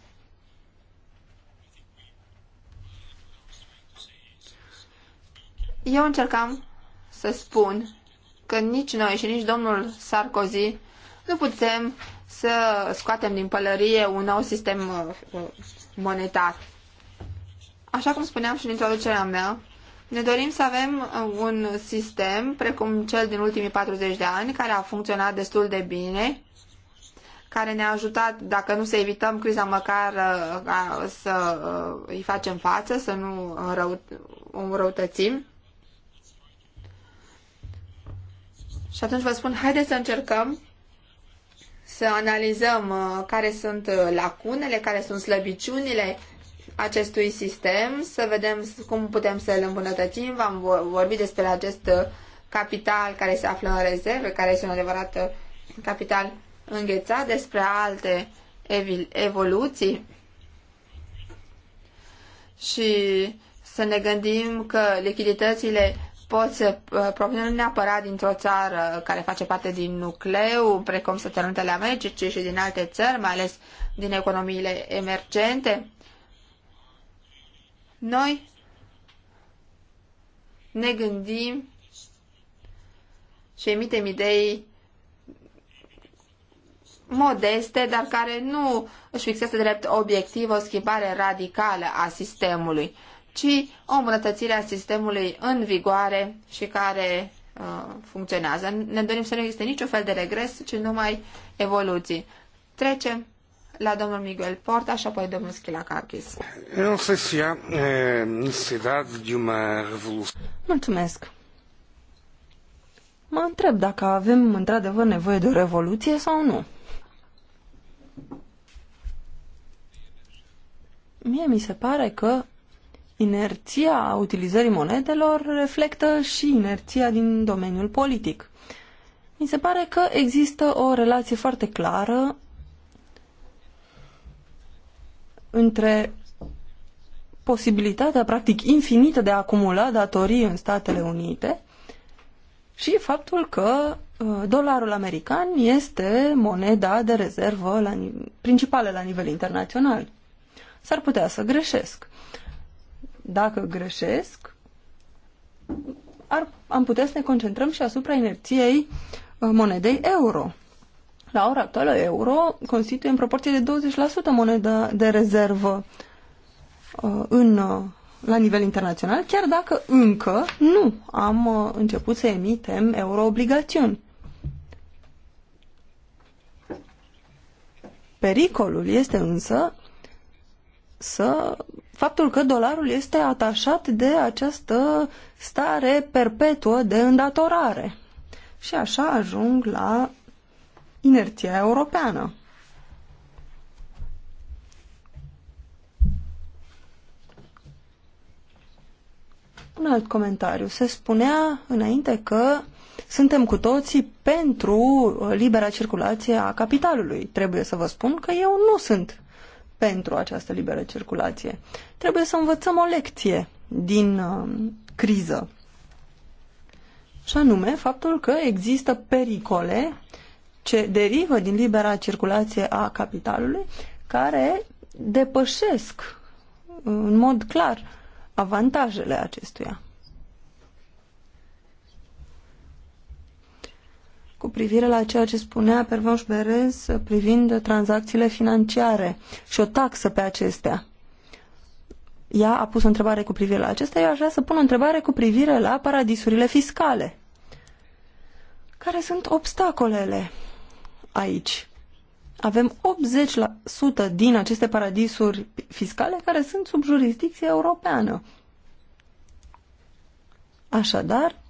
eu încercam să spun că nici noi și nici domnul Sarkozy nu putem să scoatem din pălărie un nou sistem uh, monetar. Așa cum spuneam și în introducerea mea, ne dorim să avem uh, un sistem precum cel din ultimii 40 de ani, care a funcționat destul de bine, care ne-a ajutat, dacă nu să evităm criza, măcar uh, să îi facem față, să nu o înrăutățim. Și atunci vă spun, haideți să încercăm să analizăm uh, care sunt uh, lacunele, care sunt slăbiciunile acestui sistem, să vedem cum putem să îl îmbunătățim. V-am vorbit despre acest uh, capital care se află în rezerve, care este un adevărat capital înghețat, despre alte evoluții și să ne gândim că lichiditățile poți să uh, provină nu neapărat dintr-o țară care face parte din nucleu, precum Statele Unite ci și din alte țări, mai ales din economiile emergente. Noi ne gândim și emitem idei modeste, dar care nu își fixează drept obiectiv o schimbare radicală a sistemului ci o îmbunătățire a sistemului în vigoare și care uh, funcționează. Ne dorim să nu existe niciun fel de regres, ci numai evoluții. Trecem la domnul Miguel Porta și apoi domnul Schilacakis. Nu se sia necesitate de o revoluție. Mulțumesc. Mă întreb dacă avem într-adevăr nevoie de o revoluție sau nu. Mie mi se pare că inerția utilizării monedelor reflectă și inerția din domeniul politic. Mi se pare că există o relație foarte clară între posibilitatea practic infinită de a acumula datorii în Statele Unite și faptul că uh, dolarul american este moneda de rezervă la, principală la nivel internațional. S-ar putea să greșesc. Dacă greșesc, ar, am putea să ne concentrăm și asupra inerției uh, monedei euro. La ora actuală, euro constituie în proporție de 20% monedă de rezervă uh, în, uh, la nivel internațional, chiar dacă încă nu am început să emitem euroobligațiuni. Pericolul este însă să faptul că dolarul este atașat de această stare perpetuă de îndatorare. Și așa ajung la inerția europeană. Un alt comentariu. Se spunea înainte că suntem cu toții pentru libera circulație a capitalului. Trebuie să vă spun că eu nu sunt pentru această liberă circulație. Trebuie să învățăm o lecție din uh, criză. Și anume, faptul că există pericole ce derivă din libera circulație a capitalului, care depășesc uh, în mod clar avantajele acestuia. cu privire la ceea ce spunea Pervenș Berez privind tranzacțiile financiare și o taxă pe acestea. Ea a pus o întrebare cu privire la acestea, eu aș vrea să pun o întrebare cu privire la paradisurile fiscale. Care sunt obstacolele aici? Avem 80% din aceste paradisuri fiscale care sunt sub jurisdicție europeană. Așadar,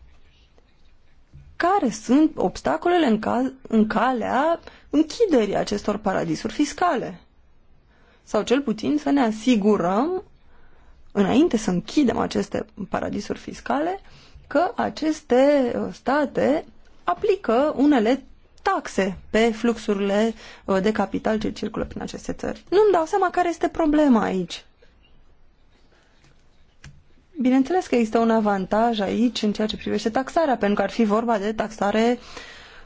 care sunt obstacolele în, cal- în calea închiderii acestor paradisuri fiscale. Sau cel puțin să ne asigurăm, înainte să închidem aceste paradisuri fiscale, că aceste uh, state aplică unele taxe pe fluxurile uh, de capital ce circulă prin aceste țări. Nu-mi dau seama care este problema aici. Bineînțeles că există un avantaj aici în ceea ce privește taxarea, pentru că ar fi vorba de taxare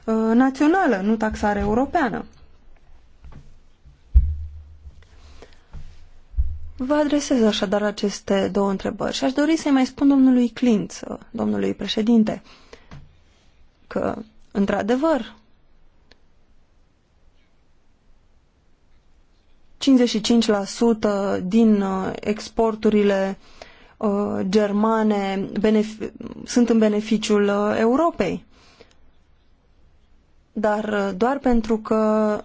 uh, națională, nu taxare europeană. Vă adresez așadar aceste două întrebări și aș dori să-i mai spun domnului Clint, uh, domnului președinte, că, într-adevăr, 55% din uh, exporturile uh, Uh, germane sunt în beneficiul uh, Europei. Dar uh, doar pentru că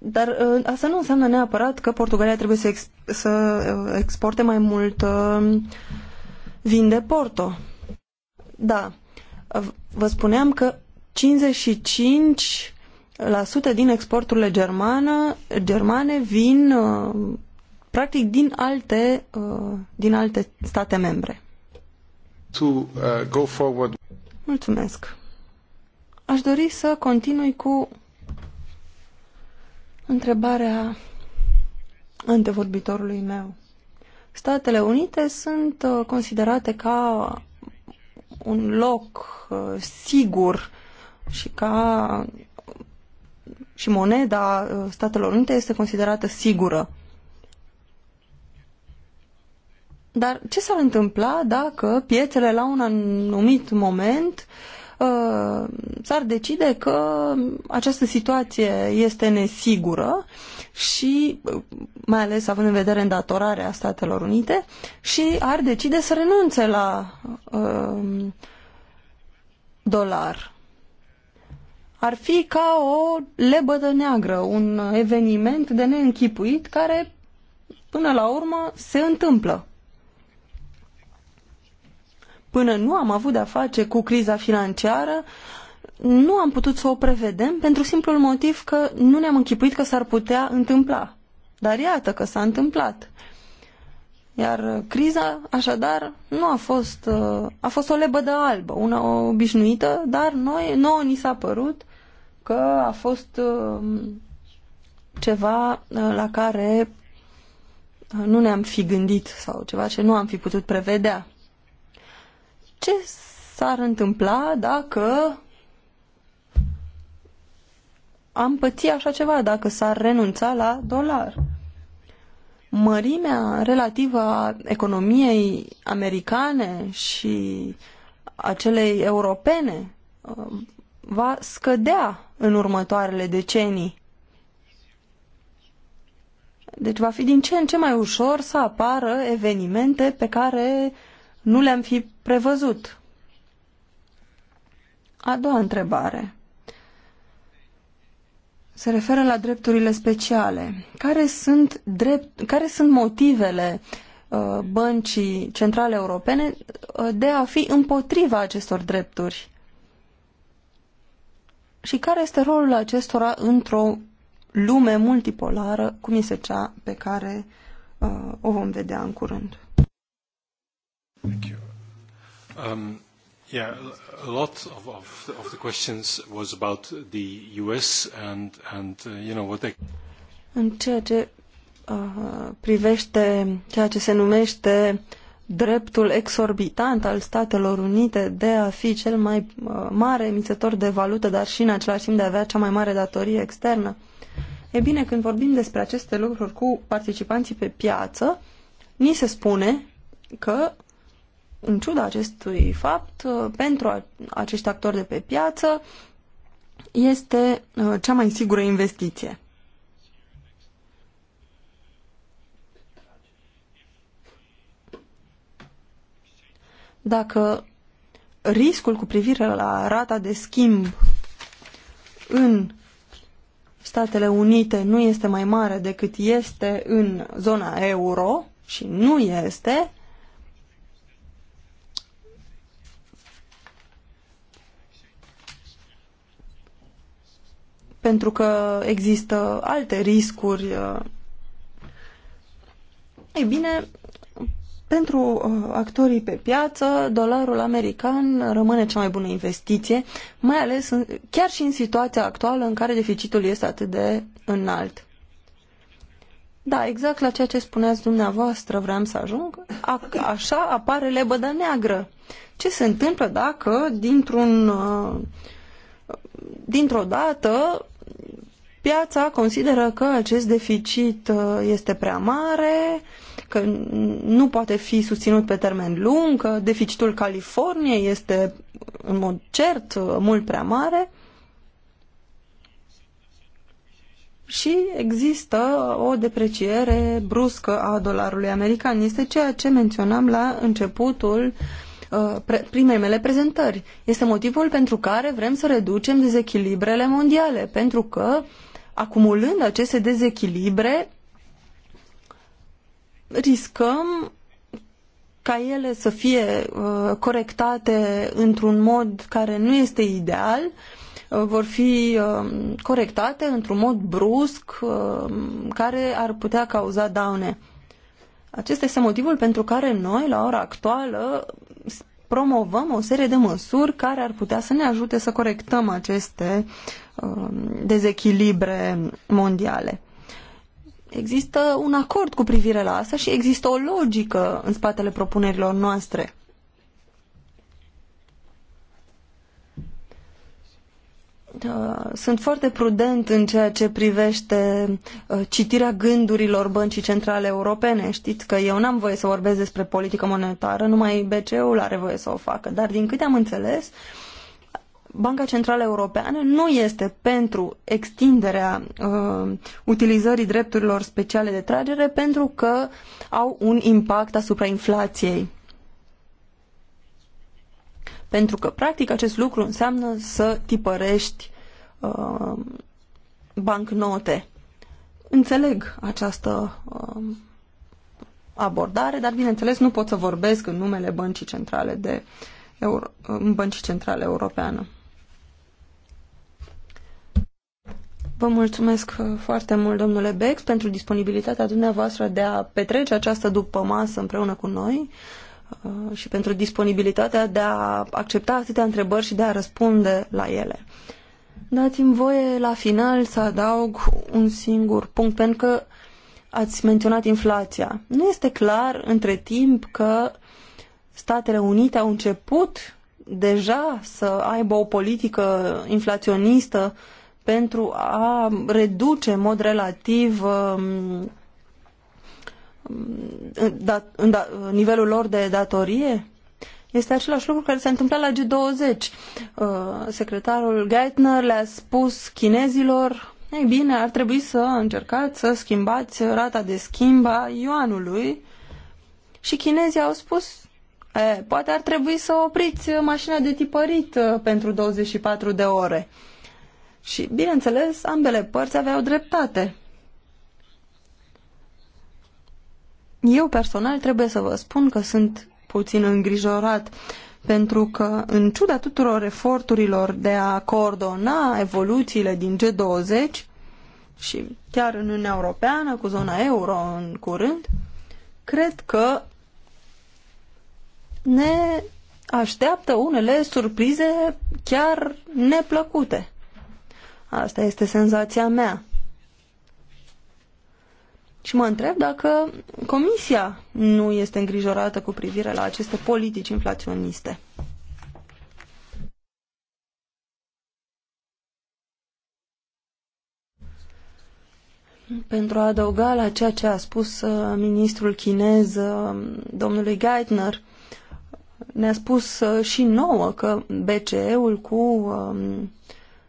Dar asta nu înseamnă neapărat că Portugalia trebuie să, ex să exporte mai mult vin de Porto. Da, vă spuneam că 55 din exporturile germană, germane vin uh, practic din alte, uh, din alte state membre. To, uh, go forward. Mulțumesc. Aș dori să continui cu întrebarea antevorbitorului meu. Statele Unite sunt uh, considerate ca un loc sigur și ca și moneda Statelor Unite este considerată sigură. Dar ce s-ar întâmpla dacă piețele la un anumit moment uh, s-ar decide că această situație este nesigură și, uh, mai ales având în vedere îndatorarea Statelor Unite, și ar decide să renunțe la uh, dolar? ar fi ca o lebădă neagră, un eveniment de neînchipuit care până la urmă se întâmplă. Până nu am avut de-a face cu criza financiară, nu am putut să o prevedem pentru simplul motiv că nu ne-am închipuit că s-ar putea întâmpla. Dar iată că s-a întâmplat. Iar uh, criza, așadar, nu a fost, uh, a fost o lebădă albă, una obișnuită, dar noi, nouă ni s-a părut că a fost um, ceva uh, la care nu ne-am fi gândit sau ceva ce nu am fi putut prevedea. Ce s-ar întâmpla dacă am pățit așa ceva, dacă s-ar renunța la dolar? mărimea relativă a economiei americane și a celei europene uh, va scădea în următoarele decenii. Deci va fi din ce în ce mai ușor să apară evenimente pe care nu le-am fi prevăzut. A doua întrebare se referă la drepturile speciale. Care sunt, drept, care sunt motivele uh, băncii centrale europene uh, de a fi împotriva acestor drepturi? Și care este rolul acestora într-o lume multipolară, cum este cea pe care uh, o vom vedea în curând? Thank you. Um... Yeah, a lot of, of, of the questions was about the US and, and uh, you know what they... În ceea ce uh, privește ceea ce se numește dreptul exorbitant al Statelor Unite de a fi cel mai uh, mare emițător de valută, dar și în același timp de a avea cea mai mare datorie externă. E bine, când vorbim despre aceste lucruri cu participanții pe piață, ni se spune că în ciuda acestui fapt, uh, pentru acești actori de pe piață, este uh, cea mai sigură investiție. Dacă riscul cu privire la rata de schimb în Statele Unite nu este mai mare decât este în zona euro și nu este, pentru că există alte riscuri. Uh. Ei bine, pentru uh, actorii pe piață, dolarul american rămâne cea mai bună investiție, mai ales în, chiar și în situația actuală în care deficitul este atât de înalt. Da, exact la ceea ce spuneați dumneavoastră vreau să ajung. A, așa apare lebăda neagră. Ce se întâmplă dacă dintr-un uh, dintr-o dată Piața consideră că acest deficit uh, este prea mare, că nu poate fi susținut pe termen lung, că deficitul Californiei este în mod cert uh, mult prea mare și există o depreciere bruscă a dolarului american. Este ceea ce menționam la începutul uh, primei mele prezentări. Este motivul pentru care vrem să reducem dezechilibrele mondiale, pentru că uh, acumulând aceste dezechilibre, riscăm ca ele să fie uh, corectate într-un mod care nu este ideal, uh, vor fi uh, corectate într-un mod brusc uh, care ar putea cauza daune. Acesta este motivul pentru care noi, la ora actuală, promovăm o serie de măsuri care ar putea să ne ajute să corectăm aceste Um, dezechilibre mondiale. Există un acord cu privire la asta și există o logică în spatele propunerilor noastre. Uh, sunt foarte prudent în ceea ce privește uh, citirea gândurilor Băncii Centrale Europene. Știți că eu n-am voie să vorbesc despre politică monetară, numai BCE-ul are voie să o facă. Dar din câte am înțeles, Banca Centrală Europeană nu este pentru extinderea uh, utilizării drepturilor speciale de tragere pentru că au un impact asupra inflației. Pentru că, practic, acest lucru înseamnă să tipărești uh, bancnote. Înțeleg această uh, abordare, dar, bineînțeles, nu pot să vorbesc în numele Băncii Centrale de Euro- Băncii Centrale Europeană. Vă mulțumesc uh, foarte mult, domnule Bex, pentru disponibilitatea dumneavoastră de a petrece această după masă împreună cu noi uh, și pentru disponibilitatea de a accepta atâtea întrebări și de a răspunde la ele. Dați-mi voie la final să adaug un singur punct, pentru că ați menționat inflația. Nu este clar între timp că Statele Unite au început deja să aibă o politică inflaționistă uh, pentru a reduce în mod relativ um, um, da, nivelul lor de datorie? Este același lucru care s-a întâmplat la G20. Uh, secretarul Geithner le-a spus chinezilor, ei bine, ar trebui să încercați să schimbați rata de schimb a ioanului și chinezii au spus, e, poate ar trebui să opriți mașina de tipărit uh, pentru 24 de ore. Și, bineînțeles, ambele părți aveau dreptate. Eu personal trebuie să vă spun că sunt puțin îngrijorat, pentru că, în ciuda tuturor eforturilor de a coordona evoluțiile din G20 și chiar în Uniunea Europeană, cu zona euro în curând, cred că ne așteaptă unele surprize chiar neplăcute. Asta este senzația mea. Și mă întreb dacă Comisia nu este îngrijorată cu privire la aceste politici inflaționiste. Pentru a adăuga la ceea ce a spus uh, ministrul chinez, uh, domnului Geithner, ne-a spus uh, și nouă că BCE-ul cu um,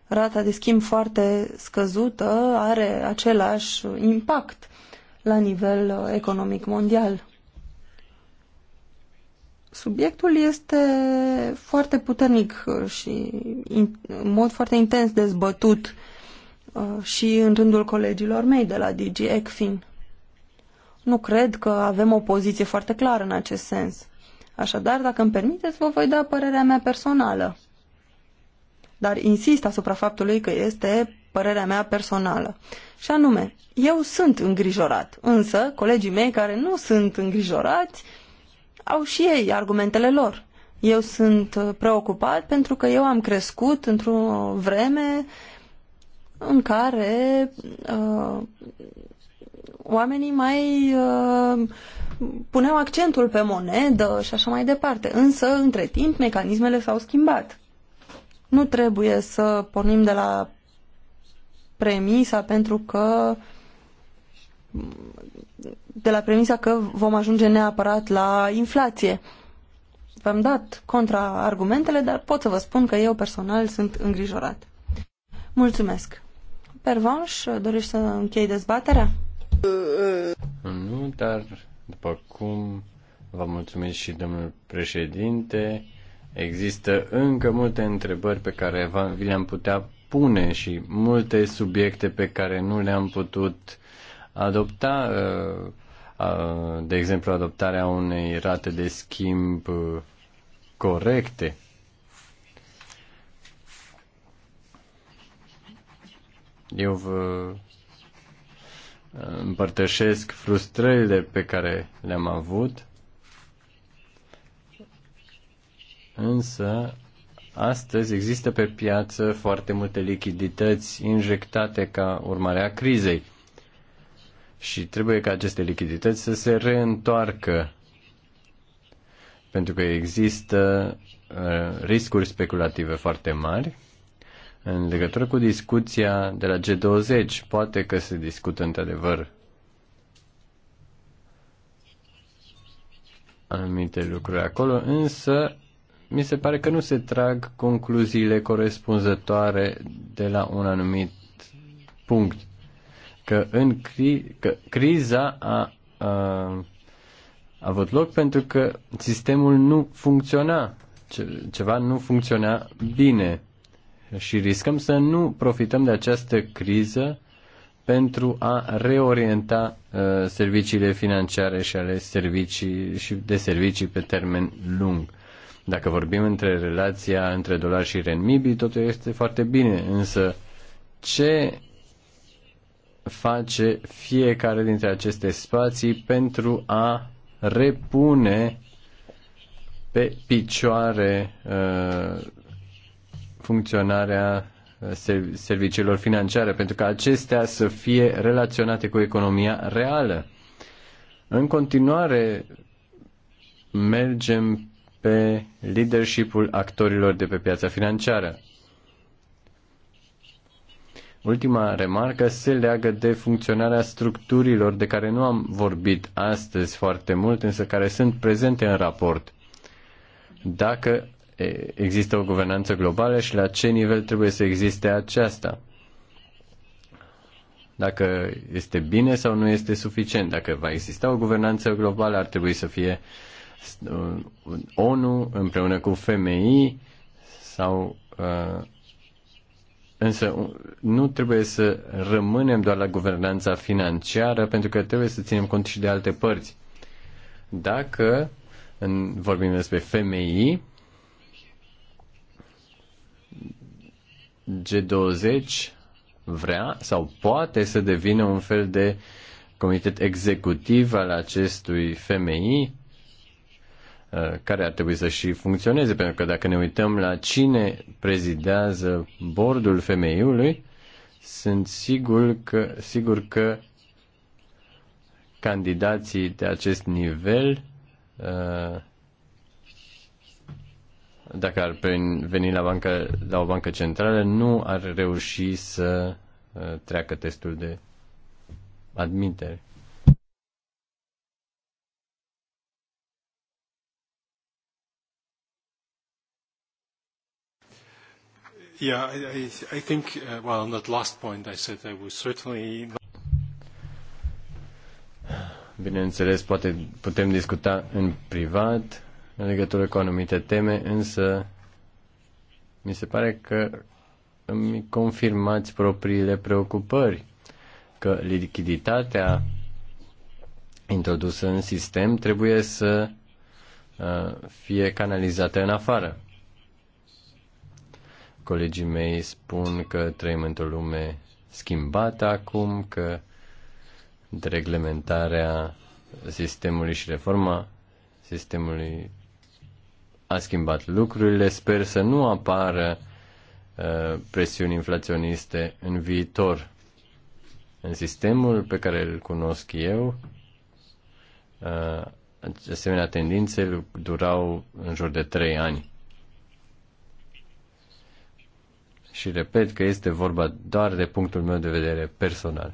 rata de schimb foarte scăzută are același impact la nivel uh, economic mondial. Subiectul este foarte puternic uh, și în mod foarte intens dezbătut uh, și în rândul colegilor mei de la DG ECFIN. Nu cred că avem o poziție foarte clară în acest sens. Așadar, dacă îmi permiteți, vă voi da părerea mea personală dar insist asupra faptului că este părerea mea personală. Și anume, eu sunt îngrijorat, însă colegii mei care nu sunt îngrijorați au și ei argumentele lor. Eu sunt uh, preocupat pentru că eu am crescut într-o vreme în care uh, oamenii mai uh, puneau accentul pe monedă și așa mai departe. Însă, între timp, mecanismele s-au schimbat. Nu trebuie să pornim de la premisa pentru că de la premisa că vom ajunge neapărat la inflație. V-am dat contraargumentele, dar pot să vă spun că eu personal sunt îngrijorat. Mulțumesc. Pervanș, dorești să închei dezbaterea? Nu, dar după cum v-a mulțumit și domnul președinte, Există încă multe întrebări pe care vi le-am putea pune și multe subiecte pe care nu le-am putut adopta, uh, de exemplu, adoptarea unei rate de schimb uh, corecte. Eu vă uh, împărtășesc frustrările pe care le-am avut însă astăzi există pe piață foarte multe lichidități injectate ca urmare a crizei și trebuie ca aceste lichidități să se reîntoarcă pentru că există uh, riscuri speculative foarte mari în legătură cu discuția de la G20. Poate că se discută într-adevăr anumite lucruri acolo, însă mi se pare că nu se trag concluziile corespunzătoare de la un anumit punct. Că, în cri- că criza a, a, a avut loc pentru că sistemul nu funcționa, ce, ceva nu funcționa bine și riscăm să nu profităm de această criză pentru a reorienta uh, serviciile financiare și ale servicii și de servicii pe termen lung. Dacă vorbim între relația între dolar și renmibi, totul este foarte bine, însă ce face fiecare dintre aceste spații pentru a repune pe picioare uh, funcționarea uh, serviciilor financiare, pentru că acestea să fie relaționate cu economia reală. În continuare, mergem pe leadershipul actorilor de pe piața financiară. Ultima remarcă se leagă de funcționarea structurilor de care nu am vorbit astăzi foarte mult, însă care sunt prezente în raport. Dacă există o guvernanță globală și la ce nivel trebuie să existe aceasta. Dacă este bine sau nu este suficient, dacă va exista o guvernanță globală, ar trebui să fie uh, ONU împreună cu FMI sau uh, însă nu trebuie să rămânem doar la guvernanța financiară pentru că trebuie să ținem cont și de alte părți. Dacă în, vorbim despre FMI, G20 vrea sau poate să devină un fel de comitet executiv al acestui FMI Uh, care ar trebui să și funcționeze, pentru că dacă ne uităm la cine prezidează bordul femeiului, sunt sigur că, sigur că candidații de acest nivel, uh, dacă ar veni la, bancă, la o bancă centrală, nu ar reuși să uh, treacă testul de admitere. Yeah, I, I think, uh, well, on that last point, I said I was certainly Bineînțeles, poate putem discuta în privat în legătură cu anumite teme, însă mi se pare că îmi confirmați propriile preocupări că lichiditatea introdusă în sistem trebuie să uh, fie canalizată în afară. Colegii mei spun că trăim într-o lume schimbată acum, că reglementarea sistemului și reforma sistemului a schimbat lucrurile. Sper să nu apară uh, presiuni inflaționiste în viitor. În sistemul pe care îl cunosc eu, uh, asemenea tendințe durau în jur de trei ani. și repet că este vorba doar de punctul meu de vedere personal.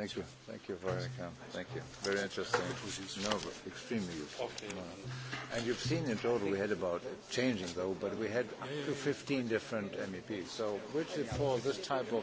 Thank you. Thank you for Thank you. Very interesting. No, extremely useful. No. And you've seen in total we had about changing though, but we had up to 15 different MEPs. So which for this type of